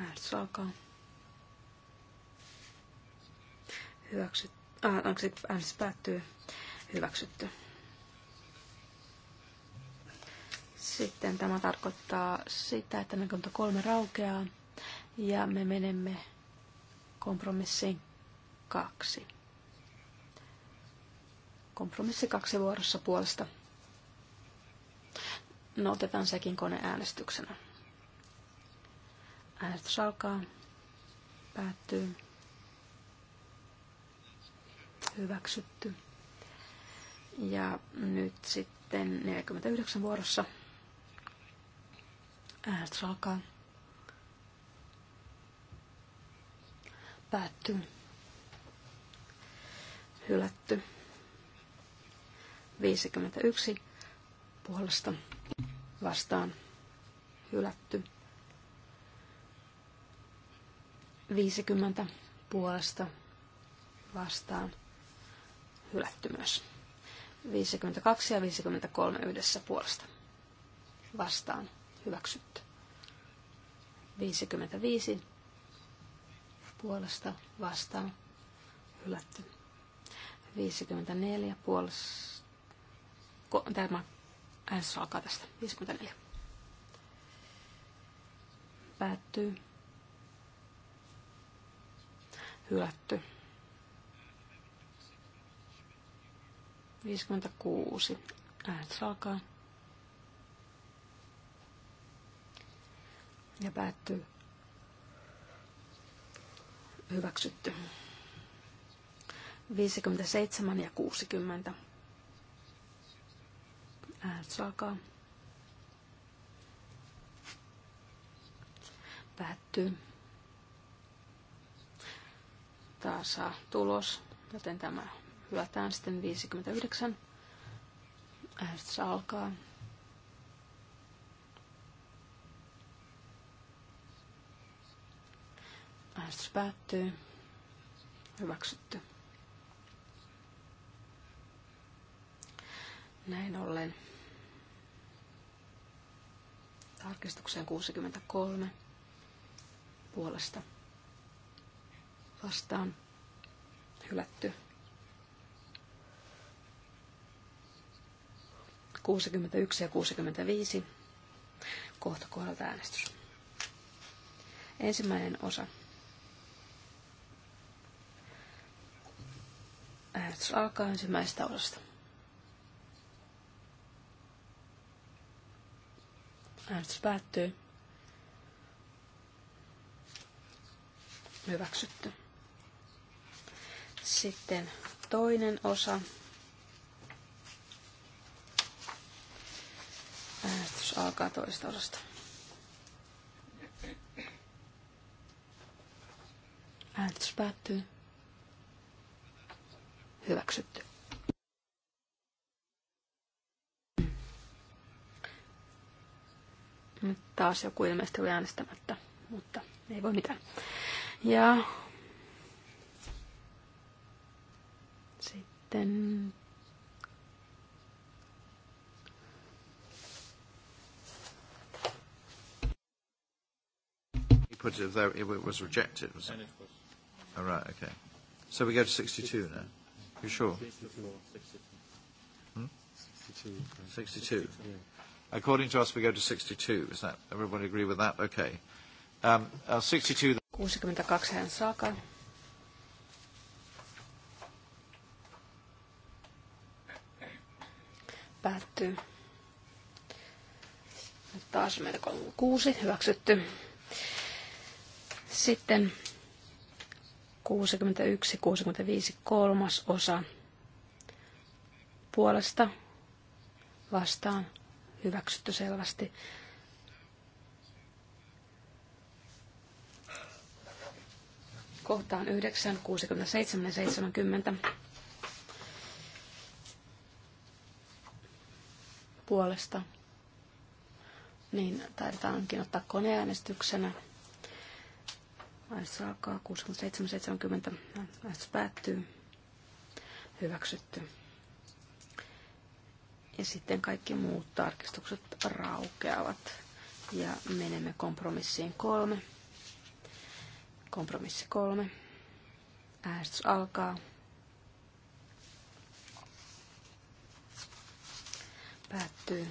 Äänestys alkaa. Hyväksyt. Ah, äänestys päättyy. Hyväksytty. Sitten tämä tarkoittaa sitä, että kolme raukeaa ja me menemme kompromissiin kaksi. Kompromissi kaksi vuorossa puolesta. No otetaan sekin koneäänestyksenä. Äänestys alkaa. Päättyy. Hyväksytty. Ja nyt sitten 49 vuorossa. Äänestys alkaa. Päättyy. Hylätty. 51 puolesta vastaan hylätty. 50 puolesta vastaan hylätty myös. 52 ja 53 yhdessä puolesta vastaan hyväksytty. 55 puolesta vastaan hylätty. 54 puolesta. Tämä äänestys alkaa tästä. 54. Päättyy hyötty. 56. Äänestys alkaa. Ja päättyy. Hyväksytty. 57 ja 60. Äänestys alkaa. Päättyy saa tulos, joten tämä hylätään sitten 59. Äänestys alkaa. Äänestys päättyy. Hyväksytty. Näin ollen tarkistukseen 63 puolesta vastaan hylätty. 61 ja 65 kohta kohdalta äänestys. Ensimmäinen osa. Äänestys alkaa ensimmäisestä osasta. Äänestys päättyy. Hyväksytty. Sitten toinen osa. Äänestys alkaa toista osasta. Äänestys päättyy. Hyväksytty. Nyt taas joku ilmeisesti oli äänestämättä, mutta ei voi mitään. Ja Sitten put it though it was rejected, was it? All oh, right, okay. So we go to 62 now. You sure? 62. 62. Hmm? According to us, we go to 62. Is that everybody agree with that? Okay. Um, uh, 62. 62 hän saakka. päättyy. Nyt taas meillä 36 hyväksytty. Sitten 61, 65 kolmas osa puolesta vastaan hyväksytty selvästi. Kohtaan 9, 67 ja 70 puolesta. Niin taidetaankin ottaa koneäänestyksenä. Äänestys alkaa 67-70. Äänestys päättyy. Hyväksytty. Ja sitten kaikki muut tarkistukset raukeavat. Ja menemme kompromissiin kolme. Kompromissi kolme. Äänestys alkaa. Päättyy.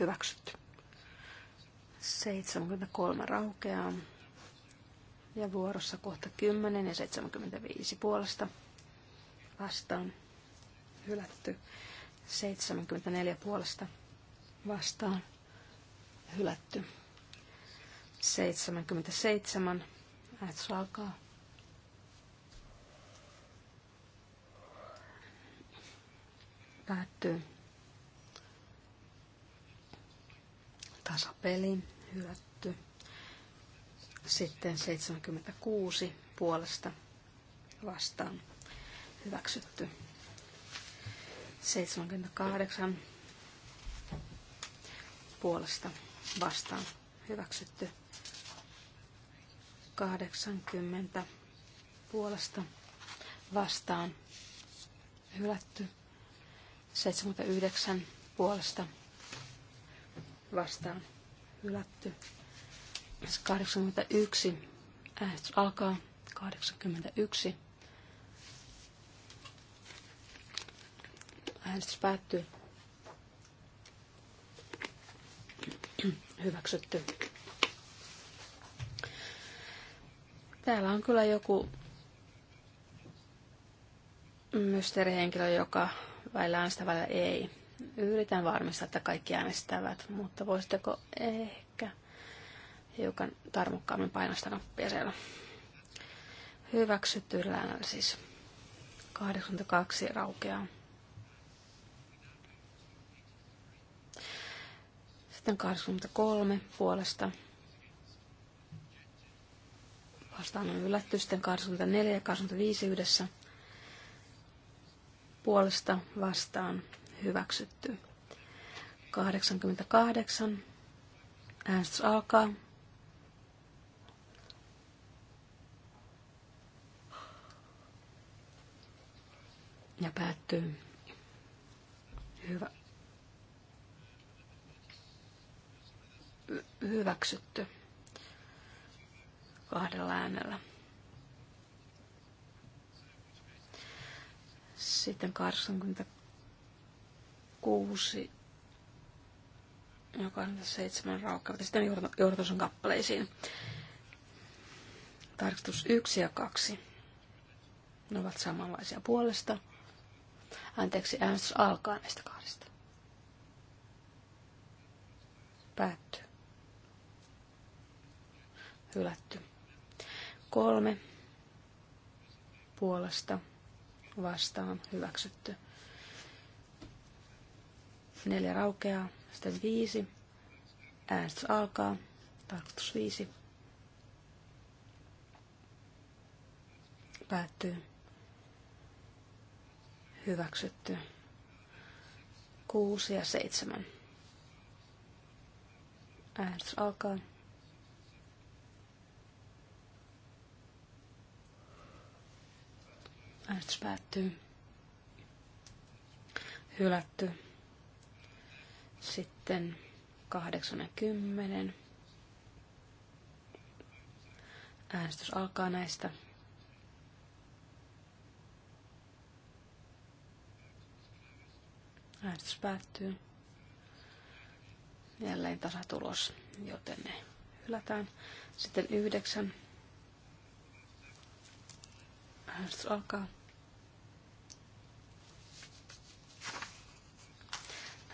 Hyväksytty. 73 raukeaa. Ja vuorossa kohta 10 ja 75 puolesta vastaan. Hylätty. 74 puolesta vastaan. Hylätty. 77. Äänestys alkaa. Päättyy. Tasapeli. Hylätty. Sitten 76 puolesta vastaan. Hyväksytty. 78 puolesta vastaan hyväksytty 80 puolesta vastaan hylätty 79 puolesta vastaan hylätty. 81 äänestys alkaa. 81. Äänestys päättyy. Hyväksytty. Täällä on kyllä joku mysteerihenkilö, joka vai äänestää, ei. Yritän varmistaa, että kaikki äänestävät, mutta voisitteko ehkä hiukan tarmokkaammin painostaa nappia siellä. Hyväksytyllään siis 82 raukeaa. Sitten 83 puolesta vastaan on yllätty. Sitten 84 ja 85 yhdessä puolesta vastaan hyväksytty. 88. Äänestys alkaa. Ja päättyy. Hyvä. Hyväksytty kahdella äänellä. Sitten 86, joka on seitsemän raukkaavat. Sitten johdatuksen kappaleisiin. Tarkistus 1 ja 2. Ne ovat samanlaisia puolesta. Anteeksi, äänestys alkaa näistä kahdesta. Päättyy. Hylätty. Kolme puolesta vastaan hyväksytty. Neljä raukeaa, sitten viisi. Äänestys alkaa. Tarkoitus viisi. Päättyy. Hyväksytty. Kuusi ja seitsemän. Äänestys alkaa. Äänestys päättyy. Hylätty. Sitten 80. Äänestys alkaa näistä. Äänestys päättyy. Jälleen tasatulos, joten ne hylätään. Sitten yhdeksän. Äänestys alkaa.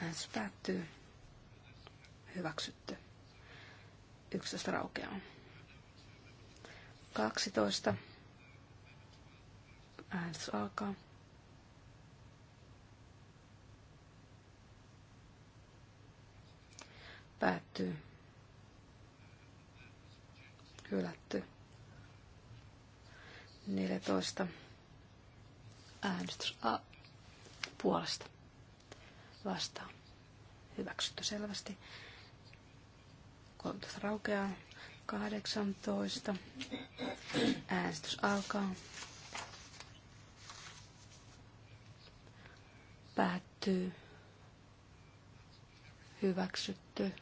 Näin se päättyy. Hyväksytty. 11 raukeaa. 12. Äänestys alkaa. Päättyy. Hylätty. 14. Äänestys A puolesta vastaan. Hyväksytty selvästi. 13 raukeaa. 18. Äänestys alkaa. Päättyy. Hyväksytty.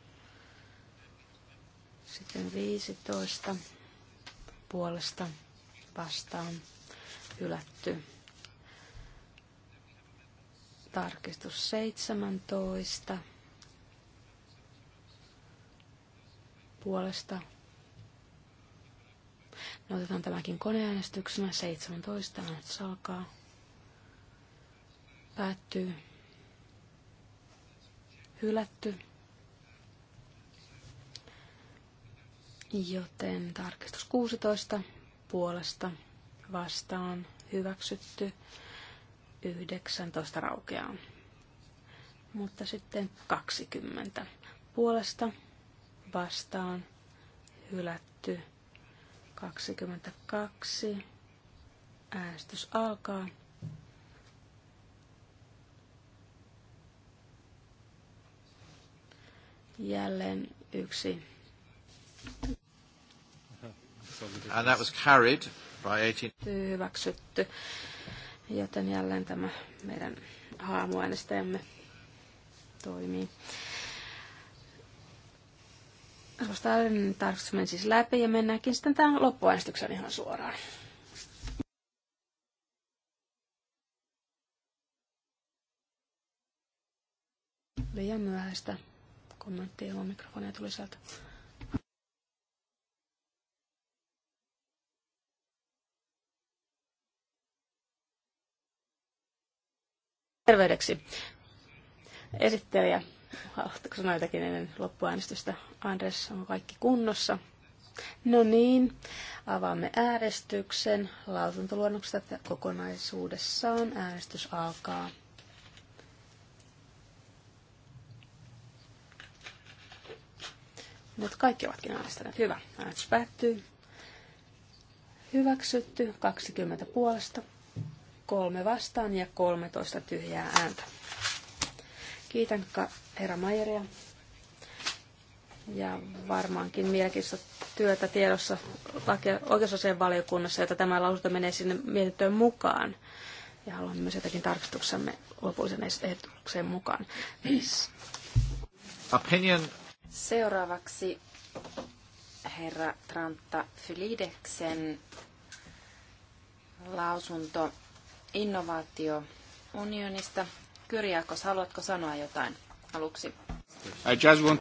Sitten 15 puolesta vastaan hylätty. Tarkistus 17. Puolesta. Me no, otetaan tämäkin koneäänestyksenä. 17. nyt saakaa. Päättyy. Hylätty. Joten tarkistus 16 puolesta vastaan hyväksytty. 19 raukeaa. Mutta sitten 20 puolesta vastaan hylätty 22. Äänestys alkaa. Jälleen yksi. And that was carried by 18. Hyväksytty Joten jälleen tämä meidän haamuäänestäjämme toimii. Rostaalinen tarkoitus meni siis läpi ja mennäänkin sitten tämän loppuäänestyksen ihan suoraan. Liian myöhäistä. kommenttia, mikrofonia tuli sieltä. terveydeksi. Esittelijä, haluatteko sanoa jotakin ennen loppuäänestystä? Andres, on kaikki kunnossa? No niin, avaamme äänestyksen lausuntoluonnoksesta kokonaisuudessaan. Äänestys alkaa. Nyt kaikki ovatkin äänestäneet. Hyvä. Äänestys päättyy. Hyväksytty 20 puolesta, kolme vastaan ja 13 tyhjää ääntä. Kiitän herra Majeria. ja varmaankin mielenkiintoista työtä tiedossa oikeusasian valiokunnassa, jota tämä lausunto menee sinne mietintöön mukaan. Ja haluan myös jotakin tarkistuksemme lopullisen ehdotuksen mukaan. Opinion. Seuraavaksi herra Tranta Fylideksen lausunto unionista. Kyriakos, haluatko sanoa jotain aluksi? I just want...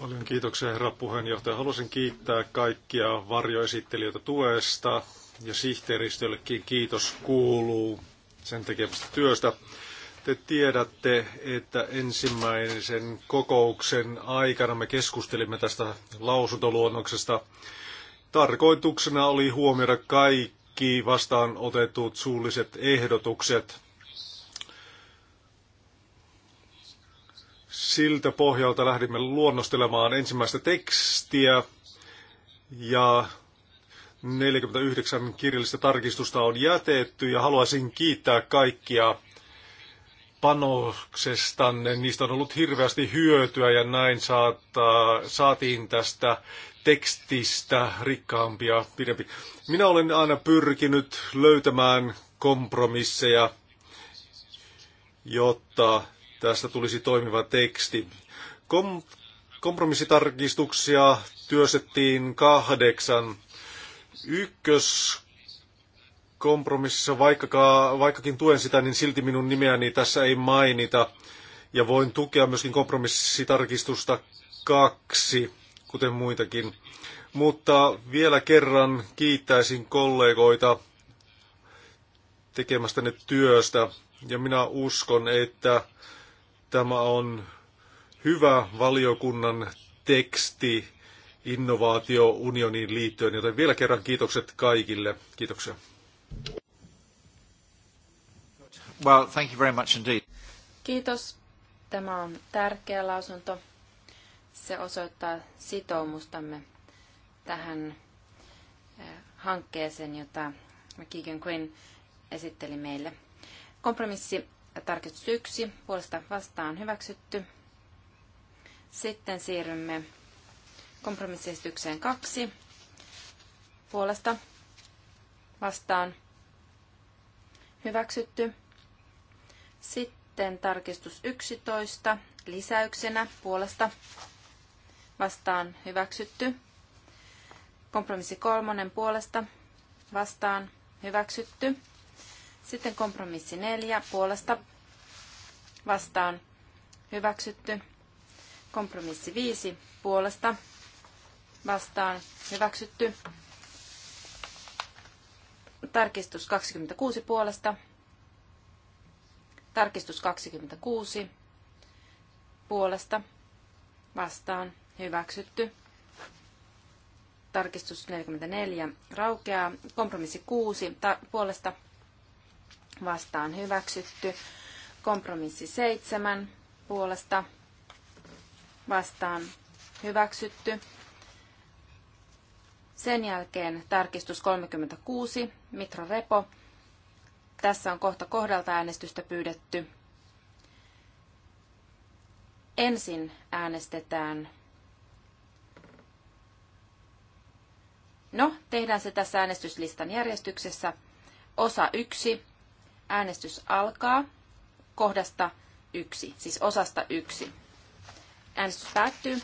Paljon kiitoksia herra puheenjohtaja. Haluaisin kiittää kaikkia varjoesittelijöitä tuesta ja sihteeristöllekin kiitos kuuluu sen tekemästä työstä. Te tiedätte, että ensimmäisen kokouksen aikana me keskustelimme tästä lausuntoluonnoksesta. Tarkoituksena oli huomioida kaikki kaikki vastaan otetut suulliset ehdotukset. Siltä pohjalta lähdimme luonnostelemaan ensimmäistä tekstiä ja 49 kirjallista tarkistusta on jätetty ja haluaisin kiittää kaikkia panoksestanne. Niistä on ollut hirveästi hyötyä ja näin saattaa, saatiin tästä tekstistä rikkaampia, pidempi. Minä olen aina pyrkinyt löytämään kompromisseja, jotta tästä tulisi toimiva teksti. Kom- kompromissitarkistuksia työsettiin kahdeksan. Ykkös kompromississa, vaikkakin tuen sitä, niin silti minun nimeäni tässä ei mainita. Ja voin tukea myöskin kompromissitarkistusta kaksi kuten muitakin. Mutta vielä kerran kiittäisin kollegoita tekemästäne työstä. Ja minä uskon, että tämä on hyvä valiokunnan teksti innovaatiounioniin liittyen, joten vielä kerran kiitokset kaikille. Kiitoksia. Well, thank you very much indeed. Kiitos. Tämä on tärkeä lausunto. Se osoittaa sitoumustamme tähän eh, hankkeeseen, jota Keegan Quinn esitteli meille. Kompromissi eh, tarkistus yksi puolesta vastaan hyväksytty. Sitten siirrymme kompromissiesitykseen kaksi puolesta vastaan hyväksytty. Sitten tarkistus 11 lisäyksenä puolesta vastaan hyväksytty. Kompromissi kolmonen puolesta vastaan hyväksytty. Sitten kompromissi neljä puolesta vastaan hyväksytty. Kompromissi viisi puolesta vastaan hyväksytty. Tarkistus 26 puolesta. Tarkistus 26 puolesta vastaan Hyväksytty. Tarkistus 44 raukeaa. Kompromissi 6 puolesta vastaan hyväksytty. Kompromissi 7 puolesta vastaan hyväksytty. Sen jälkeen tarkistus 36, Mitro Repo. Tässä on kohta kohdalta äänestystä pyydetty. Ensin äänestetään No, tehdään se tässä äänestyslistan järjestyksessä. Osa 1. Äänestys alkaa kohdasta 1, siis osasta 1. Äänestys päättyy.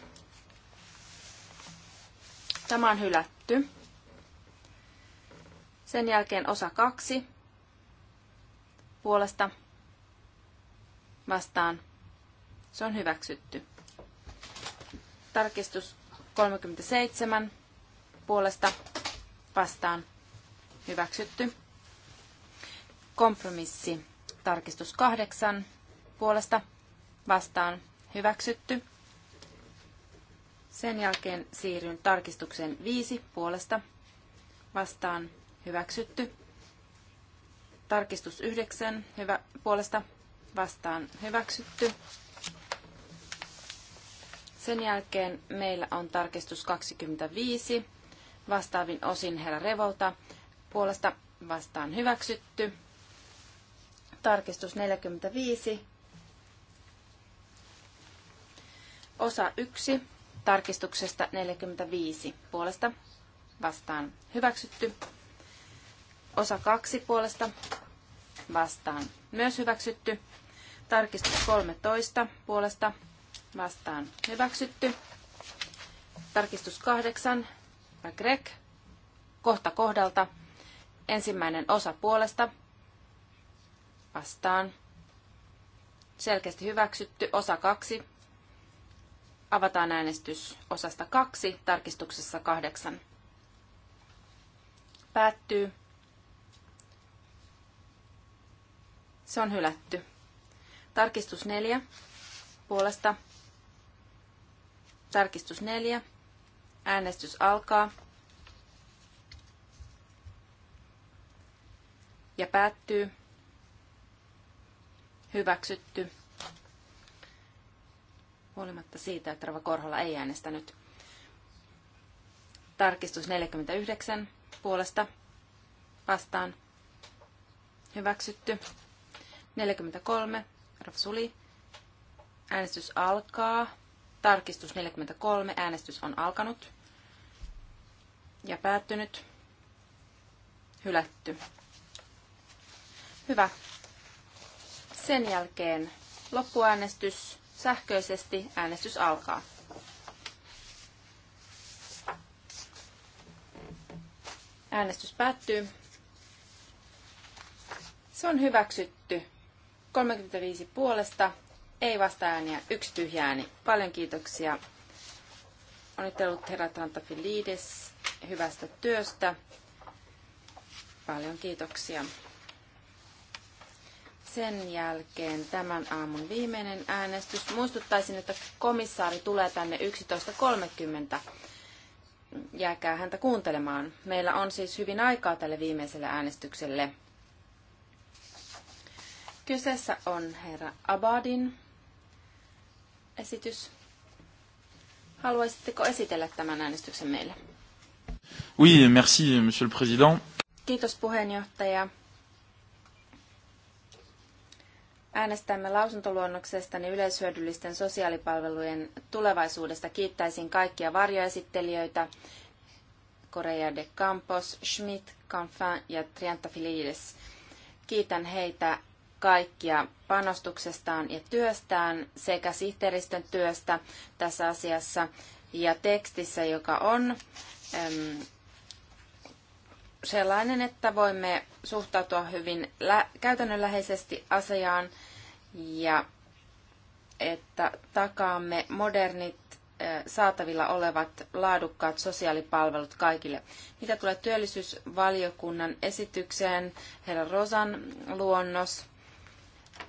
Tämä on hylätty. Sen jälkeen osa 2 puolesta vastaan. Se on hyväksytty. Tarkistus 37 puolesta vastaan hyväksytty. Kompromissi tarkistus kahdeksan puolesta vastaan hyväksytty. Sen jälkeen siirryn tarkistukseen viisi puolesta vastaan hyväksytty. Tarkistus yhdeksän hyvä, puolesta vastaan hyväksytty. Sen jälkeen meillä on tarkistus 25 vastaavin osin herra Revolta puolesta vastaan hyväksytty. Tarkistus 45. Osa 1 tarkistuksesta 45 puolesta vastaan hyväksytty. Osa 2 puolesta vastaan myös hyväksytty. Tarkistus 13 puolesta vastaan hyväksytty. Tarkistus 8 Greg kohta kohdalta. Ensimmäinen osa puolesta vastaan. Selkeästi hyväksytty. Osa kaksi. Avataan äänestys osasta kaksi tarkistuksessa kahdeksan. Päättyy. Se on hylätty. Tarkistus neljä puolesta. Tarkistus neljä Äänestys alkaa. Ja päättyy. Hyväksytty. Huolimatta siitä, että Rava Korholla ei äänestänyt. Tarkistus 49 puolesta vastaan. Hyväksytty. 43. Rava Suli. Äänestys alkaa. Tarkistus 43. Äänestys on alkanut ja päättynyt. Hylätty. Hyvä. Sen jälkeen loppuäänestys sähköisesti. Äänestys alkaa. Äänestys päättyy. Se on hyväksytty. 35 puolesta, ei vasta ääniä, yksi ääni. Paljon kiitoksia. Onnittelut herra Tantafilides hyvästä työstä. Paljon kiitoksia. Sen jälkeen tämän aamun viimeinen äänestys. Muistuttaisin, että komissaari tulee tänne 11.30. Jääkää häntä kuuntelemaan. Meillä on siis hyvin aikaa tälle viimeiselle äänestykselle. Kyseessä on herra Abadin esitys. Haluaisitteko esitellä tämän äänestyksen meille? Oui, merci, monsieur le président. Kiitos puheenjohtaja. Äänestämme lausuntoluonnoksestani niin yleishyödyllisten sosiaalipalvelujen tulevaisuudesta. Kiittäisin kaikkia varjoesittelijöitä, Korea de Campos, Schmidt, Canfin ja Triantafilides. Kiitän heitä kaikkia panostuksestaan ja työstään sekä sihteeristön työstä tässä asiassa ja tekstissä, joka on sellainen, että voimme suhtautua hyvin käytännönläheisesti asiaan ja että takaamme modernit e, saatavilla olevat laadukkaat sosiaalipalvelut kaikille. Mitä tulee työllisyysvaliokunnan esitykseen, herra Rosan luonnos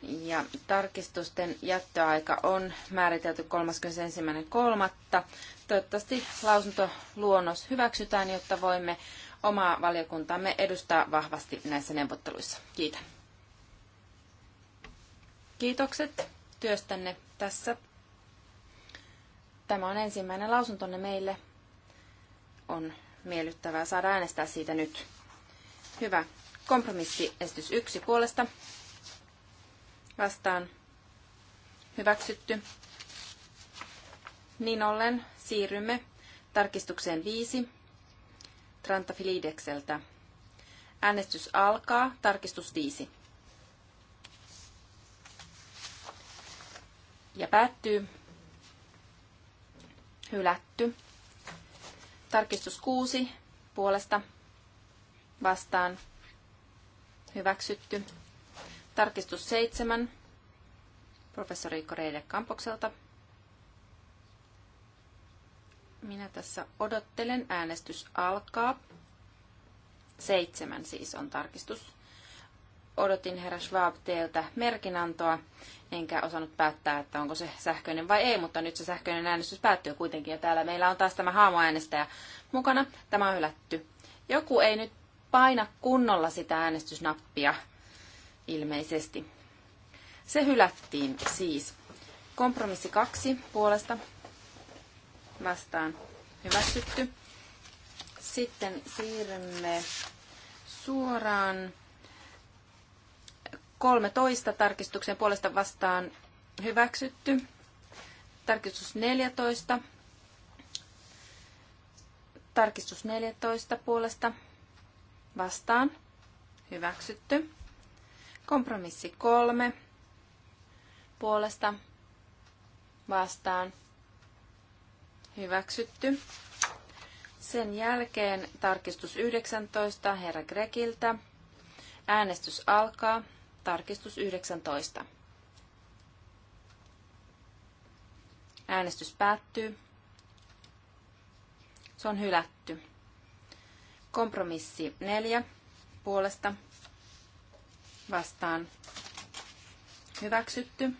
ja tarkistusten jättöaika on määritelty 31.3. Toivottavasti lausuntoluonnos hyväksytään, jotta voimme omaa valiokuntamme edustaa vahvasti näissä neuvotteluissa. Kiitän. Kiitokset työstänne tässä. Tämä on ensimmäinen lausuntonne meille. On miellyttävää saada äänestää siitä nyt. Hyvä. Kompromissiesitys yksi puolesta vastaan hyväksytty. Niin ollen siirrymme tarkistukseen 5 Trantafilidekseltä. Äänestys alkaa. Tarkistus 5. Ja päättyy. Hylätty. Tarkistus 6 puolesta vastaan hyväksytty. Tarkistus 7 professori Koreille Kampokselta. Minä tässä odottelen. Äänestys alkaa. Seitsemän siis on tarkistus. Odotin herra Schwab teiltä merkinantoa, enkä osannut päättää, että onko se sähköinen vai ei, mutta nyt se sähköinen äänestys päättyy kuitenkin, ja täällä meillä on taas tämä haamoäänestäjä mukana. Tämä on hylätty. Joku ei nyt paina kunnolla sitä äänestysnappia ilmeisesti. Se hylättiin siis. Kompromissi kaksi puolesta vastaan hyväksytty. Sitten siirrymme suoraan 13 tarkistuksen puolesta vastaan hyväksytty. Tarkistus 14. Tarkistus 14 puolesta vastaan hyväksytty. Kompromissi kolme puolesta vastaan hyväksytty. Sen jälkeen tarkistus 19 herra Grekiltä. Äänestys alkaa. Tarkistus 19. Äänestys päättyy. Se on hylätty. Kompromissi 4 puolesta vastaan hyväksytty.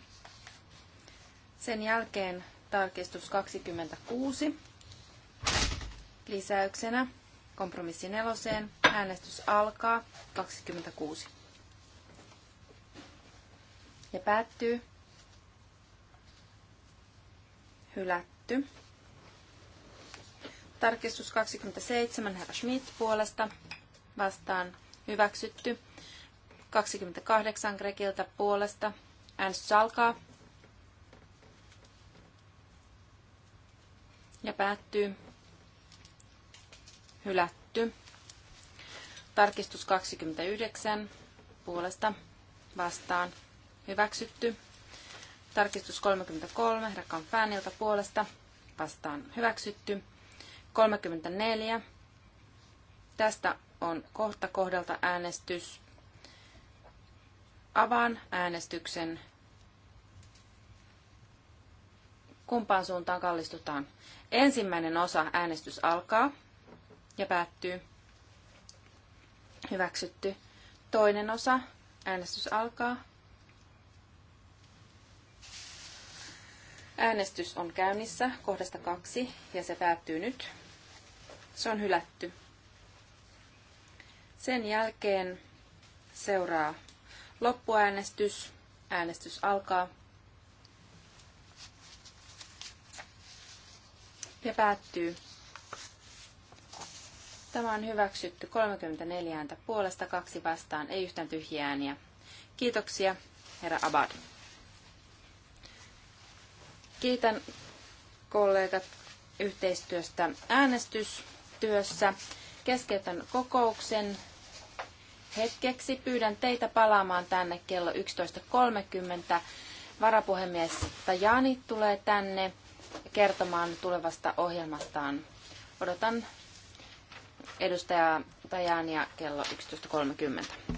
Sen jälkeen tarkistus 26 lisäyksenä kompromissi neloseen. Äänestys alkaa 26 ja päättyy hylätty. Tarkistus 27, herra Schmidt puolesta vastaan hyväksytty. 28 Grekiltä puolesta. Äänestys alkaa. Ja päättyy. Hylätty. Tarkistus 29 puolesta vastaan. Hyväksytty. Tarkistus 33 Rakan Fäniltä puolesta vastaan. Hyväksytty. 34. Tästä on kohta kohdalta äänestys Avaan äänestyksen. Kumpaan suuntaan kallistutaan? Ensimmäinen osa äänestys alkaa ja päättyy. Hyväksytty. Toinen osa äänestys alkaa. Äänestys on käynnissä kohdasta kaksi ja se päättyy nyt. Se on hylätty. Sen jälkeen seuraa Loppuäänestys. Äänestys alkaa. Ja päättyy. Tämä on hyväksytty 34 ääntä puolesta, kaksi vastaan, ei yhtään tyhjiä ääniä. Kiitoksia, herra Abad. Kiitän kollegat yhteistyöstä äänestystyössä. Keskeytän kokouksen hetkeksi. Pyydän teitä palaamaan tänne kello 11.30. Varapuhemies Tajani tulee tänne kertomaan tulevasta ohjelmastaan. Odotan edustaja Tajania kello 11.30.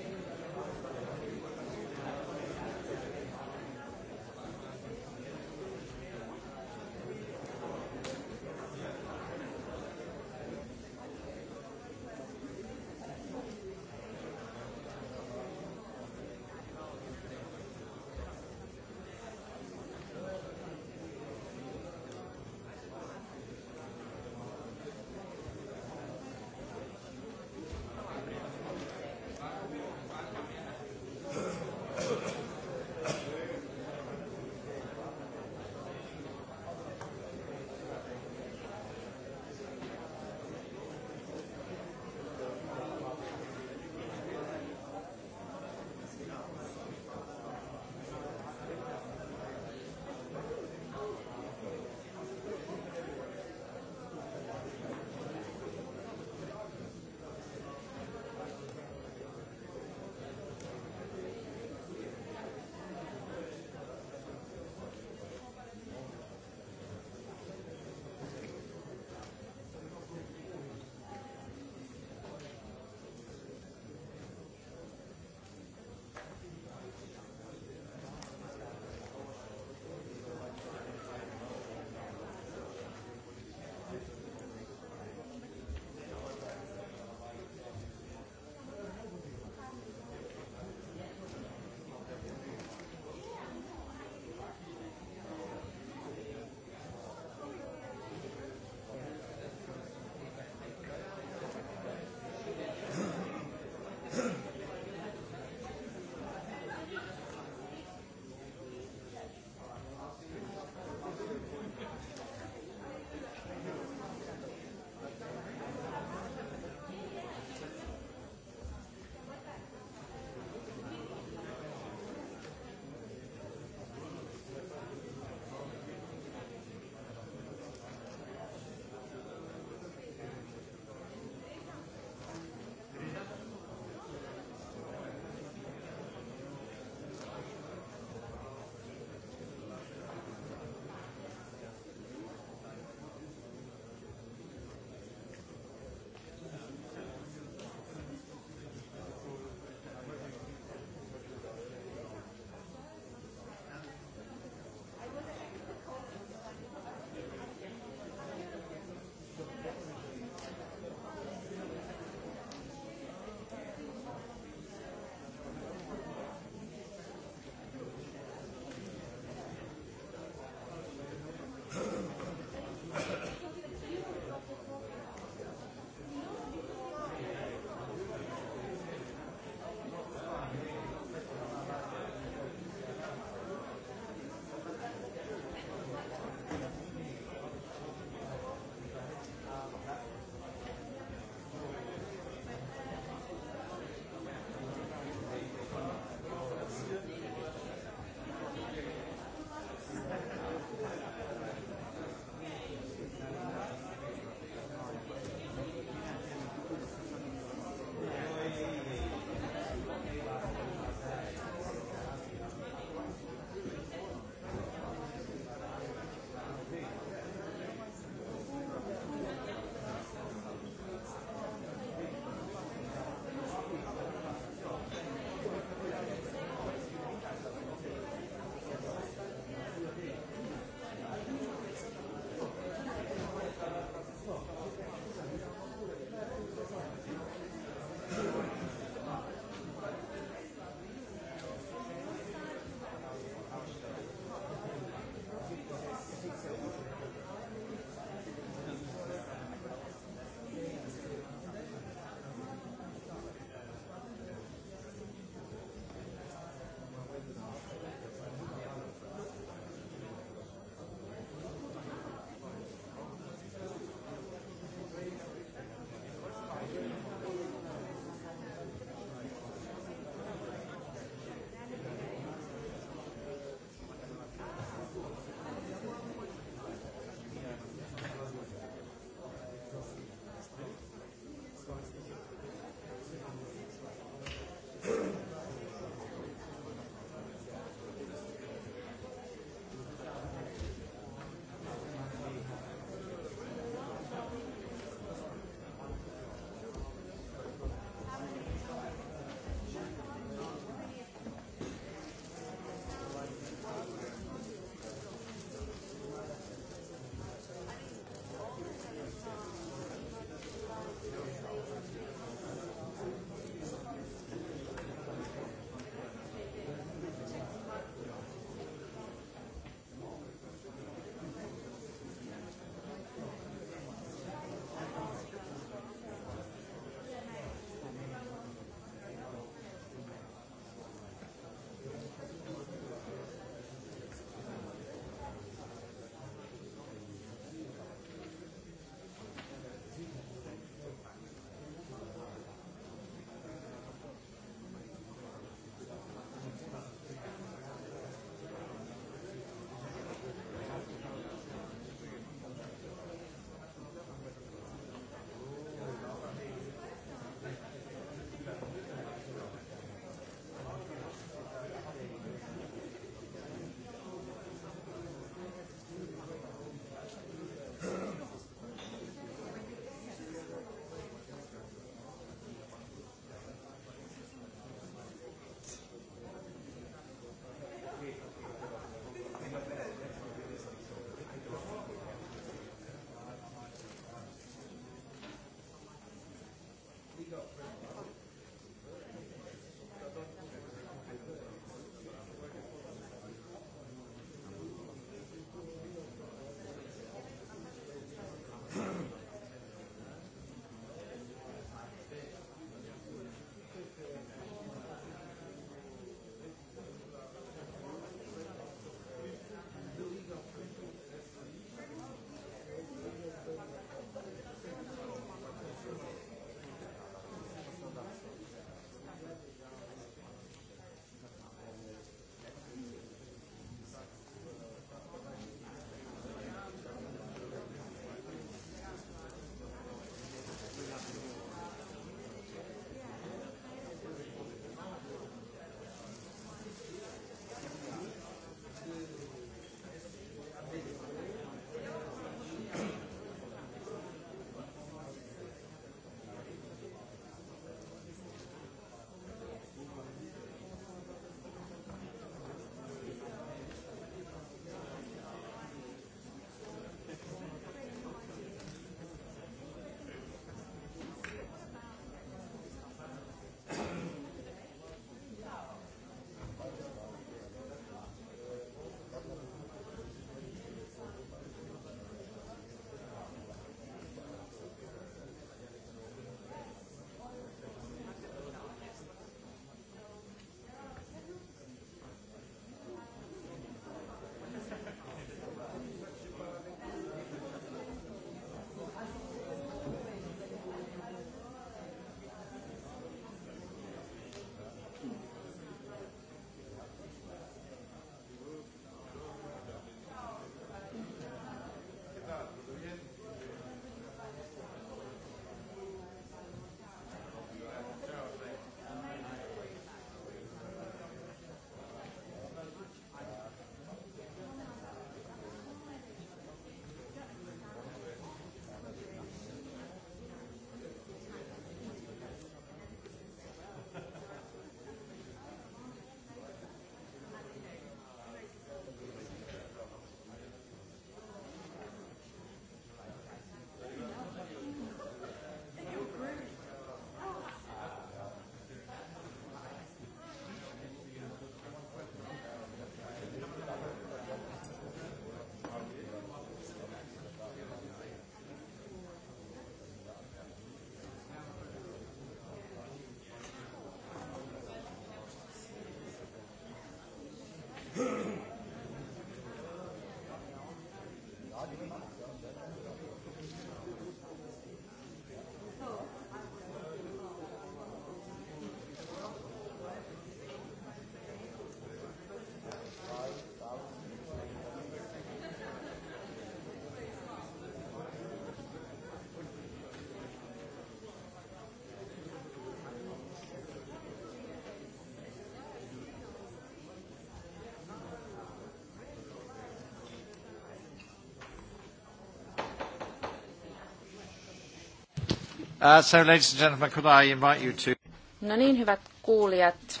Uh, so, ladies and gentlemen, could I invite you to... No niin, hyvät kuulijat.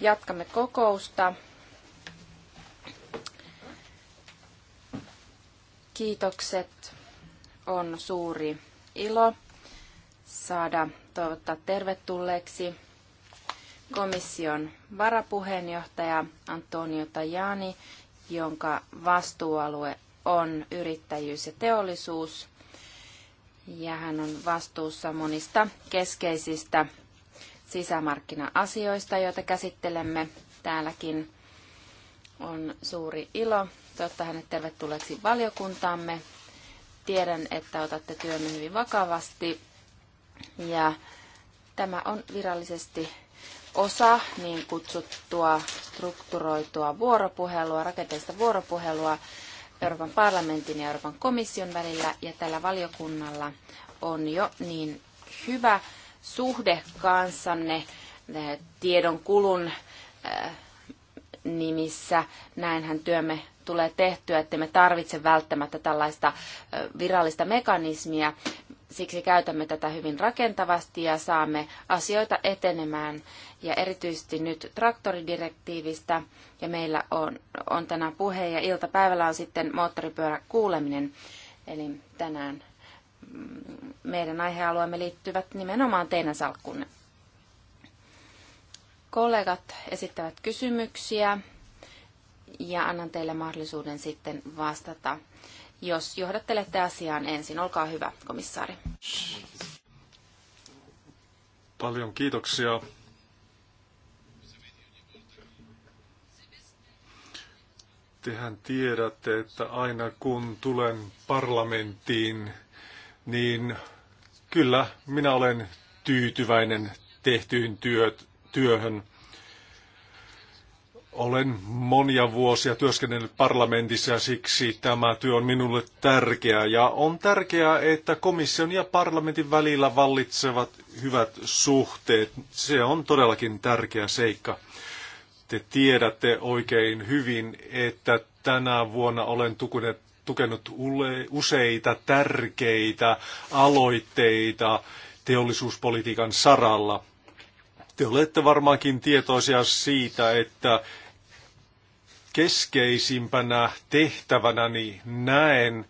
Jatkamme kokousta. Kiitokset. On suuri ilo saada toivottaa tervetulleeksi komission varapuheenjohtaja Antonio Tajani, jonka vastuualue on yrittäjyys ja teollisuus – ja hän on vastuussa monista keskeisistä sisämarkkina-asioista, joita käsittelemme täälläkin. On suuri ilo toivottaa hänet tervetulleeksi valiokuntaamme. Tiedän, että otatte työmme hyvin vakavasti ja tämä on virallisesti osa niin kutsuttua strukturoitua vuoropuhelua, rakenteista vuoropuhelua, Euroopan parlamentin ja Euroopan komission välillä, ja tällä valiokunnalla on jo niin hyvä suhde kansanne eh, tiedon kulun eh, nimissä. Näinhän työmme tulee tehtyä, että me tarvitse välttämättä tällaista eh, virallista mekanismia. Siksi käytämme tätä hyvin rakentavasti ja saamme asioita etenemään. Ja erityisesti nyt traktoridirektiivistä, ja meillä on, on tänään puhe, ja iltapäivällä on sitten moottoripyöräkuuleminen, eli tänään mm, meidän aihealueemme liittyvät nimenomaan teidän salkkunne. Kollegat esittävät kysymyksiä ja annan teille mahdollisuuden sitten vastata jos johdattelette asiaan ensin. Olkaa hyvä, komissaari. Paljon kiitoksia. Tehän tiedätte, että aina kun tulen parlamenttiin, niin kyllä minä olen tyytyväinen tehtyyn työt, työhön. Olen monia vuosia työskennellyt parlamentissa ja siksi tämä työ on minulle tärkeää. Ja on tärkeää, että komission ja parlamentin välillä vallitsevat hyvät suhteet. Se on todellakin tärkeä seikka. Te tiedätte oikein hyvin, että tänä vuonna olen tukenut useita tärkeitä aloitteita teollisuuspolitiikan saralla – te olette varmaankin tietoisia siitä, että keskeisimpänä tehtävänäni niin näen,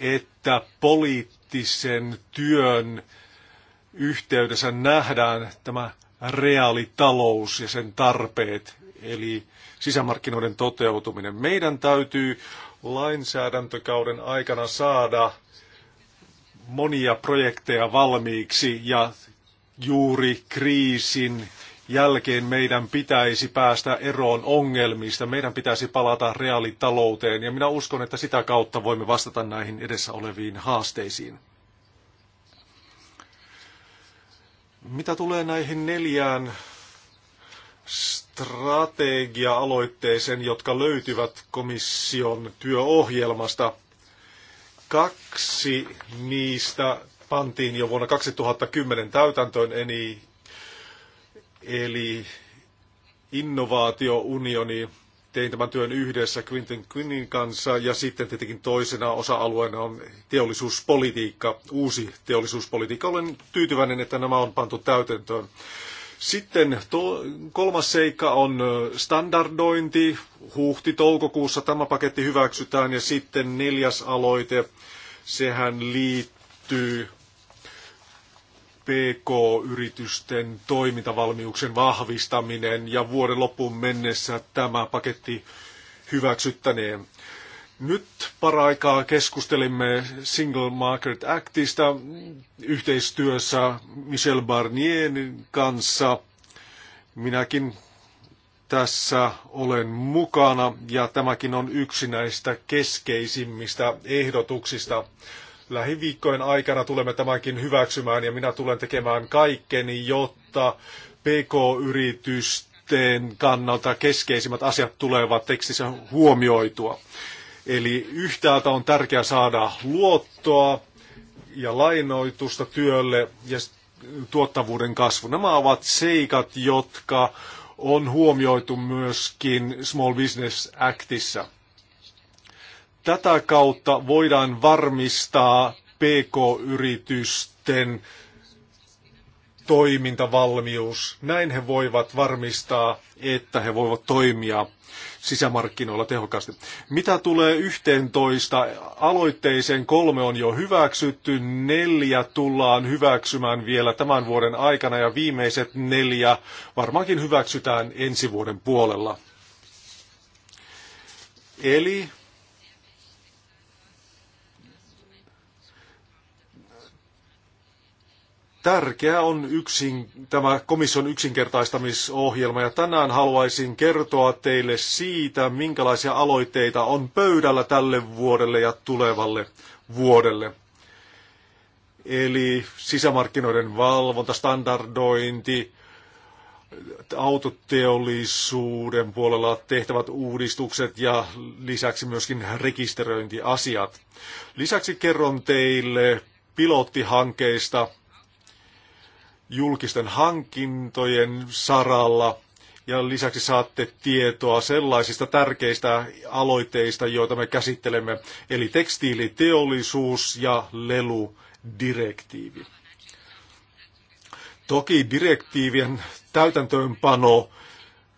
että poliittisen työn yhteydessä nähdään tämä reaalitalous ja sen tarpeet, eli sisämarkkinoiden toteutuminen. Meidän täytyy lainsäädäntökauden aikana saada monia projekteja valmiiksi ja juuri kriisin jälkeen meidän pitäisi päästä eroon ongelmista, meidän pitäisi palata reaalitalouteen ja minä uskon, että sitä kautta voimme vastata näihin edessä oleviin haasteisiin. Mitä tulee näihin neljään strategia-aloitteeseen, jotka löytyvät komission työohjelmasta, kaksi niistä pantiin jo vuonna 2010 täytäntöön, eli eli innovaatiounioni. Tein tämän työn yhdessä Quintin Quinnin kanssa ja sitten tietenkin toisena osa-alueena on teollisuuspolitiikka, uusi teollisuuspolitiikka. Olen tyytyväinen, että nämä on pantu täytäntöön. Sitten to, kolmas seikka on standardointi. Huhti-toukokuussa tämä paketti hyväksytään ja sitten neljäs aloite, sehän liittyy PK-yritysten toimintavalmiuksen vahvistaminen ja vuoden loppuun mennessä tämä paketti hyväksyttäneen. Nyt paraikaa keskustelimme Single Market Actista yhteistyössä Michel Barnierin kanssa. Minäkin tässä olen mukana ja tämäkin on yksi näistä keskeisimmistä ehdotuksista lähiviikkojen aikana tulemme tämänkin hyväksymään ja minä tulen tekemään kaikkeni, jotta PK-yritysten kannalta keskeisimmät asiat tulevat tekstissä huomioitua. Eli yhtäältä on tärkeää saada luottoa ja lainoitusta työlle ja tuottavuuden kasvu. Nämä ovat seikat, jotka on huomioitu myöskin Small Business Actissa. Tätä kautta voidaan varmistaa PK-yritysten toimintavalmius. Näin he voivat varmistaa, että he voivat toimia sisämarkkinoilla tehokkaasti. Mitä tulee 11 aloitteeseen, kolme on jo hyväksytty, neljä tullaan hyväksymään vielä tämän vuoden aikana ja viimeiset neljä varmaankin hyväksytään ensi vuoden puolella. Eli Tärkeä on yksin, tämä komission yksinkertaistamisohjelma ja tänään haluaisin kertoa teille siitä, minkälaisia aloitteita on pöydällä tälle vuodelle ja tulevalle vuodelle. Eli sisämarkkinoiden valvonta, standardointi, autoteollisuuden puolella tehtävät uudistukset ja lisäksi myöskin rekisteröintiasiat. Lisäksi kerron teille pilottihankkeista, julkisten hankintojen saralla ja lisäksi saatte tietoa sellaisista tärkeistä aloitteista, joita me käsittelemme, eli tekstiiliteollisuus ja leludirektiivi. Toki direktiivien täytäntöönpano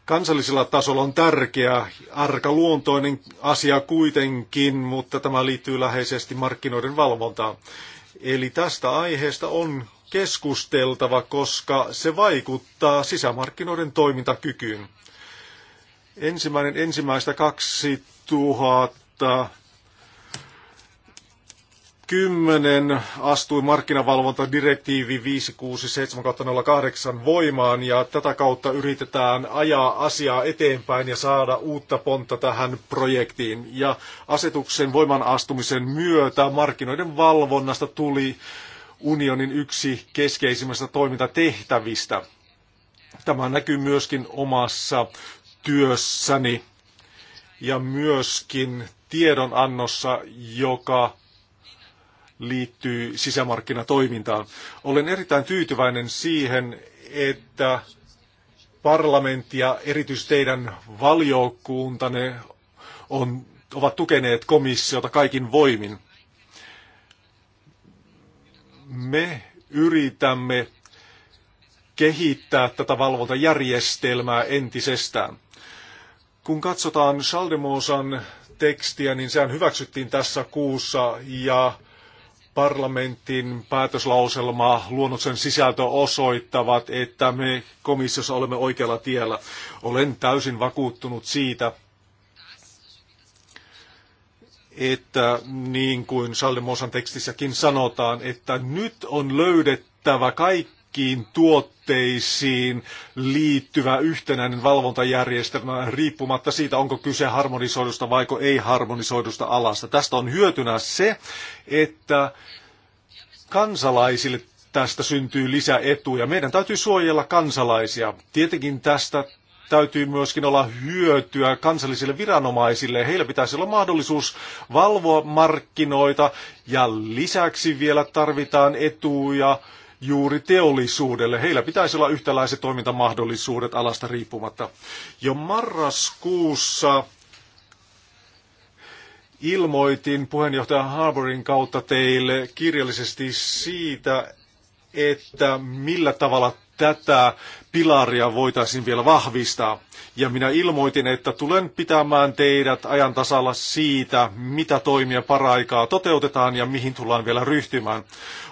kansallisella tasolla on tärkeä, arkaluontoinen asia kuitenkin, mutta tämä liittyy läheisesti markkinoiden valvontaan. Eli tästä aiheesta on keskusteltava, koska se vaikuttaa sisämarkkinoiden toimintakykyyn. Ensimmäinen ensimmäistä 2000 10 astui markkinavalvontadirektiivi 567-08 voimaan ja tätä kautta yritetään ajaa asiaa eteenpäin ja saada uutta pontta tähän projektiin. Ja asetuksen voiman astumisen myötä markkinoiden valvonnasta tuli unionin yksi keskeisimmistä toimintatehtävistä. Tämä näkyy myöskin omassa työssäni ja myöskin tiedonannossa, joka liittyy sisämarkkinatoimintaan. Olen erittäin tyytyväinen siihen, että parlamentti ja erityisesti teidän valiokuntanne on, ovat tukeneet komissiota kaikin voimin me yritämme kehittää tätä valvontajärjestelmää entisestään. Kun katsotaan Schaldemosan tekstiä, niin sehän hyväksyttiin tässä kuussa ja parlamentin päätöslauselmaa luonnoksen sisältö osoittavat, että me komissiossa olemme oikealla tiellä. Olen täysin vakuuttunut siitä, että niin kuin Sallemosan tekstissäkin sanotaan, että nyt on löydettävä kaikkiin tuotteisiin liittyvä yhtenäinen valvontajärjestelmä riippumatta siitä, onko kyse harmonisoidusta vai ei harmonisoidusta alasta. Tästä on hyötynä se, että kansalaisille tästä syntyy lisäetuja. Meidän täytyy suojella kansalaisia. Tietenkin tästä täytyy myöskin olla hyötyä kansallisille viranomaisille. Heillä pitäisi olla mahdollisuus valvoa markkinoita ja lisäksi vielä tarvitaan etuja juuri teollisuudelle. Heillä pitäisi olla yhtäläiset toimintamahdollisuudet alasta riippumatta. Jo marraskuussa ilmoitin puheenjohtaja Harborin kautta teille kirjallisesti siitä, että millä tavalla tätä pilaria voitaisiin vielä vahvistaa. Ja minä ilmoitin, että tulen pitämään teidät ajan tasalla siitä, mitä toimia paraikaa toteutetaan ja mihin tullaan vielä ryhtymään.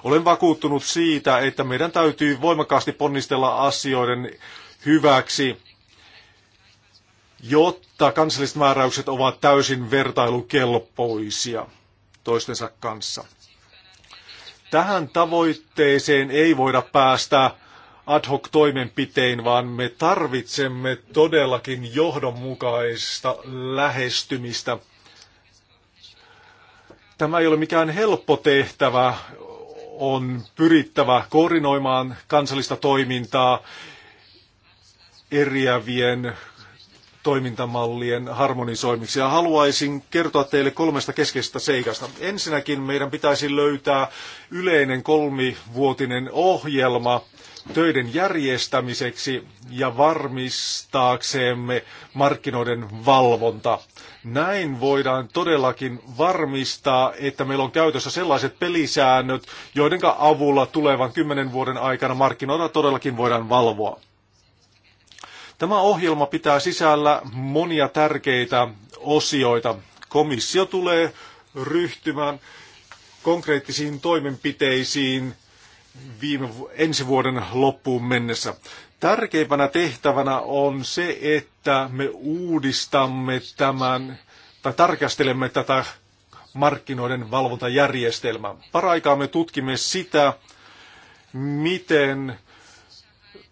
Olen vakuuttunut siitä, että meidän täytyy voimakkaasti ponnistella asioiden hyväksi, jotta kansalliset määräykset ovat täysin vertailukelpoisia toistensa kanssa. Tähän tavoitteeseen ei voida päästä ad hoc toimenpitein, vaan me tarvitsemme todellakin johdonmukaista lähestymistä. Tämä ei ole mikään helppo tehtävä, on pyrittävä koordinoimaan kansallista toimintaa eriävien toimintamallien harmonisoimiksi. Ja haluaisin kertoa teille kolmesta keskeisestä seikasta. Ensinnäkin meidän pitäisi löytää yleinen kolmivuotinen ohjelma, töiden järjestämiseksi ja varmistaaksemme markkinoiden valvonta. Näin voidaan todellakin varmistaa, että meillä on käytössä sellaiset pelisäännöt, joiden avulla tulevan kymmenen vuoden aikana markkinoita todellakin voidaan valvoa. Tämä ohjelma pitää sisällä monia tärkeitä osioita. Komissio tulee ryhtymään konkreettisiin toimenpiteisiin viime, ensi vuoden loppuun mennessä. Tärkeimpänä tehtävänä on se, että me uudistamme tämän tai tarkastelemme tätä markkinoiden valvontajärjestelmää. Paraikaa me tutkimme sitä, miten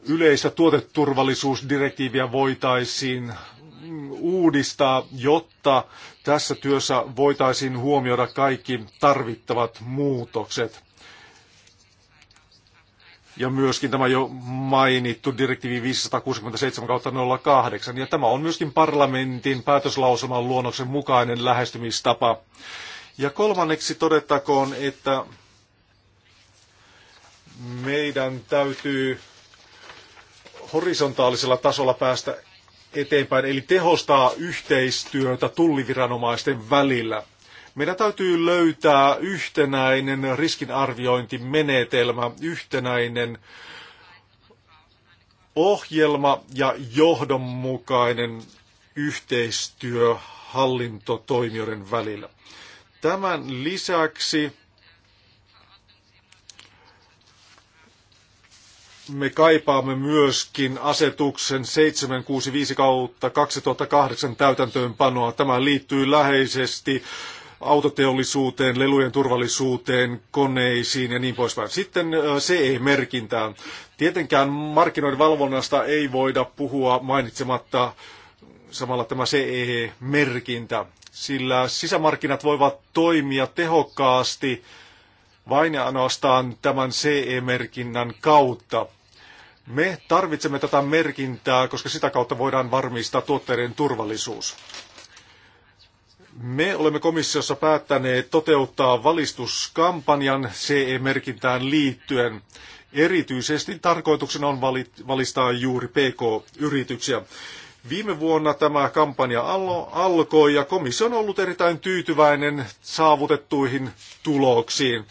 yleistä tuoteturvallisuusdirektiiviä voitaisiin uudistaa, jotta tässä työssä voitaisiin huomioida kaikki tarvittavat muutokset. Ja myöskin tämä jo mainittu direktiivi 567-08. Ja tämä on myöskin parlamentin päätöslauselman luonnoksen mukainen lähestymistapa. Ja kolmanneksi todettakoon, että meidän täytyy horisontaalisella tasolla päästä eteenpäin, eli tehostaa yhteistyötä tulliviranomaisten välillä – meidän täytyy löytää yhtenäinen riskinarviointimenetelmä, yhtenäinen ohjelma ja johdonmukainen yhteistyö hallintotoimijoiden välillä. Tämän lisäksi me kaipaamme myöskin asetuksen 765 kautta 2008 täytäntöönpanoa. Tämä liittyy läheisesti autoteollisuuteen, lelujen turvallisuuteen, koneisiin ja niin poispäin. Sitten äh, CE-merkintään. Tietenkään markkinoiden valvonnasta ei voida puhua mainitsematta samalla tämä CE-merkintä, sillä sisämarkkinat voivat toimia tehokkaasti vain ja ainoastaan tämän CE-merkinnän kautta. Me tarvitsemme tätä merkintää, koska sitä kautta voidaan varmistaa tuotteiden turvallisuus. Me olemme komissiossa päättäneet toteuttaa valistuskampanjan CE-merkintään liittyen. Erityisesti tarkoituksena on valistaa juuri PK-yrityksiä. Viime vuonna tämä kampanja alkoi ja komissio on ollut erittäin tyytyväinen saavutettuihin tuloksiin.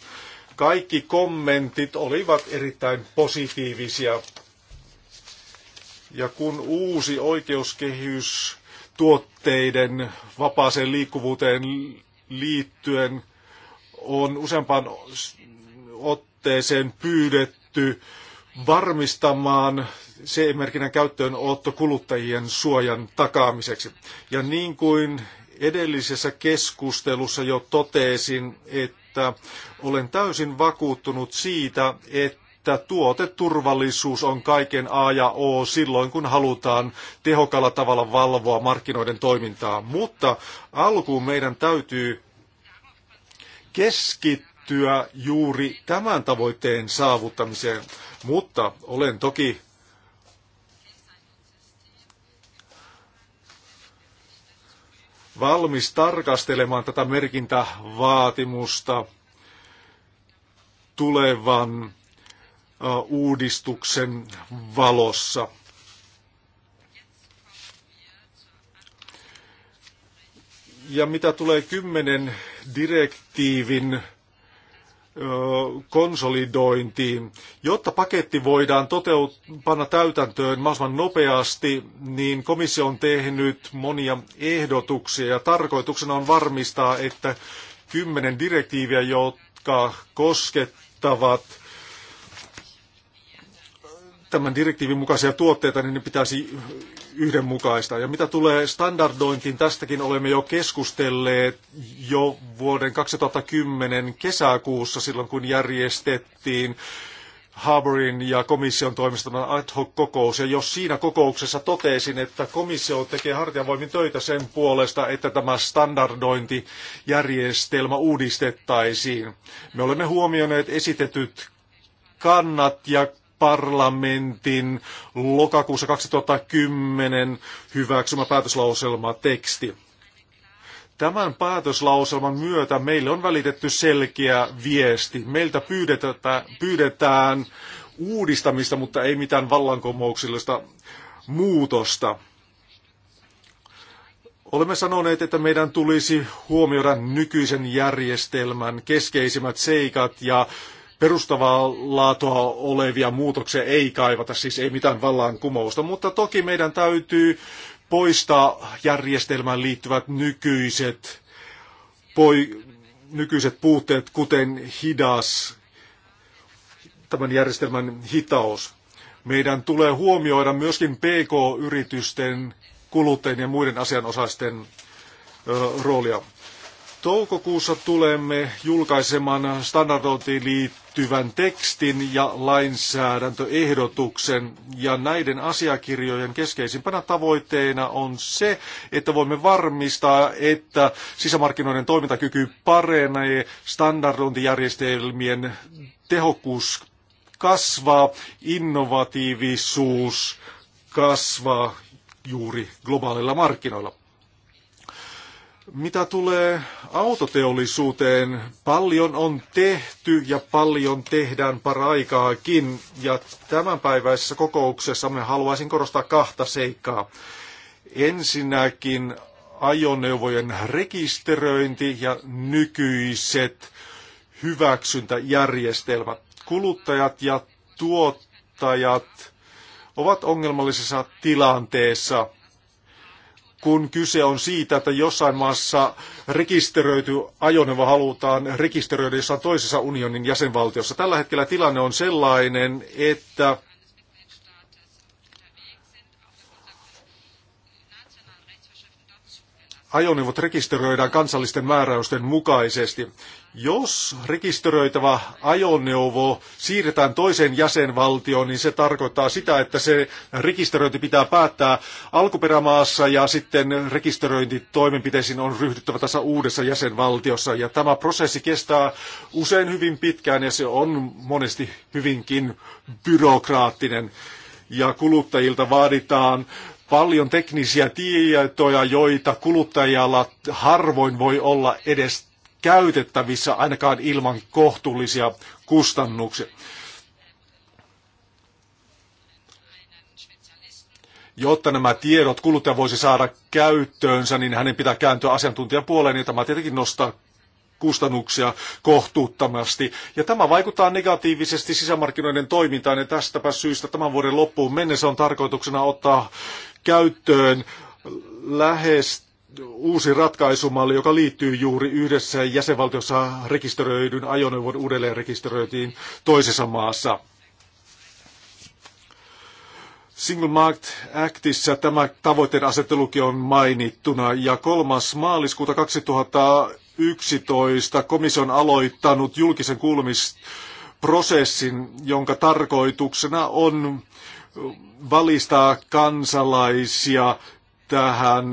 Kaikki kommentit olivat erittäin positiivisia. Ja kun uusi oikeuskehys tuotteiden vapaaseen liikkuvuuteen liittyen on useampaan otteeseen pyydetty varmistamaan se merkinnän käyttöönotto kuluttajien suojan takaamiseksi. Ja niin kuin edellisessä keskustelussa jo totesin, että olen täysin vakuuttunut siitä, että että tuoteturvallisuus on kaiken A ja O silloin, kun halutaan tehokalla tavalla valvoa markkinoiden toimintaa. Mutta alkuun meidän täytyy keskittyä juuri tämän tavoitteen saavuttamiseen. Mutta olen toki valmis tarkastelemaan tätä merkintävaatimusta tulevan uudistuksen valossa. Ja mitä tulee kymmenen direktiivin konsolidointiin. Jotta paketti voidaan toteut- panna täytäntöön mahdollisimman nopeasti, niin komissio on tehnyt monia ehdotuksia ja tarkoituksena on varmistaa, että kymmenen direktiiviä, jotka koskettavat tämän direktiivin mukaisia tuotteita, niin ne pitäisi yhdenmukaista. Ja mitä tulee standardointiin, tästäkin olemme jo keskustelleet jo vuoden 2010 kesäkuussa, silloin kun järjestettiin Harbourin ja komission toimiston ad hoc kokous. Ja jos siinä kokouksessa totesin, että komissio tekee hartiavoimin töitä sen puolesta, että tämä standardointijärjestelmä uudistettaisiin. Me olemme huomioineet esitetyt kannat ja parlamentin lokakuussa 2010 hyväksymä päätöslauselma teksti. Tämän päätöslauselman myötä meille on välitetty selkeä viesti. Meiltä pyydetään uudistamista, mutta ei mitään vallankumouksellista muutosta. Olemme sanoneet, että meidän tulisi huomioida nykyisen järjestelmän keskeisimmät seikat ja perustavaa laatua olevia muutoksia ei kaivata, siis ei mitään vallankumousta, mutta toki meidän täytyy poistaa järjestelmään liittyvät nykyiset, poi, nykyiset puutteet, kuten hidas, tämän järjestelmän hitaus. Meidän tulee huomioida myöskin PK-yritysten, kuluttajien ja muiden asianosaisten roolia. Toukokuussa tulemme julkaisemaan standardointiin liittyvän tekstin ja lainsäädäntöehdotuksen. Ja näiden asiakirjojen keskeisimpänä tavoitteena on se, että voimme varmistaa, että sisämarkkinoiden toimintakyky parenee, standardointijärjestelmien tehokkuus kasvaa, innovatiivisuus kasvaa juuri globaaleilla markkinoilla. Mitä tulee autoteollisuuteen, paljon on tehty ja paljon tehdään paraikaakin. Ja tämänpäiväisessä kokouksessa me haluaisin korostaa kahta seikkaa. Ensinnäkin ajoneuvojen rekisteröinti ja nykyiset hyväksyntäjärjestelmät. Kuluttajat ja tuottajat ovat ongelmallisessa tilanteessa – kun kyse on siitä, että jossain maassa rekisteröity ajoneuvo halutaan rekisteröidä jossain toisessa unionin jäsenvaltiossa. Tällä hetkellä tilanne on sellainen, että ajoneuvot rekisteröidään kansallisten määräysten mukaisesti. Jos rekisteröitävä ajoneuvo siirretään toiseen jäsenvaltioon, niin se tarkoittaa sitä, että se rekisteröinti pitää päättää alkuperämaassa ja sitten rekisteröintitoimenpiteisiin on ryhdyttävä tässä uudessa jäsenvaltiossa. Ja tämä prosessi kestää usein hyvin pitkään ja se on monesti hyvinkin byrokraattinen ja kuluttajilta vaaditaan paljon teknisiä tietoja, joita kuluttajalla harvoin voi olla edes käytettävissä ainakaan ilman kohtuullisia kustannuksia. Jotta nämä tiedot kuluttaja voisi saada käyttöönsä, niin hänen pitää kääntyä puoleen, ja tämä tietenkin nostaa kustannuksia kohtuuttomasti. Ja tämä vaikuttaa negatiivisesti sisämarkkinoiden toimintaan ja tästäpä syystä tämän vuoden loppuun mennessä on tarkoituksena ottaa käyttöön lähes uusi ratkaisumalli, joka liittyy juuri yhdessä jäsenvaltiossa rekisteröidyn ajoneuvon uudelleenrekisteröitiin toisessa maassa. Single Market Actissa tämä tavoitteen asettelukin on mainittuna ja 3. maaliskuuta 2011 komissio on aloittanut julkisen kuulumisprosessin, jonka tarkoituksena on valistaa kansalaisia tähän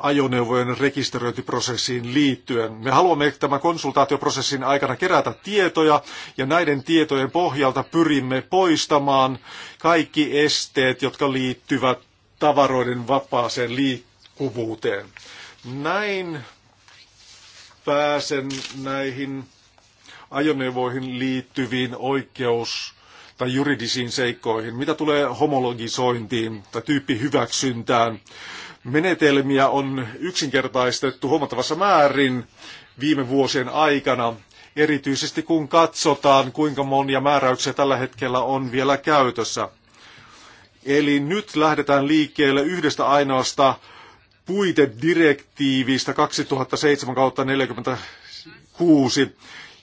ajoneuvojen rekisteröintiprosessiin liittyen. Me haluamme tämän konsultaatioprosessin aikana kerätä tietoja ja näiden tietojen pohjalta pyrimme poistamaan kaikki esteet, jotka liittyvät tavaroiden vapaaseen liikkuvuuteen. Näin pääsen näihin ajoneuvoihin liittyviin oikeus tai juridisiin seikkoihin. Mitä tulee homologisointiin tai tyyppihyväksyntään, menetelmiä on yksinkertaistettu huomattavassa määrin viime vuosien aikana, erityisesti kun katsotaan, kuinka monia määräyksiä tällä hetkellä on vielä käytössä. Eli nyt lähdetään liikkeelle yhdestä ainoasta puitedirektiivistä 2007-46,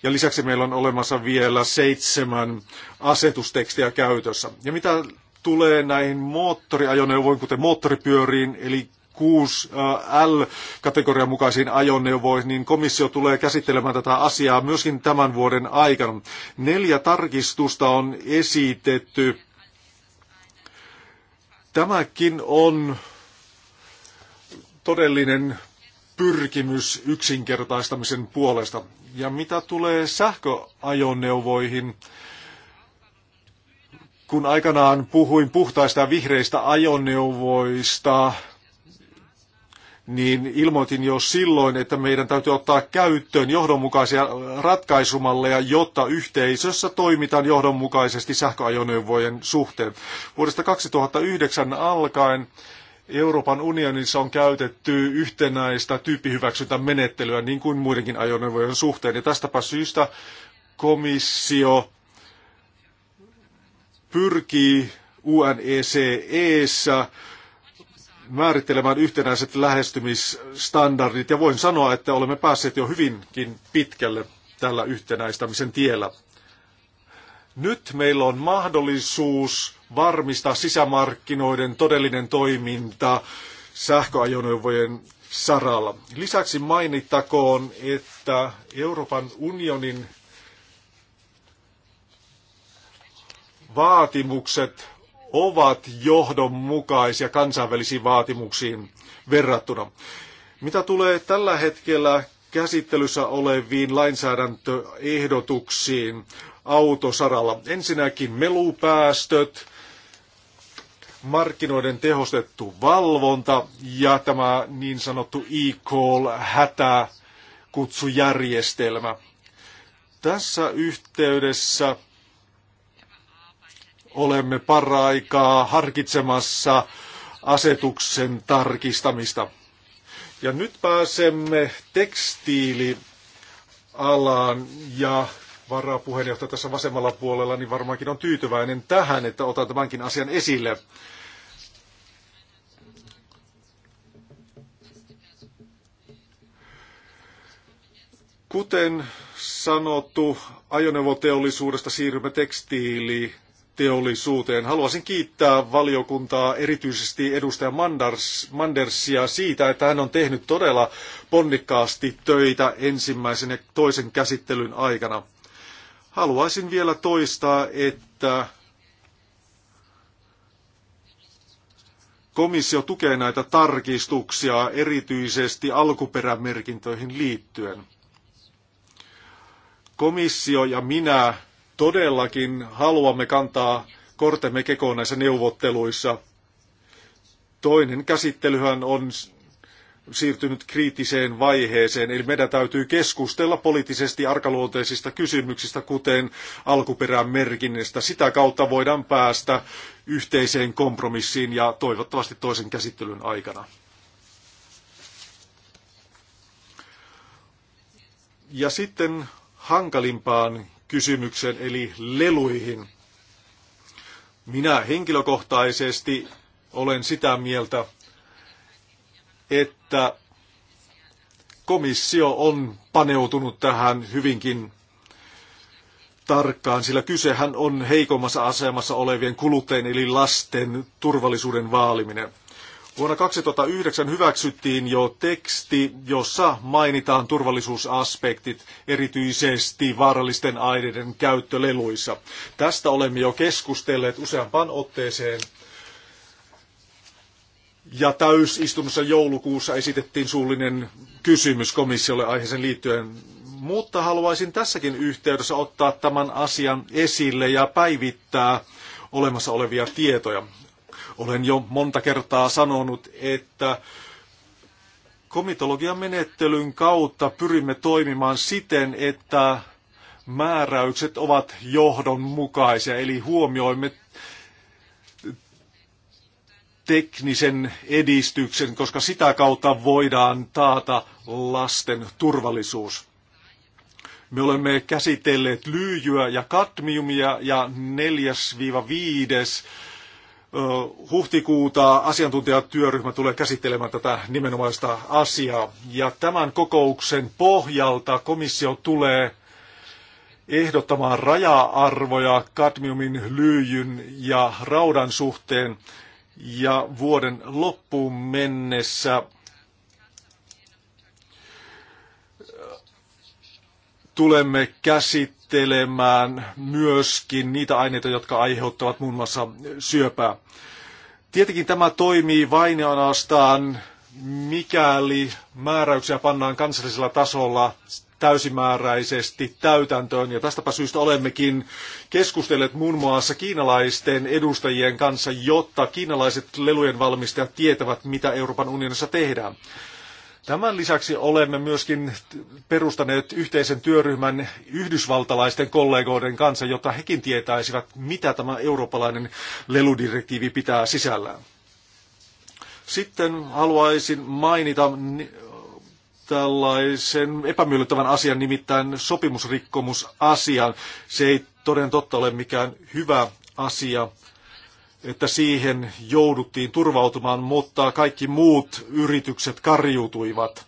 ja lisäksi meillä on olemassa vielä seitsemän asetustekstiä käytössä. Ja mitä tulee näihin moottoriajoneuvoihin, kuten moottoripyöriin, eli 6L-kategorian mukaisiin ajoneuvoihin, niin komissio tulee käsittelemään tätä asiaa myöskin tämän vuoden aikana. Neljä tarkistusta on esitetty. Tämäkin on todellinen pyrkimys yksinkertaistamisen puolesta. Ja mitä tulee sähköajoneuvoihin, kun aikanaan puhuin puhtaista vihreistä ajoneuvoista, niin ilmoitin jo silloin, että meidän täytyy ottaa käyttöön johdonmukaisia ratkaisumalleja, jotta yhteisössä toimitaan johdonmukaisesti sähköajoneuvojen suhteen. Vuodesta 2009 alkaen Euroopan unionissa on käytetty yhtenäistä tyyppihyväksyntämenettelyä niin kuin muidenkin ajoneuvojen suhteen. Ja tästäpä syystä komissio pyrkii UNECEssä määrittelemään yhtenäiset lähestymisstandardit. Ja voin sanoa, että olemme päässeet jo hyvinkin pitkälle tällä yhtenäistämisen tiellä. Nyt meillä on mahdollisuus varmistaa sisämarkkinoiden todellinen toiminta sähköajoneuvojen saralla. Lisäksi mainittakoon, että Euroopan unionin vaatimukset ovat johdonmukaisia kansainvälisiin vaatimuksiin verrattuna. Mitä tulee tällä hetkellä käsittelyssä oleviin lainsäädäntöehdotuksiin autosaralla? Ensinnäkin melupäästöt, markkinoiden tehostettu valvonta ja tämä niin sanottu e-call-hätäkutsujärjestelmä. Tässä yhteydessä olemme paraikaa harkitsemassa asetuksen tarkistamista. Ja nyt pääsemme tekstiilialaan ja varapuheenjohtaja tässä vasemmalla puolella, niin varmaankin on tyytyväinen tähän, että otan tämänkin asian esille. Kuten sanottu, ajoneuvoteollisuudesta siirrymme tekstiiliteollisuuteen. Haluaisin kiittää valiokuntaa, erityisesti edustaja Manders, Mandersia siitä, että hän on tehnyt todella ponnikkaasti töitä ensimmäisen ja toisen käsittelyn aikana. Haluaisin vielä toistaa, että komissio tukee näitä tarkistuksia erityisesti alkuperämerkintöihin liittyen. Komissio ja minä todellakin haluamme kantaa kortemme kekoon näissä neuvotteluissa. Toinen käsittelyhän on siirtynyt kriittiseen vaiheeseen, eli meidän täytyy keskustella poliittisesti arkaluonteisista kysymyksistä, kuten alkuperän merkinnästä. Sitä kautta voidaan päästä yhteiseen kompromissiin ja toivottavasti toisen käsittelyn aikana. Ja sitten hankalimpaan kysymykseen, eli leluihin. Minä henkilökohtaisesti olen sitä mieltä, että komissio on paneutunut tähän hyvinkin tarkkaan, sillä kysehän on heikommassa asemassa olevien kuluttajien eli lasten turvallisuuden vaaliminen. Vuonna 2009 hyväksyttiin jo teksti, jossa mainitaan turvallisuusaspektit, erityisesti vaarallisten aineiden käyttöleluissa. Tästä olemme jo keskustelleet useampaan otteeseen ja täysistunnossa joulukuussa esitettiin suullinen kysymys komissiolle aiheeseen liittyen, mutta haluaisin tässäkin yhteydessä ottaa tämän asian esille ja päivittää olemassa olevia tietoja. Olen jo monta kertaa sanonut, että komitologian menettelyn kautta pyrimme toimimaan siten, että määräykset ovat johdonmukaisia, eli huomioimme teknisen edistyksen, koska sitä kautta voidaan taata lasten turvallisuus. Me olemme käsitelleet lyijyä ja kadmiumia ja 4-5 huhtikuuta asiantuntijatyöryhmä tulee käsittelemään tätä nimenomaista asiaa. Ja tämän kokouksen pohjalta komissio tulee ehdottamaan raja-arvoja kadmiumin, lyijyn ja raudan suhteen ja vuoden loppuun mennessä äh, tulemme käsittelemään myöskin niitä aineita, jotka aiheuttavat muun muassa syöpää. Tietenkin tämä toimii vain ja mikäli määräyksiä pannaan kansallisella tasolla täysimääräisesti täytäntöön. Ja tästäpä syystä olemmekin keskustelleet muun muassa kiinalaisten edustajien kanssa, jotta kiinalaiset lelujen valmistajat tietävät, mitä Euroopan unionissa tehdään. Tämän lisäksi olemme myöskin perustaneet yhteisen työryhmän yhdysvaltalaisten kollegoiden kanssa, jotta hekin tietäisivät, mitä tämä eurooppalainen leludirektiivi pitää sisällään. Sitten haluaisin mainita tällaisen epämiellyttävän asian, nimittäin sopimusrikkomusasian. Se ei toden totta ole mikään hyvä asia, että siihen jouduttiin turvautumaan, mutta kaikki muut yritykset karjuutuivat.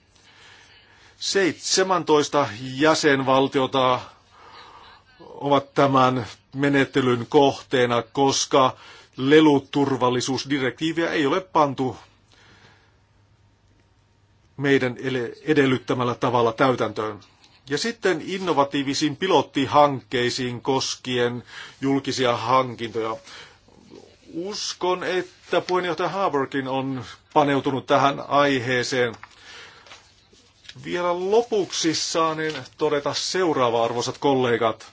17 jäsenvaltiota ovat tämän menettelyn kohteena, koska leluturvallisuusdirektiiviä ei ole pantu meidän edellyttämällä tavalla täytäntöön. Ja sitten innovatiivisiin pilottihankkeisiin koskien julkisia hankintoja. Uskon, että puheenjohtaja Haberkin on paneutunut tähän aiheeseen. Vielä lopuksi saanen todeta seuraava, arvoisat kollegat.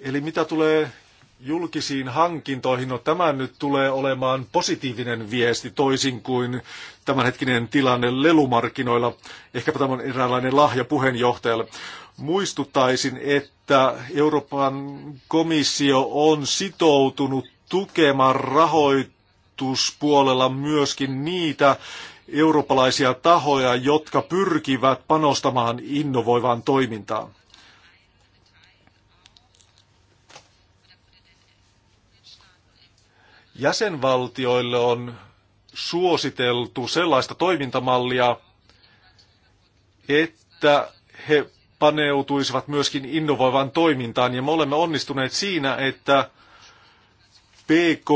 Eli mitä tulee julkisiin hankintoihin, no tämä nyt tulee olemaan positiivinen viesti toisin kuin tämänhetkinen tilanne lelumarkkinoilla. Ehkäpä tämä on eräänlainen lahja puheenjohtajalle. Muistuttaisin, että Euroopan komissio on sitoutunut tukemaan rahoituspuolella myöskin niitä eurooppalaisia tahoja, jotka pyrkivät panostamaan innovoivaan toimintaan. Jäsenvaltioille on suositeltu sellaista toimintamallia, että he paneutuisivat myöskin innovoivaan toimintaan, ja me olemme onnistuneet siinä, että PK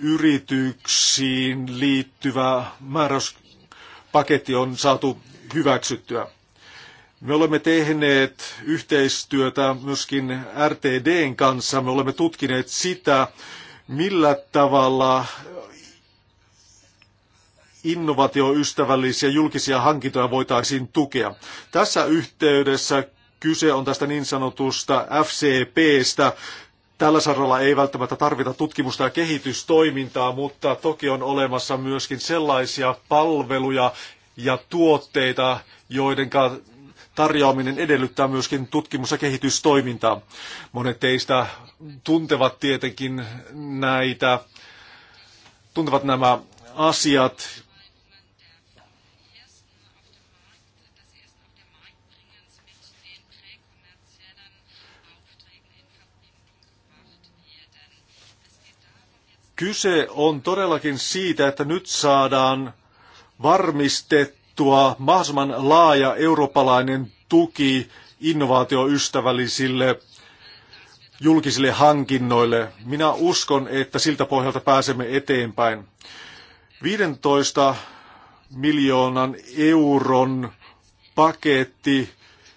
yrityksiin liittyvä määräyspaketti on saatu hyväksyttyä. Me olemme tehneet yhteistyötä myöskin RTDn kanssa. Me olemme tutkineet sitä, millä tavalla innovaatioystävällisiä julkisia hankintoja voitaisiin tukea. Tässä yhteydessä kyse on tästä niin sanotusta FCPstä. Tällä saralla ei välttämättä tarvita tutkimusta ja kehitystoimintaa, mutta toki on olemassa myöskin sellaisia palveluja ja tuotteita, joiden tarjoaminen edellyttää myöskin tutkimus- ja kehitystoimintaa. Monet teistä tuntevat tietenkin näitä, tuntevat nämä asiat. Kyse on todellakin siitä, että nyt saadaan varmistettu, sovittua mahdollisimman laaja eurooppalainen tuki innovaatioystävällisille julkisille hankinnoille. Minä uskon, että siltä pohjalta pääsemme eteenpäin. 15 miljoonan euron paketti,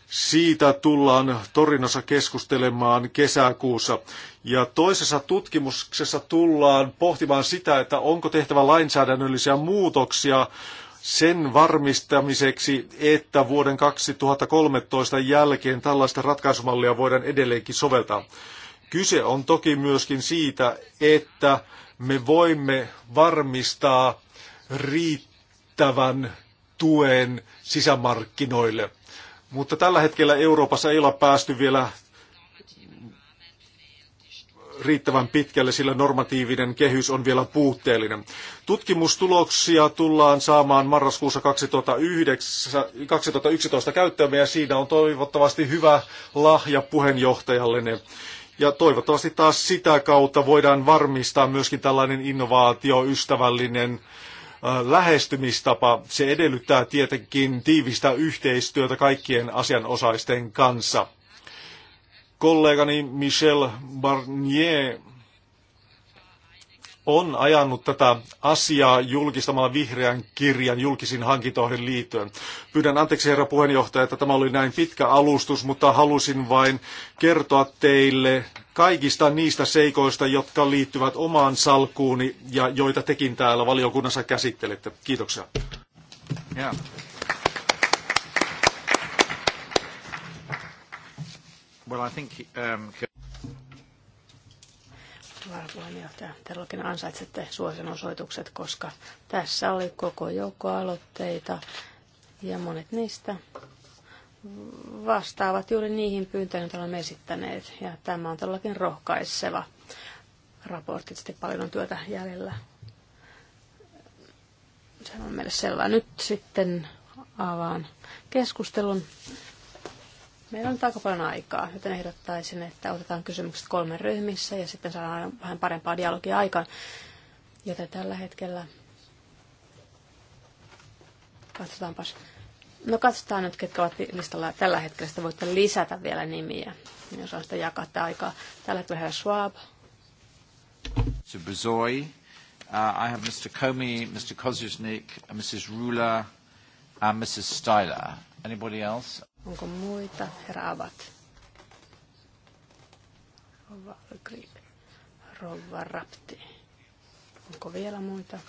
siitä tullaan torinossa keskustelemaan kesäkuussa. Ja toisessa tutkimuksessa tullaan pohtimaan sitä, että onko tehtävä lainsäädännöllisiä muutoksia sen varmistamiseksi, että vuoden 2013 jälkeen tällaista ratkaisumallia voidaan edelleenkin soveltaa. Kyse on toki myöskin siitä, että me voimme varmistaa riittävän tuen sisämarkkinoille. Mutta tällä hetkellä Euroopassa ei ole päästy vielä riittävän pitkälle, sillä normatiivinen kehys on vielä puutteellinen. Tutkimustuloksia tullaan saamaan marraskuussa 2009, 2011 käyttöön ja siinä on toivottavasti hyvä lahja puheenjohtajallenne. Ja toivottavasti taas sitä kautta voidaan varmistaa myöskin tällainen innovaatioystävällinen lähestymistapa. Se edellyttää tietenkin tiivistä yhteistyötä kaikkien asianosaisten kanssa kollegani Michel Barnier on ajanut tätä asiaa julkistamalla vihreän kirjan julkisiin hankintoihin liittyen. Pyydän anteeksi herra puheenjohtaja, että tämä oli näin pitkä alustus, mutta halusin vain kertoa teille kaikista niistä seikoista, jotka liittyvät omaan salkkuuni ja joita tekin täällä valiokunnassa käsittelette. Kiitoksia. Yeah. Well, I think, um... Varapuheenjohtaja, todellakin ansaitsette suosion osoitukset, koska tässä oli koko joukko aloitteita ja monet niistä vastaavat juuri niihin pyyntöihin, joita olemme esittäneet. Ja tämä on todellakin rohkaiseva raportti. Sitten paljon on työtä jäljellä. Se on meille selvää Nyt sitten avaan keskustelun. Meillä on nyt aika paljon aikaa, joten ehdottaisin, että otetaan kysymykset kolmen ryhmissä ja sitten saadaan vähän parempaa dialogia aikaan. Joten tällä hetkellä katsotaanpas. No katsotaan nyt, ketkä ovat listalla tällä hetkellä. Sitä voitte lisätä vielä nimiä, jos on sitä jakaa tämä aikaa. Tällä hetkellä herra Schwab. Mr. Bezoi. Uh, I have Mr. Comey, Mr. Kozusnik, Mrs. Ruler, and Mrs. Styler. Anybody else? Onko muita? Herra Avat. Rova Grip. Rova Rapti. Onko vielä muita?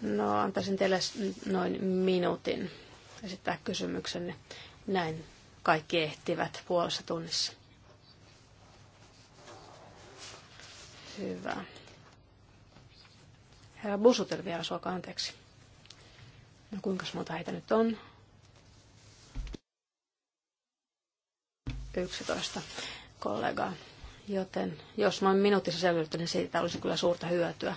No, antaisin teille noin minuutin esittää kysymyksenne. Näin kaikki ehtivät puolessa tunnissa. Hyvä. Herra Busutel vielä, suokaa anteeksi. No kuinka monta heitä nyt on? 11 kollegaa. Joten jos noin minuutissa selvitty, niin siitä olisi kyllä suurta hyötyä.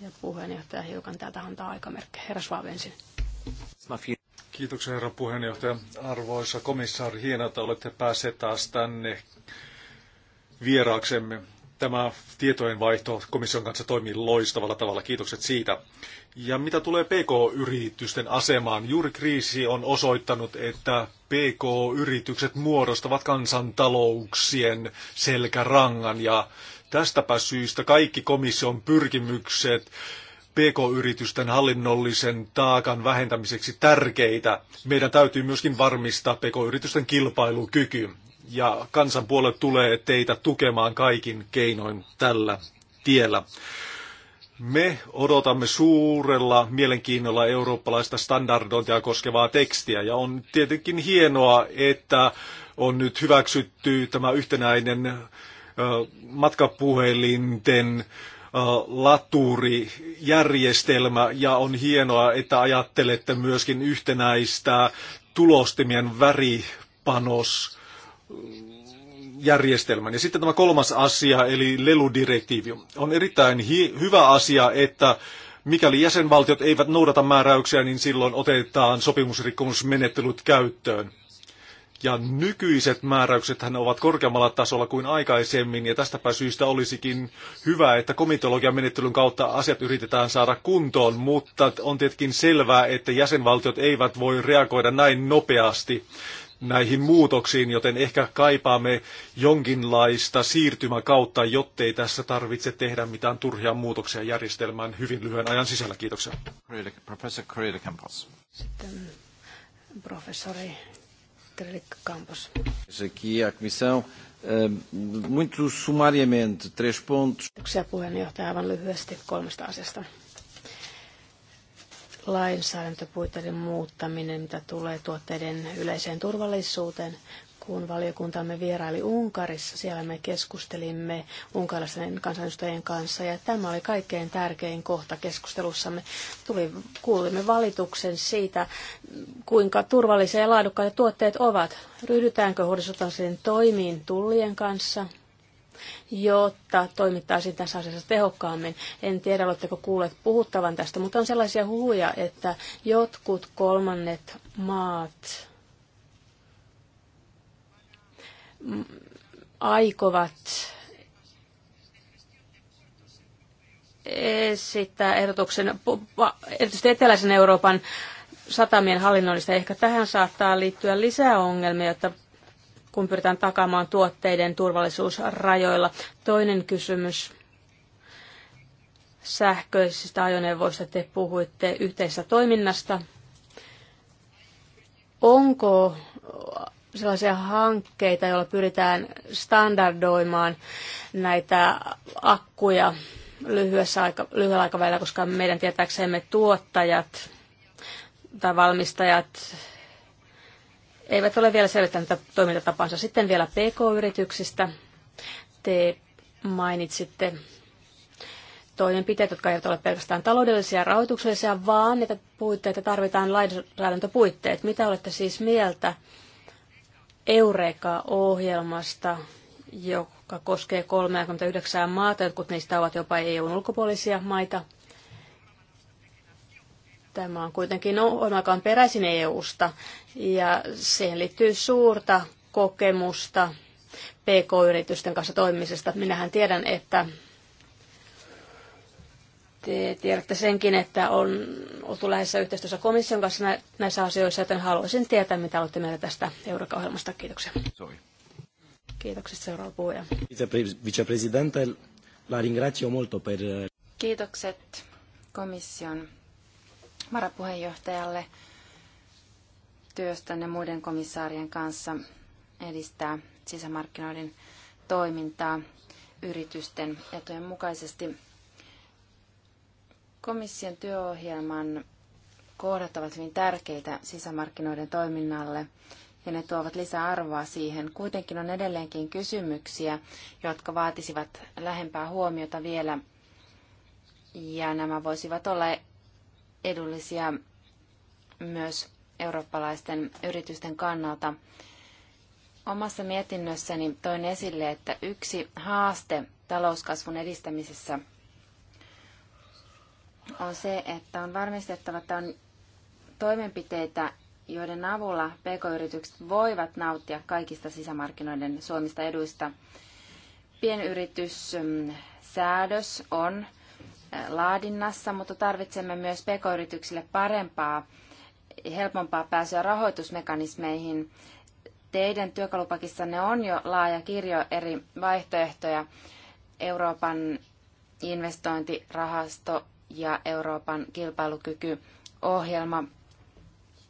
Ja puheenjohtaja hiukan täältä antaa aikamerkki. Herra Schwab ensin. Kiitoksia herra puheenjohtaja. Arvoisa komissaari, hienoa, että olette päässeet taas tänne vieraaksemme tämä tietojenvaihto komission kanssa toimii loistavalla tavalla. Kiitokset siitä. Ja mitä tulee PK-yritysten asemaan, juuri kriisi on osoittanut, että PK-yritykset muodostavat kansantalouksien selkärangan ja tästäpä syystä kaikki komission pyrkimykset PK-yritysten hallinnollisen taakan vähentämiseksi tärkeitä. Meidän täytyy myöskin varmistaa PK-yritysten kilpailukyky ja kansanpuolue tulee teitä tukemaan kaikin keinoin tällä tiellä. Me odotamme suurella mielenkiinnolla eurooppalaista standardointia koskevaa tekstiä ja on tietenkin hienoa, että on nyt hyväksytty tämä yhtenäinen matkapuhelinten laturijärjestelmä ja on hienoa, että ajattelette myöskin yhtenäistä tulostimien väripanos järjestelmän. Ja sitten tämä kolmas asia, eli leludirektiivi. On erittäin hyvä asia, että mikäli jäsenvaltiot eivät noudata määräyksiä, niin silloin otetaan sopimusrikkomusmenettelyt käyttöön. Ja nykyiset määräykset ovat korkeammalla tasolla kuin aikaisemmin, ja tästäpä syystä olisikin hyvä, että komitologian menettelyn kautta asiat yritetään saada kuntoon, mutta on tietenkin selvää, että jäsenvaltiot eivät voi reagoida näin nopeasti näihin muutoksiin, joten ehkä kaipaamme jonkinlaista siirtymäkautta, jottei tässä tarvitse tehdä mitään turhia muutoksia järjestelmään hyvin lyhyen ajan sisällä. Kiitoksia. Professor Campos. Sitten professori Trelic Campos. Aqui a comissão. Eh, muito sumariamente, três pontos. Kiitoksia puheenjohtaja aivan lyhyesti kolmesta asiasta lainsäädäntöpuitteiden muuttaminen, mitä tulee tuotteiden yleiseen turvallisuuteen. Kun valiokuntamme vieraili Unkarissa, siellä me keskustelimme unkarilaisten kansanedustajien kanssa ja tämä oli kaikkein tärkein kohta keskustelussamme. Tuli, kuulimme valituksen siitä, kuinka turvallisia ja laadukkaita tuotteet ovat. Ryhdytäänkö horisontaalisiin toimiin tullien kanssa jotta toimittaisiin tässä asiassa tehokkaammin. En tiedä, oletteko kuulleet puhuttavan tästä, mutta on sellaisia huhuja, että jotkut kolmannet maat aikovat esittää ehdotuksen, erityisesti eteläisen Euroopan satamien hallinnollista. Ehkä tähän saattaa liittyä lisää ongelmia, että kun pyritään takaamaan tuotteiden turvallisuus rajoilla. Toinen kysymys sähköisistä ajoneuvoista te puhuitte yhteisestä toiminnasta. Onko sellaisia hankkeita, joilla pyritään standardoimaan näitä akkuja lyhyessä aika, lyhyellä aikavälillä, koska meidän tietääksemme tuottajat tai valmistajat eivät ole vielä selvittäneet toimintatapansa. Sitten vielä PK-yrityksistä. Te mainitsitte toimenpiteet, jotka eivät ole pelkästään taloudellisia ja rahoituksellisia, vaan että puitteita tarvitaan lainsäädäntöpuitteet. Mitä olette siis mieltä Eureka-ohjelmasta, joka koskee 39 maata, jotkut niistä ovat jopa EUn ulkopuolisia maita? Tämä on kuitenkin omakaan no, peräisin EU-sta ja siihen liittyy suurta kokemusta PK-yritysten kanssa toimimisesta. Minähän tiedän, että te tiedätte senkin, että on oltu lähes yhteistyössä komission kanssa näissä asioissa, joten haluaisin tietää, mitä olette mieltä tästä Euroopan-ohjelmasta. Kiitoksia. Sorry. Kiitokset seuraava puhuja. Vicepresidente, la ringrazio molto per... Kiitokset komission varapuheenjohtajalle työstänne muiden komissaarien kanssa edistää sisämarkkinoiden toimintaa yritysten etujen mukaisesti. Komission työohjelman kohdat ovat hyvin tärkeitä sisämarkkinoiden toiminnalle ja ne tuovat lisäarvoa siihen. Kuitenkin on edelleenkin kysymyksiä, jotka vaatisivat lähempää huomiota vielä ja nämä voisivat olla edullisia myös eurooppalaisten yritysten kannalta. Omassa mietinnössäni toin esille, että yksi haaste talouskasvun edistämisessä on se, että on varmistettava, että on toimenpiteitä, joiden avulla pk-yritykset voivat nauttia kaikista sisämarkkinoiden suomista eduista. Pienyrityssäädös mm, on laadinnassa, mutta tarvitsemme myös pk-yrityksille parempaa, helpompaa pääsyä rahoitusmekanismeihin. Teidän työkalupakissanne on jo laaja kirjo eri vaihtoehtoja. Euroopan investointirahasto ja Euroopan kilpailukykyohjelma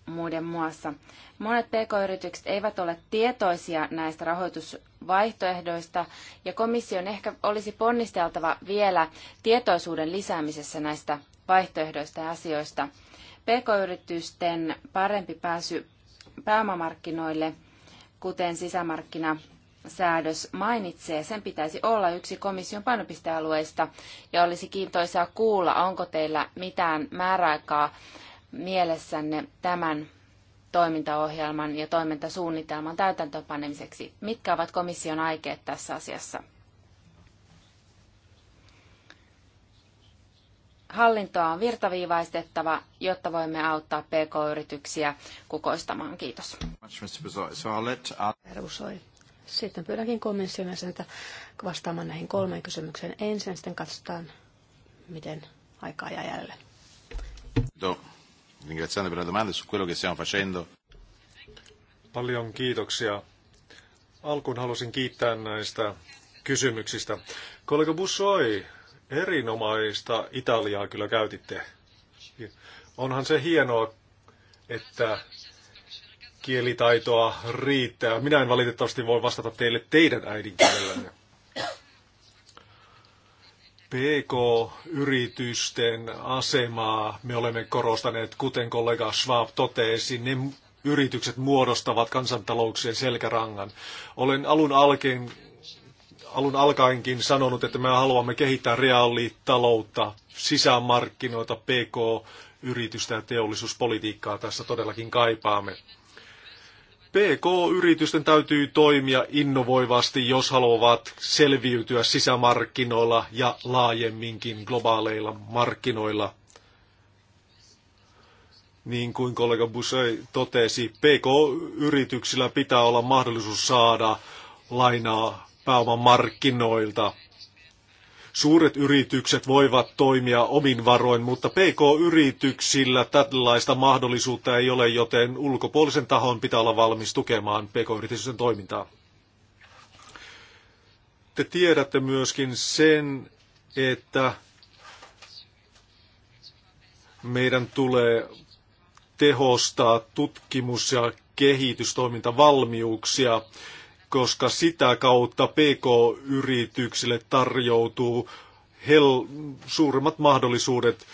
muiden muassa. Monet pk-yritykset eivät ole tietoisia näistä rahoitusvaihtoehdoista ja komission ehkä olisi ponnisteltava vielä tietoisuuden lisäämisessä näistä vaihtoehdoista ja asioista. PK-yritysten parempi pääsy pääomamarkkinoille, kuten sisämarkkina, säädös mainitsee, sen pitäisi olla yksi komission painopistealueista ja olisi kiintoisaa kuulla, onko teillä mitään määräaikaa mielessänne tämän toimintaohjelman ja toimintasuunnitelman täytäntöönpanemiseksi? Mitkä ovat komission aikeet tässä asiassa? Hallintoa on virtaviivaistettava, jotta voimme auttaa pk-yrityksiä kukoistamaan. Kiitos. Sitten pyydänkin komission jäsentä vastaamaan näihin kolmeen kysymykseen ensin, sitten katsotaan, miten aikaa jää jäljelle. No ringraziando per la domanda su quello che stiamo facendo. Paljon kiitoksia. Alkuun halusin kiittää näistä kysymyksistä. Kollega Bussoi, erinomaista Italiaa kyllä käytitte. Onhan se hienoa, että kielitaitoa riittää. Minä en valitettavasti voi vastata teille teidän äidinkielellänne. PK-yritysten asemaa me olemme korostaneet, kuten kollega Schwab totesi, ne yritykset muodostavat kansantalouksien selkärangan. Olen alun alkeen alun alkaenkin sanonut, että me haluamme kehittää reaalitaloutta, sisämarkkinoita, PK-yritystä ja teollisuuspolitiikkaa tässä todellakin kaipaamme. PK-yritysten täytyy toimia innovoivasti, jos haluavat selviytyä sisämarkkinoilla ja laajemminkin globaaleilla markkinoilla. Niin kuin kollega Busey totesi, PK-yrityksillä pitää olla mahdollisuus saada lainaa pääoman markkinoilta – Suuret yritykset voivat toimia omin varoin, mutta PK-yrityksillä tällaista mahdollisuutta ei ole, joten ulkopuolisen tahon pitää olla valmis tukemaan PK-yritysten toimintaa. Te tiedätte myöskin sen, että meidän tulee tehostaa tutkimus- ja kehitystoimintavalmiuksia. valmiuksia koska sitä kautta PK-yrityksille tarjoutuu hel- suuremmat mahdollisuudet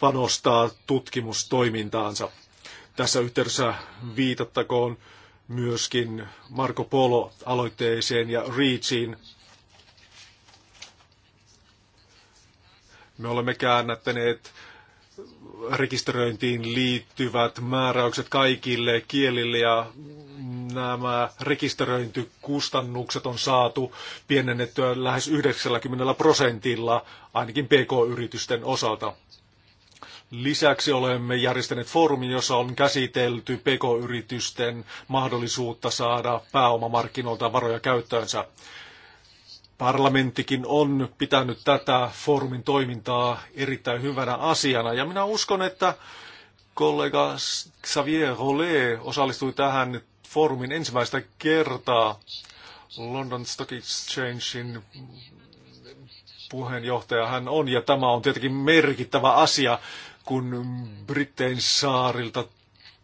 panostaa tutkimustoimintaansa. Tässä yhteydessä viitattakoon myöskin Marco Polo-aloitteeseen ja REACHiin. Me olemme käännättäneet rekisteröintiin liittyvät määräykset kaikille kielille ja nämä rekisteröintikustannukset on saatu pienennettyä lähes 90 prosentilla, ainakin PK-yritysten osalta. Lisäksi olemme järjestäneet foorumin, jossa on käsitelty PK-yritysten mahdollisuutta saada pääomamarkkinoilta varoja käyttöönsä. Parlamenttikin on pitänyt tätä foorumin toimintaa erittäin hyvänä asiana, ja minä uskon, että kollega Xavier Rollet osallistui tähän foorumin ensimmäistä kertaa London Stock Exchangein puheenjohtaja hän on, ja tämä on tietenkin merkittävä asia, kun Brittein saarilta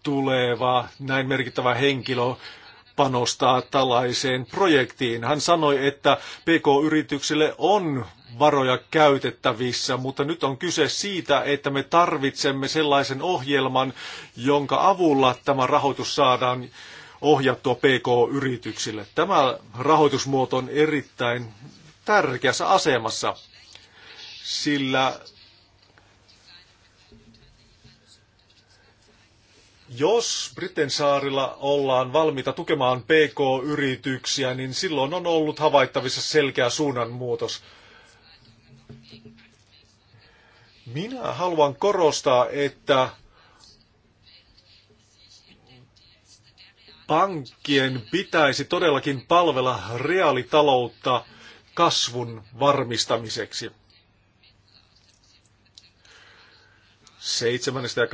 tuleva näin merkittävä henkilö panostaa tällaiseen projektiin. Hän sanoi, että PK-yrityksille on varoja käytettävissä, mutta nyt on kyse siitä, että me tarvitsemme sellaisen ohjelman, jonka avulla tämä rahoitus saadaan ohjattua PK-yrityksille. Tämä rahoitusmuoto on erittäin tärkeässä asemassa, sillä Jos Briten saarilla ollaan valmiita tukemaan PK-yrityksiä, niin silloin on ollut havaittavissa selkeä suunnanmuutos. Minä haluan korostaa, että pankkien pitäisi todellakin palvella reaalitaloutta kasvun varmistamiseksi. Seitsemännestä ja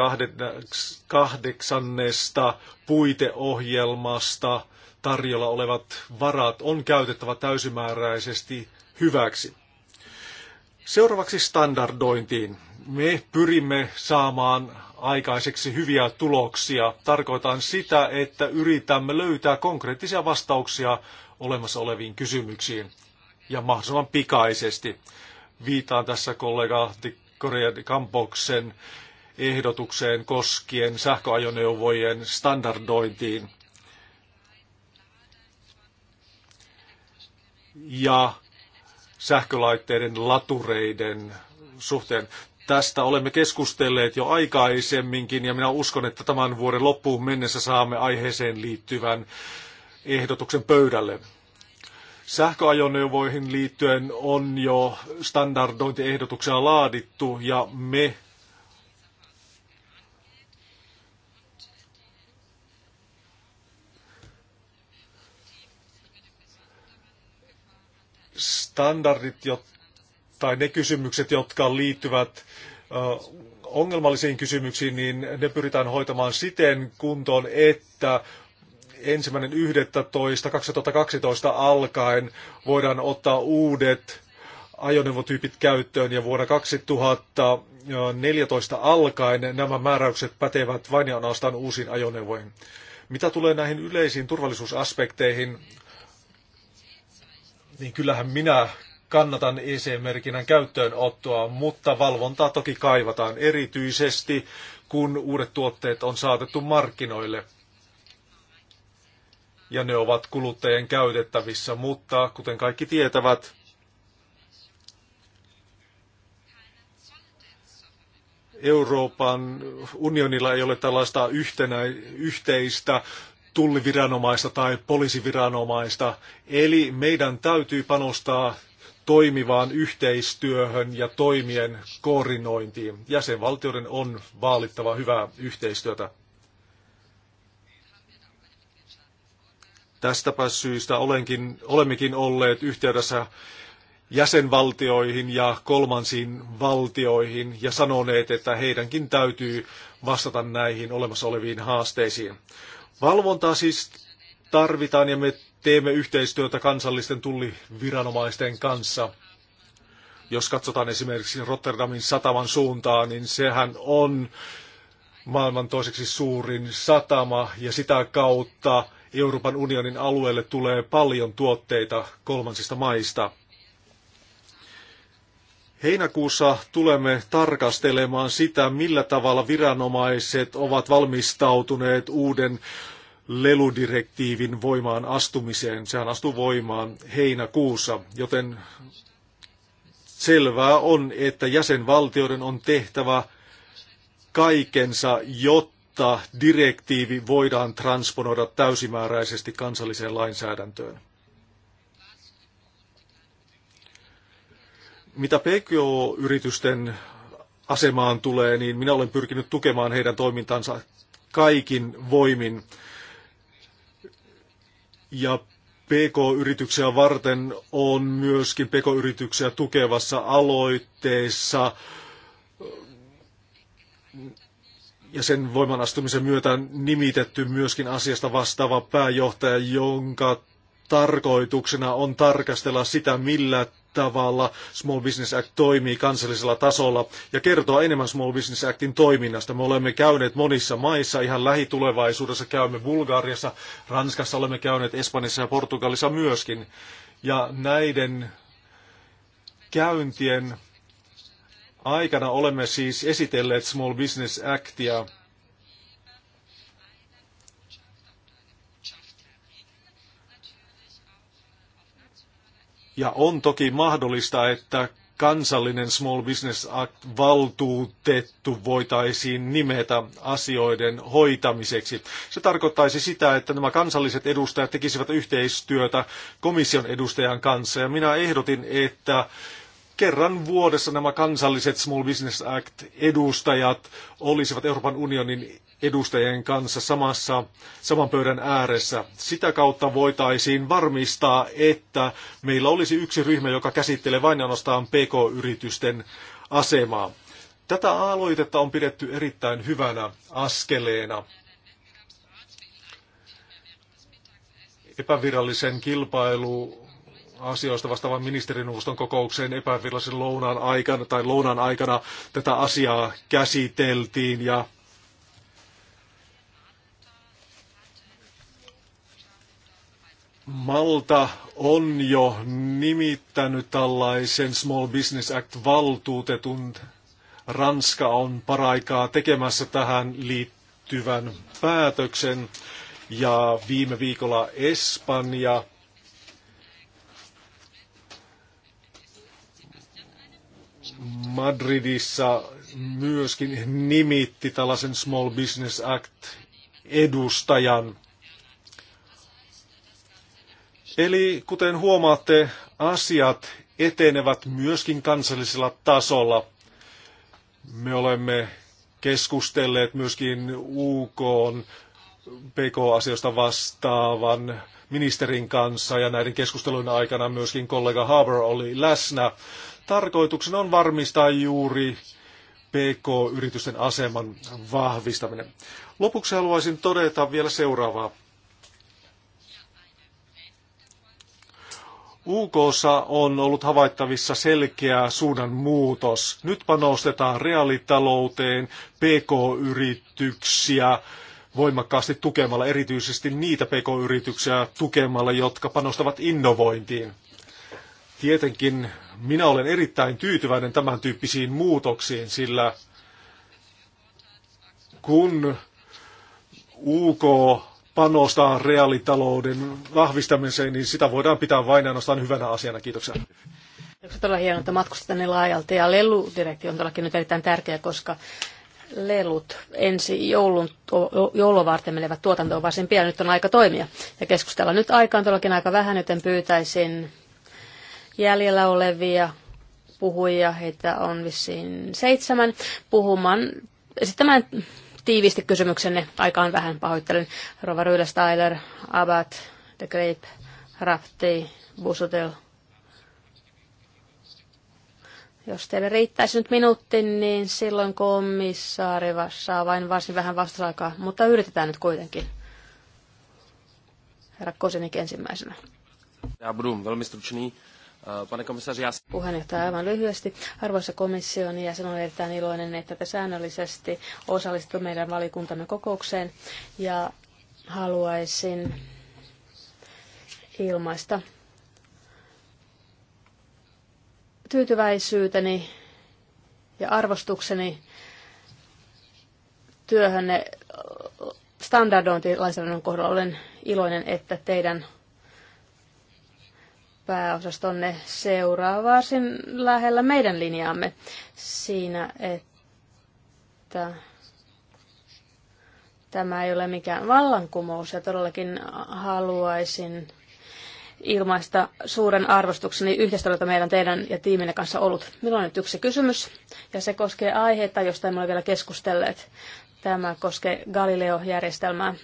kahdeksannesta puiteohjelmasta tarjolla olevat varat on käytettävä täysimääräisesti hyväksi. Seuraavaksi standardointiin. Me pyrimme saamaan aikaiseksi hyviä tuloksia. Tarkoitan sitä, että yritämme löytää konkreettisia vastauksia olemassa oleviin kysymyksiin ja mahdollisimman pikaisesti. Viitaan tässä kollega Korea Kampoksen ehdotukseen koskien sähköajoneuvojen standardointiin. Ja sähkölaitteiden latureiden suhteen. Tästä olemme keskustelleet jo aikaisemminkin ja minä uskon, että tämän vuoden loppuun mennessä saamme aiheeseen liittyvän ehdotuksen pöydälle. Sähköajoneuvoihin liittyen on jo standardointiehdotuksia laadittu ja me standardit, jotka tai ne kysymykset, jotka liittyvät ongelmallisiin kysymyksiin, niin ne pyritään hoitamaan siten kuntoon, että ensimmäinen 11.2012 alkaen voidaan ottaa uudet ajoneuvotyypit käyttöön ja vuonna 2014 alkaen nämä määräykset pätevät vain ja ainoastaan uusiin ajoneuvoihin. Mitä tulee näihin yleisiin turvallisuusaspekteihin, niin kyllähän minä kannatan EC-merkinnän käyttöönottoa, mutta valvontaa toki kaivataan erityisesti, kun uudet tuotteet on saatettu markkinoille. Ja ne ovat kuluttajien käytettävissä, mutta kuten kaikki tietävät, Euroopan unionilla ei ole tällaista yhtenä, yhteistä tulliviranomaista tai poliisiviranomaista. Eli meidän täytyy panostaa toimivaan yhteistyöhön ja toimien koordinointiin. Jäsenvaltioiden on vaalittava hyvää yhteistyötä. Tästäpä syystä olenkin, olemmekin olleet yhteydessä jäsenvaltioihin ja kolmansiin valtioihin ja sanoneet, että heidänkin täytyy vastata näihin olemassa oleviin haasteisiin. Valvontaa siis tarvitaan ja me teemme yhteistyötä kansallisten tulliviranomaisten kanssa. Jos katsotaan esimerkiksi Rotterdamin sataman suuntaan, niin sehän on maailman toiseksi suurin satama ja sitä kautta Euroopan unionin alueelle tulee paljon tuotteita kolmansista maista. Heinäkuussa tulemme tarkastelemaan sitä, millä tavalla viranomaiset ovat valmistautuneet uuden leludirektiivin voimaan astumiseen. Sehän astuu voimaan heinäkuussa, joten selvää on, että jäsenvaltioiden on tehtävä kaikensa, jotta direktiivi voidaan transponoida täysimääräisesti kansalliseen lainsäädäntöön. Mitä PKO-yritysten asemaan tulee, niin minä olen pyrkinyt tukemaan heidän toimintansa kaikin voimin. Ja PK-yrityksiä varten on myöskin PK-yrityksiä tukevassa aloitteessa ja sen voimanastumisen myötä nimitetty myöskin asiasta vastaava pääjohtaja, jonka tarkoituksena on tarkastella sitä, millä tavalla Small Business Act toimii kansallisella tasolla ja kertoa enemmän Small Business Actin toiminnasta. Me olemme käyneet monissa maissa, ihan lähitulevaisuudessa käymme Bulgariassa, Ranskassa olemme käyneet Espanjassa ja Portugalissa myöskin. Ja näiden käyntien aikana olemme siis esitelleet Small Business Actia Ja on toki mahdollista, että kansallinen Small Business Act-valtuutettu voitaisiin nimetä asioiden hoitamiseksi. Se tarkoittaisi sitä, että nämä kansalliset edustajat tekisivät yhteistyötä komission edustajan kanssa. Ja minä ehdotin, että kerran vuodessa nämä kansalliset Small Business Act-edustajat olisivat Euroopan unionin edustajien kanssa samassa, saman pöydän ääressä. Sitä kautta voitaisiin varmistaa, että meillä olisi yksi ryhmä, joka käsittelee vain ainoastaan PK-yritysten asemaa. Tätä aloitetta on pidetty erittäin hyvänä askeleena epävirallisen kilpailu asioista vastaavan ministerineuvoston kokoukseen epävirallisen lounaan aikana, tai lounaan aikana tätä asiaa käsiteltiin ja Malta on jo nimittänyt tällaisen Small Business Act-valtuutetun. Ranska on paraikaa tekemässä tähän liittyvän päätöksen. Ja viime viikolla Espanja Madridissa myöskin nimitti tällaisen Small Business Act edustajan. Eli kuten huomaatte, asiat etenevät myöskin kansallisella tasolla. Me olemme keskustelleet myöskin UK PK-asioista vastaavan ministerin kanssa ja näiden keskustelujen aikana myöskin kollega Haber oli läsnä tarkoituksena on varmistaa juuri PK-yritysten aseman vahvistaminen. Lopuksi haluaisin todeta vielä seuraavaa. UK on ollut havaittavissa selkeä suunnan muutos. Nyt panostetaan reaalitalouteen, PK-yrityksiä voimakkaasti tukemalla, erityisesti niitä PK-yrityksiä tukemalla, jotka panostavat innovointiin. Tietenkin minä olen erittäin tyytyväinen tämän tyyppisiin muutoksiin, sillä kun UK panostaa reaalitalouden vahvistamiseen, niin sitä voidaan pitää vain ainoastaan hyvänä asiana. Kiitoksia. on todella hienoa, että matkustat tänne niin laajalta ja leludirektio on todellakin nyt erittäin tärkeä, koska lelut ensi joulun, joulua varten menevät tuotantoon varsin pian. Nyt on aika toimia ja keskustella. Nyt aika on todellakin aika vähän, joten pyytäisin jäljellä olevia puhujia, heitä on vissiin seitsemän, puhumaan esittämään tiiviisti kysymyksenne. Aikaan vähän pahoittelen. Rova Ryyles, Tyler, Abad, The Grape, Rafti, Busutel. Jos teille riittäisi nyt minuutti, niin silloin komissaari saa vain varsin vähän vastausaikaa, mutta yritetään nyt kuitenkin. Herra Kosinik ensimmäisenä. Ja Brum, velmi stručný. Äh, Puheenjohtaja aivan lyhyesti. Arvoisa komission jäsen, olen erittäin iloinen, että te säännöllisesti osallistutte meidän valikuntamme kokoukseen ja haluaisin ilmaista tyytyväisyyteni ja arvostukseni työhönne standardointilainsäädännön kohdalla. Olen iloinen, että teidän pääosastonne seuraa varsin lähellä meidän linjaamme siinä, että tämä ei ole mikään vallankumous ja todellakin haluaisin ilmaista suuren arvostukseni yhteistyötä meidän teidän ja tiiminne kanssa ollut. Minulla on nyt yksi kysymys, ja se koskee aiheita, josta emme ole vielä keskustelleet. Tämä koskee Galileo-järjestelmää.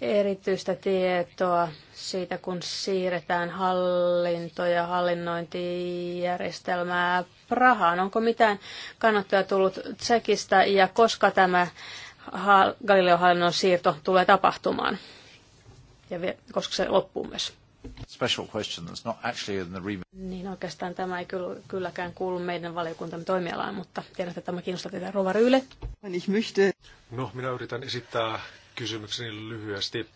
Erityistä tietoa siitä, kun siirretään hallinto- ja hallinnointijärjestelmää Prahaan. Onko mitään kannattaja tullut Tsekistä ja koska tämä Galileo-hallinnon siirto tulee tapahtumaan? Ja koska se loppuu myös? Special question that's not actually in the remit. Niin oikeastaan tämä ei kyllä, kylläkään kuulu meidän valiokuntamme toimialaan, mutta tiedän, että tämä kiinnostaa teitä Rova Ryyle. Niin, niin, niin. No, minä yritän esittää kysymykseni lyhyesti.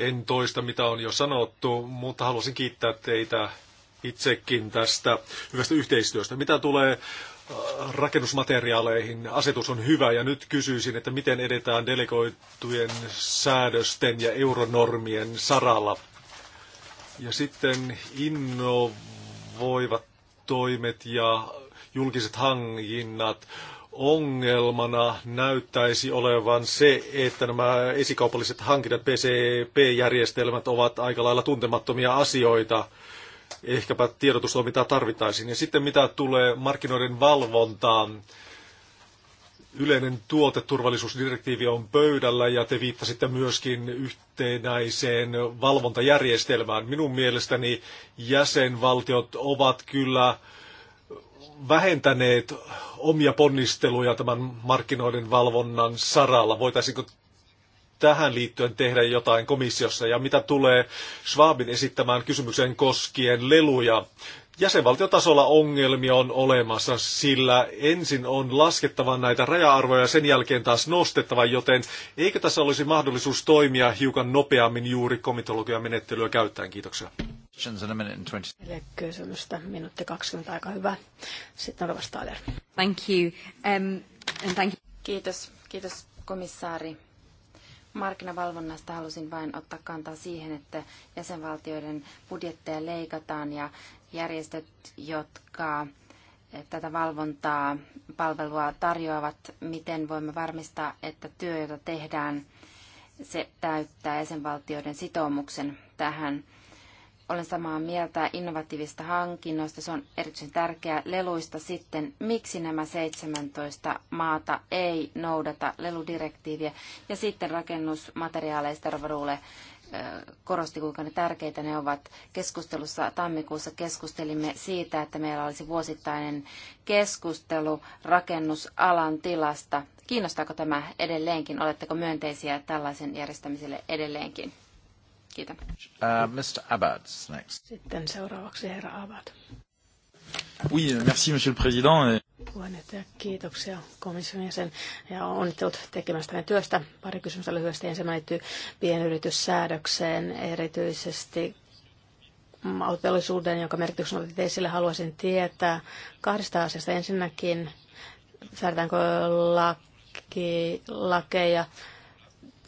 En toista, mitä on jo sanottu, mutta halusin kiittää teitä itsekin tästä hyvästä yhteistyöstä. Mitä tulee äh, rakennusmateriaaleihin, asetus on hyvä ja nyt kysyisin, että miten edetään delegoitujen säädösten ja euronormien saralla. Ja sitten innovoivat toimet ja julkiset hanginnat ongelmana näyttäisi olevan se, että nämä esikaupalliset hankinnat, PCP-järjestelmät ovat aika lailla tuntemattomia asioita. Ehkäpä tiedotustoimintaa tarvittaisiin. Ja sitten mitä tulee markkinoiden valvontaan, yleinen tuoteturvallisuusdirektiivi on pöydällä ja te viittasitte myöskin yhtenäiseen valvontajärjestelmään. Minun mielestäni jäsenvaltiot ovat kyllä vähentäneet omia ponnisteluja tämän markkinoiden valvonnan saralla? Voitaisiinko tähän liittyen tehdä jotain komissiossa? Ja mitä tulee Schwabin esittämään kysymykseen koskien leluja, jäsenvaltiotasolla ongelmia on olemassa, sillä ensin on laskettava näitä raja-arvoja ja sen jälkeen taas nostettava, joten eikö tässä olisi mahdollisuus toimia hiukan nopeammin juuri komitologian menettelyä käyttäen? Kiitoksia. Kysymystä minuutti 20, aika hyvä. Sitten Rova Stader. Thank you. Um, and thank you. Kiitos, kiitos komissaari. Markkinavalvonnasta halusin vain ottaa kantaa siihen, että jäsenvaltioiden budjetteja leikataan ja järjestöt, jotka eh, tätä valvontaa, palvelua tarjoavat, miten voimme varmistaa, että työ, jota tehdään, se täyttää jäsenvaltioiden sitoumuksen tähän. Olen samaa mieltä innovatiivista hankinnoista, se on erityisen tärkeää. Leluista sitten, miksi nämä 17 maata ei noudata leludirektiiviä. Ja sitten rakennusmateriaaleista, Rule, korosti, kuinka ne tärkeitä ne ovat. Keskustelussa tammikuussa keskustelimme siitä, että meillä olisi vuosittainen keskustelu rakennusalan tilasta. Kiinnostaako tämä edelleenkin? Oletteko myönteisiä tällaisen järjestämiselle edelleenkin? Kiitän. Uh, Mr. Abbott's next. Sitten seuraavaksi herra Abad. Oui, merci, monsieur le président. Puheenjohtaja, kiitoksia komission jäsen ja onnittelut tekemästänne työstä. Pari kysymystä lyhyesti. Ensimmäinen liittyy pienyrityssäädökseen, erityisesti autoteollisuuden, jonka merkityksen otit esille. Haluaisin tietää kahdesta asiasta. Ensinnäkin, säädetäänkö laki, lakeja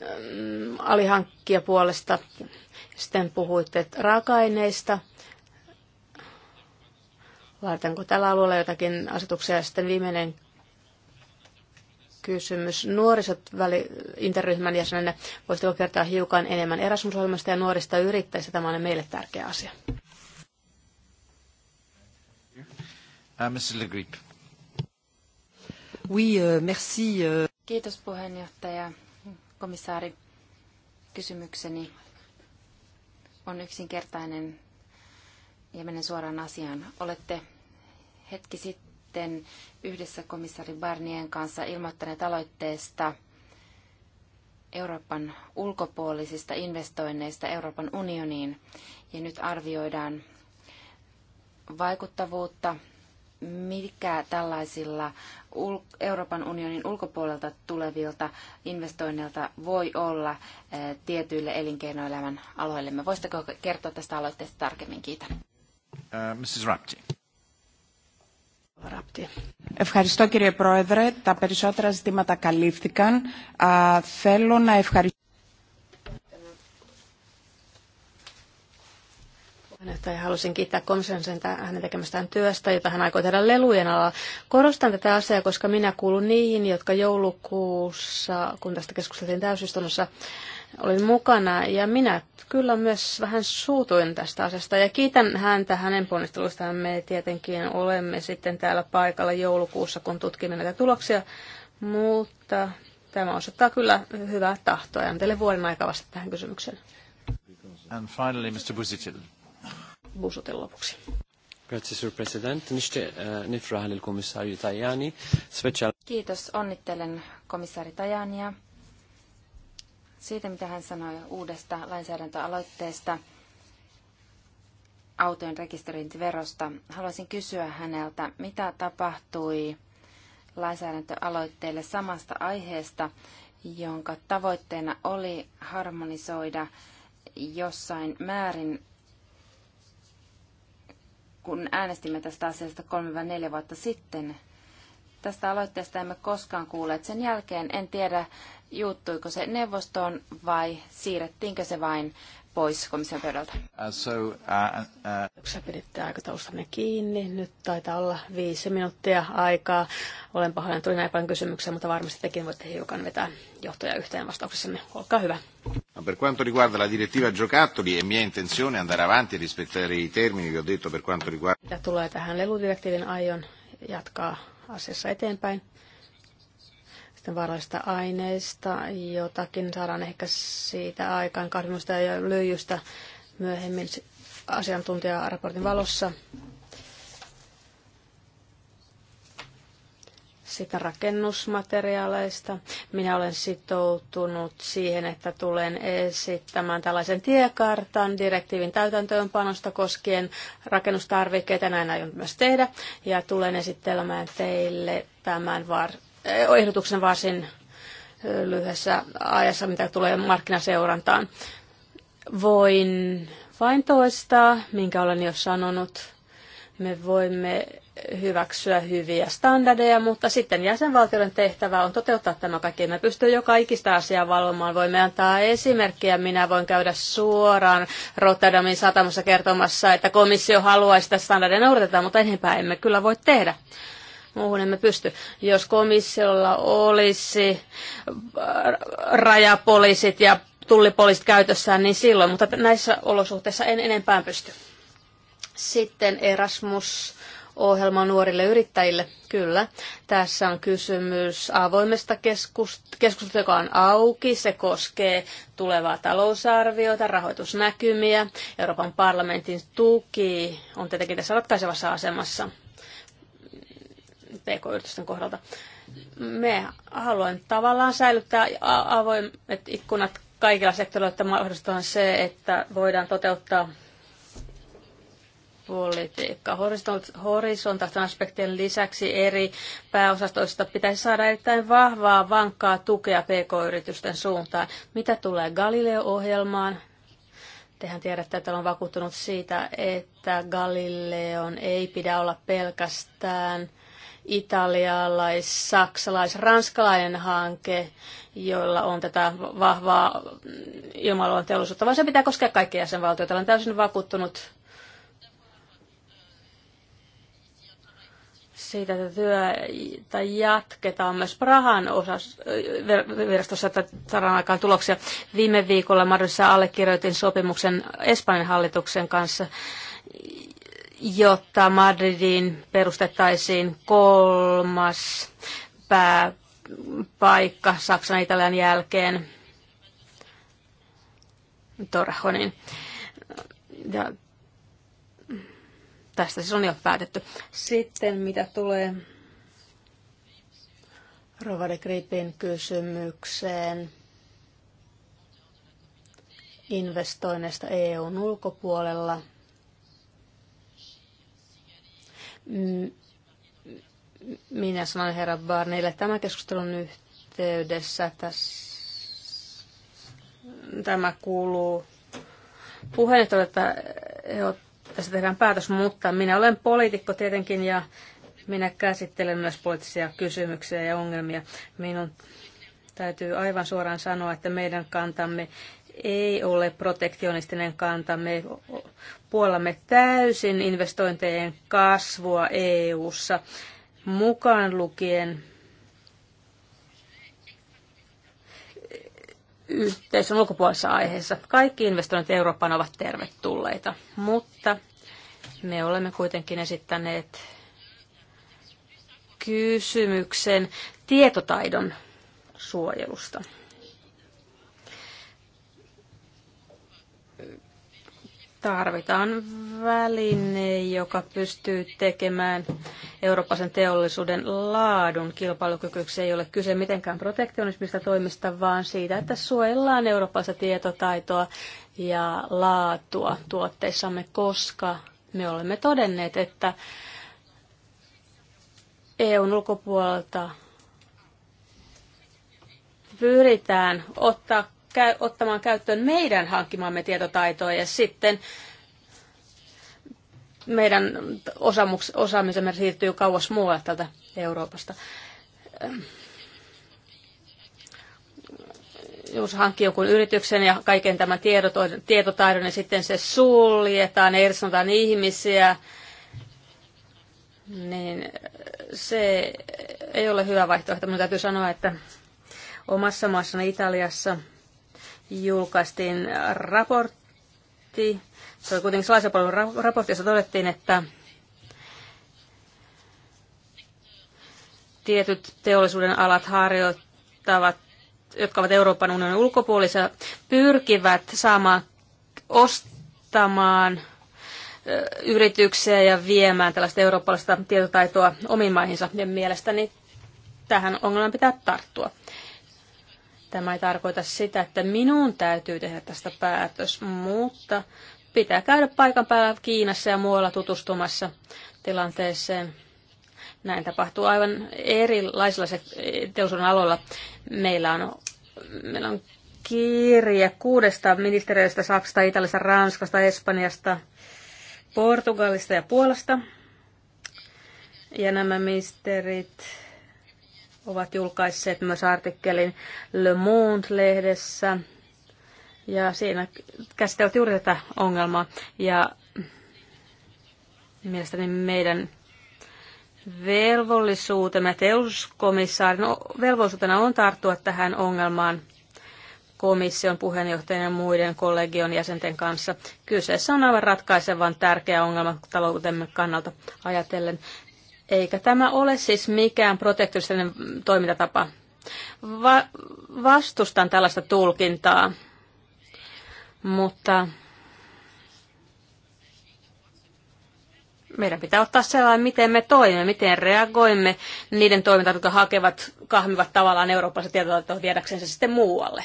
mm, alihankkia puolesta. Sitten puhuitte raaka-aineista Laaditaanko tällä alueella jotakin asetuksia? Sitten viimeinen kysymys. Nuorisot väli, interryhmän jäsenenä, voisitteko kertoa hiukan enemmän erasmus ja nuorista yrittäjistä? Tämä on meille tärkeä asia. Uh, euh, euh. Kiitos puheenjohtaja, komissaari. Kysymykseni on yksinkertainen ja menen suoraan asiaan. Olette hetki sitten yhdessä komissaari Barnien kanssa ilmoittaneet aloitteesta Euroopan ulkopuolisista investoinneista Euroopan unioniin. Ja nyt arvioidaan vaikuttavuutta, mikä tällaisilla Euroopan unionin ulkopuolelta tulevilta investoinneilta voi olla eh, tietyille elinkeinoelämän aloille. Voisitteko kertoa tästä aloitteesta tarkemmin? Kiitän. Uh, Mrs. Rapti. Ευχαριστώ κύριε Πρόεδρε. Τα περισσότερα ζητήματα καλύφθηκαν. Α, θέλω να ευχαριστήσω. Haluaisin kiittää komission sen hänen tekemästään työstä, jota hän aikoo tehdä lelujen alalla. Korostan tätä asiaa, koska minä kuulun niihin, jotka joulukuussa, kun tästä keskusteltiin täysistunnossa, olin mukana ja minä kyllä myös vähän suutuin tästä asiasta ja kiitän häntä hänen ponnistelustaan. Me tietenkin olemme sitten täällä paikalla joulukuussa, kun tutkimme näitä tuloksia, mutta tämä osoittaa kyllä hyvää tahtoa. Ja teille vuoden aikaa vasta tähän kysymykseen. And finally, Mr. Busitil. Busutil lopuksi. Eh, Kiitos, onnittelen komissaari Tajania siitä, mitä hän sanoi uudesta lainsäädäntöaloitteesta autojen rekisteröintiverosta. Haluaisin kysyä häneltä, mitä tapahtui lainsäädäntöaloitteelle samasta aiheesta, jonka tavoitteena oli harmonisoida jossain määrin, kun äänestimme tästä asiasta 3-4 vuotta sitten, Tästä aloitteesta emme koskaan kuulleet. Sen jälkeen en tiedä, juuttuiko se neuvostoon vai siirrettiinkö se vain pois komission pöydältä. Uh, so, uh, uh... piditte aikataulustanne kiinni. Nyt taitaa olla viisi minuuttia aikaa. Olen että tuli näin paljon kysymyksiä, mutta varmasti tekin voitte hiukan vetää johtoja yhteen vastauksessanne. Olkaa hyvä. per quanto riguarda la direttiva giocattoli, è mia intenzione andare avanti e rispettare i termini che ho detto per quanto riguarda... Mitä tulee tähän leludirektiivin, aion jatkaa asiassa eteenpäin. Sitten vaarallisista aineista, jotakin saadaan ehkä siitä aikaan kadmiumista ja lyijystä myöhemmin asiantuntijaraportin valossa. sitä rakennusmateriaaleista. Minä olen sitoutunut siihen, että tulen esittämään tällaisen tiekartan direktiivin täytäntöönpanosta koskien rakennustarvikkeita. Näin aion myös tehdä. Ja tulen esittelemään teille tämän var- eh, ehdotuksen varsin eh, lyhyessä ajassa, mitä tulee markkinaseurantaan. Voin vain toistaa, minkä olen jo sanonut me voimme hyväksyä hyviä standardeja, mutta sitten jäsenvaltioiden tehtävä on toteuttaa tämä kaikki. Me pystyy jo kaikista asiaa valvomaan. Voimme antaa esimerkkiä. Minä voin käydä suoraan Rotterdamin satamassa kertomassa, että komissio haluaisi, sitä standardeja noudateta, mutta enempää emme kyllä voi tehdä muuhun emme pysty. Jos komissiolla olisi rajapoliisit ja tullipoliisit käytössään, niin silloin, mutta näissä olosuhteissa en enempää pysty. Sitten Erasmus ohjelma nuorille yrittäjille. Kyllä, tässä on kysymys avoimesta keskustelusta, joka on auki. Se koskee tulevaa talousarviota, rahoitusnäkymiä. Euroopan parlamentin tuki on tietenkin tässä ratkaisevassa asemassa pk-yritysten kohdalta. Me haluamme tavallaan säilyttää avoimet ikkunat kaikilla sektoreilla, että mahdollistetaan se, että voidaan toteuttaa politiikka. Horisontaalisten aspektien lisäksi eri pääosastoista pitäisi saada erittäin vahvaa, vankkaa tukea pk-yritysten suuntaan. Mitä tulee Galileo-ohjelmaan? Tehän tiedätte, että on vakuuttunut siitä, että Galileon ei pidä olla pelkästään italialais, saksalais, ranskalainen hanke, joilla on tätä vahvaa mm, ilmailualan teollisuutta, vaan se pitää koskea kaikkia jäsenvaltioita. Olen täysin vakuuttunut siitä, että työ tai jatketaan myös Prahan osassa, virastossa, että saadaan aikaan tuloksia. Viime viikolla Madridissa allekirjoitin sopimuksen Espanjan hallituksen kanssa, jotta Madridin perustettaisiin kolmas pääpaikka Saksan Italian jälkeen. Torahonin. Ja Tästä siis on jo päätetty. Sitten mitä tulee Rovade Gripin kysymykseen investoinneista EUn ulkopuolella. Minä sanoin herra Barnille tämän keskustelun yhteydessä. Tässä, tämä kuuluu puheenjohtajalle, että tässä tehdään päätös, mutta minä olen poliitikko tietenkin ja minä käsittelen myös poliittisia kysymyksiä ja ongelmia. Minun täytyy aivan suoraan sanoa, että meidän kantamme ei ole protektionistinen kanta. Me puolamme täysin investointejen kasvua EU-ssa, mukaan lukien yhteisön ulkopuolisessa aiheessa. Kaikki investoinnit Eurooppaan ovat tervetulleita, mutta me olemme kuitenkin esittäneet kysymyksen tietotaidon suojelusta. Tarvitaan väline, joka pystyy tekemään Euroopan teollisuuden laadun kilpailukykyksi. Ei ole kyse mitenkään protektionismista toimista, vaan siitä, että suojellaan eurooppalaista tietotaitoa ja laatua tuotteissamme, koska me olemme todenneet, että EUn ulkopuolelta pyritään ottaa ottamaan käyttöön meidän hankkimamme tietotaitoja ja sitten meidän osamuks, osaamisemme siirtyy kauas muualle tältä Euroopasta. Ehm. Jos hankkii jonkun yrityksen ja kaiken tämän tietotaidon, niin sitten se suljetaan, irsotaan ihmisiä, niin se ei ole hyvä vaihtoehto. Minun täytyy sanoa, että omassa maassani Italiassa – julkaistiin raportti, se oli kuitenkin sellaisen raportti, jossa todettiin, että tietyt teollisuuden alat harjoittavat, jotka ovat Euroopan unionin ulkopuolisia, pyrkivät saamaan ostamaan yrityksiä ja viemään tällaista eurooppalaista tietotaitoa omiin maihinsa. Ja mielestäni tähän ongelmaan pitää tarttua. Tämä ei tarkoita sitä, että minun täytyy tehdä tästä päätös, mutta pitää käydä paikan päällä Kiinassa ja muualla tutustumassa tilanteeseen. Näin tapahtuu aivan erilaisilla teollisuuden aloilla. Meillä on, meillä on kirje kuudesta ministeriöstä, Saksasta, Italiasta, Ranskasta, Espanjasta, Portugalista ja Puolasta. Ja nämä ministerit ovat julkaisseet myös artikkelin Le Monde-lehdessä. Ja siinä käsiteltiin juuri tätä ongelmaa. Ja mielestäni meidän velvollisuutemme teollisuuskomissaarin velvollisuutena on tarttua tähän ongelmaan komission puheenjohtajan ja muiden kollegion jäsenten kanssa. Kyseessä on aivan ratkaisevan tärkeä ongelma taloutemme kannalta ajatellen. Eikä tämä ole siis mikään protektionistinen toimintatapa. Va- vastustan tällaista tulkintaa, mutta meidän pitää ottaa sellainen, miten me toimimme, miten reagoimme niiden toimintaan, jotka hakevat, kahmivat tavallaan eurooppalaisen tietotaitoa viedäkseen se sitten muualle.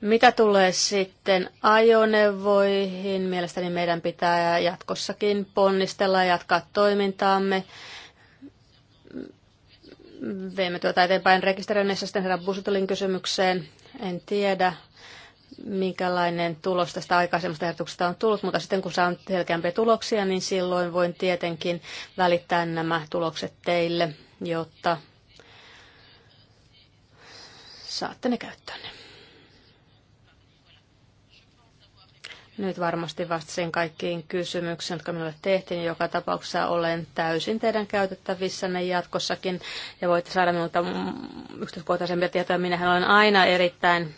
Mitä tulee sitten ajoneuvoihin, mielestäni meidän pitää jatkossakin ponnistella ja jatkaa toimintaamme. Veemme tuota eteenpäin rekisteröinnissä sitten herra Busutulin kysymykseen. En tiedä, minkälainen tulos tästä aikaisemmasta ehdotuksesta on tullut, mutta sitten kun saan selkeämpiä tuloksia, niin silloin voin tietenkin välittää nämä tulokset teille, jotta saatte ne käyttöönne. Nyt varmasti vastasin kaikkiin kysymyksiin, jotka minulle tehtiin. Joka tapauksessa olen täysin teidän käytettävissänne jatkossakin ja voitte saada minulta mm, yksityiskohtaisempia tietoja. Minähän olen aina erittäin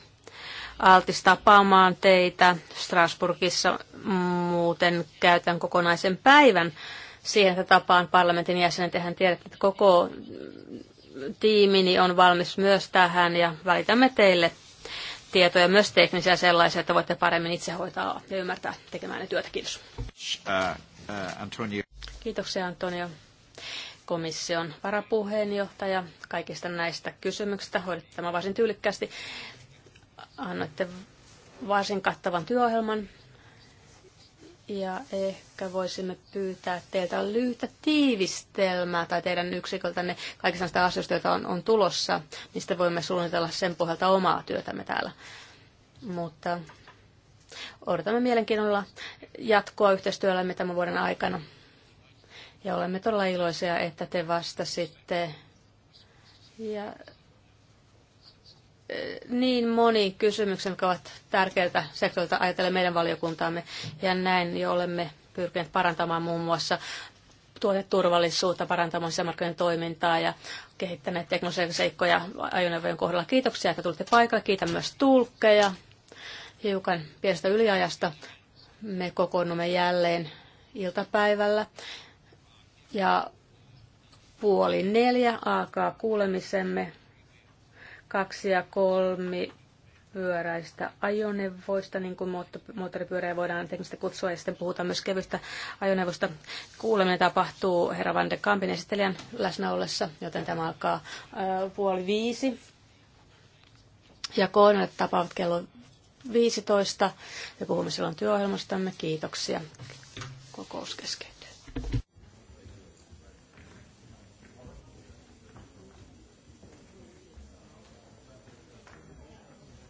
altis tapaamaan teitä Strasburgissa. Muuten käytän kokonaisen päivän siihen, että tapaan parlamentin jäsenet. Tehän tiedätte, että koko tiimini on valmis myös tähän ja välitämme teille tietoja, myös teknisiä sellaisia, että voitte paremmin itse hoitaa ja ymmärtää tekemään työtä. Kiitos. Uh, uh, Antonio. Kiitoksia Antonio komission varapuheenjohtaja kaikista näistä kysymyksistä. Hoiditte varsin tyylikkästi. Annoitte varsin kattavan työohjelman ja ehkä voisimme pyytää teiltä lyhyttä tiivistelmää tai teidän yksiköltänne kaikista näistä asioista, joita on, on tulossa, mistä voimme suunnitella sen pohjalta omaa työtämme täällä. Mutta odotamme mielenkiinnolla jatkoa yhteistyöllä tämän vuoden aikana. Ja olemme todella iloisia, että te vastasitte ja niin moni kysymys, jotka ovat tärkeitä sektorilta ajatellen meidän valiokuntaamme. Ja näin jo olemme pyrkineet parantamaan muun muassa tuoteturvallisuutta, parantamaan sisämarkkinoiden toimintaa ja kehittäneet teknologisia seikkoja ajoneuvojen kohdalla. Kiitoksia, että tulitte paikalle. Kiitän myös tulkkeja hiukan pienestä yliajasta. Me kokoonnumme jälleen iltapäivällä ja puoli neljä alkaa kuulemisemme kaksi ja kolmi pyöräistä ajoneuvoista, niin kuin moottoripyöriä voidaan teknisesti kutsua, ja sitten puhutaan myös kevyistä ajoneuvoista. Kuuleminen tapahtuu herra Van de Kampin esittelijän läsnä ollessa, joten tämä alkaa äh, puoli viisi. Ja koordinaat tapaavat kello 15, ja puhumme silloin työohjelmastamme. Kiitoksia. Kokous keskeytyy.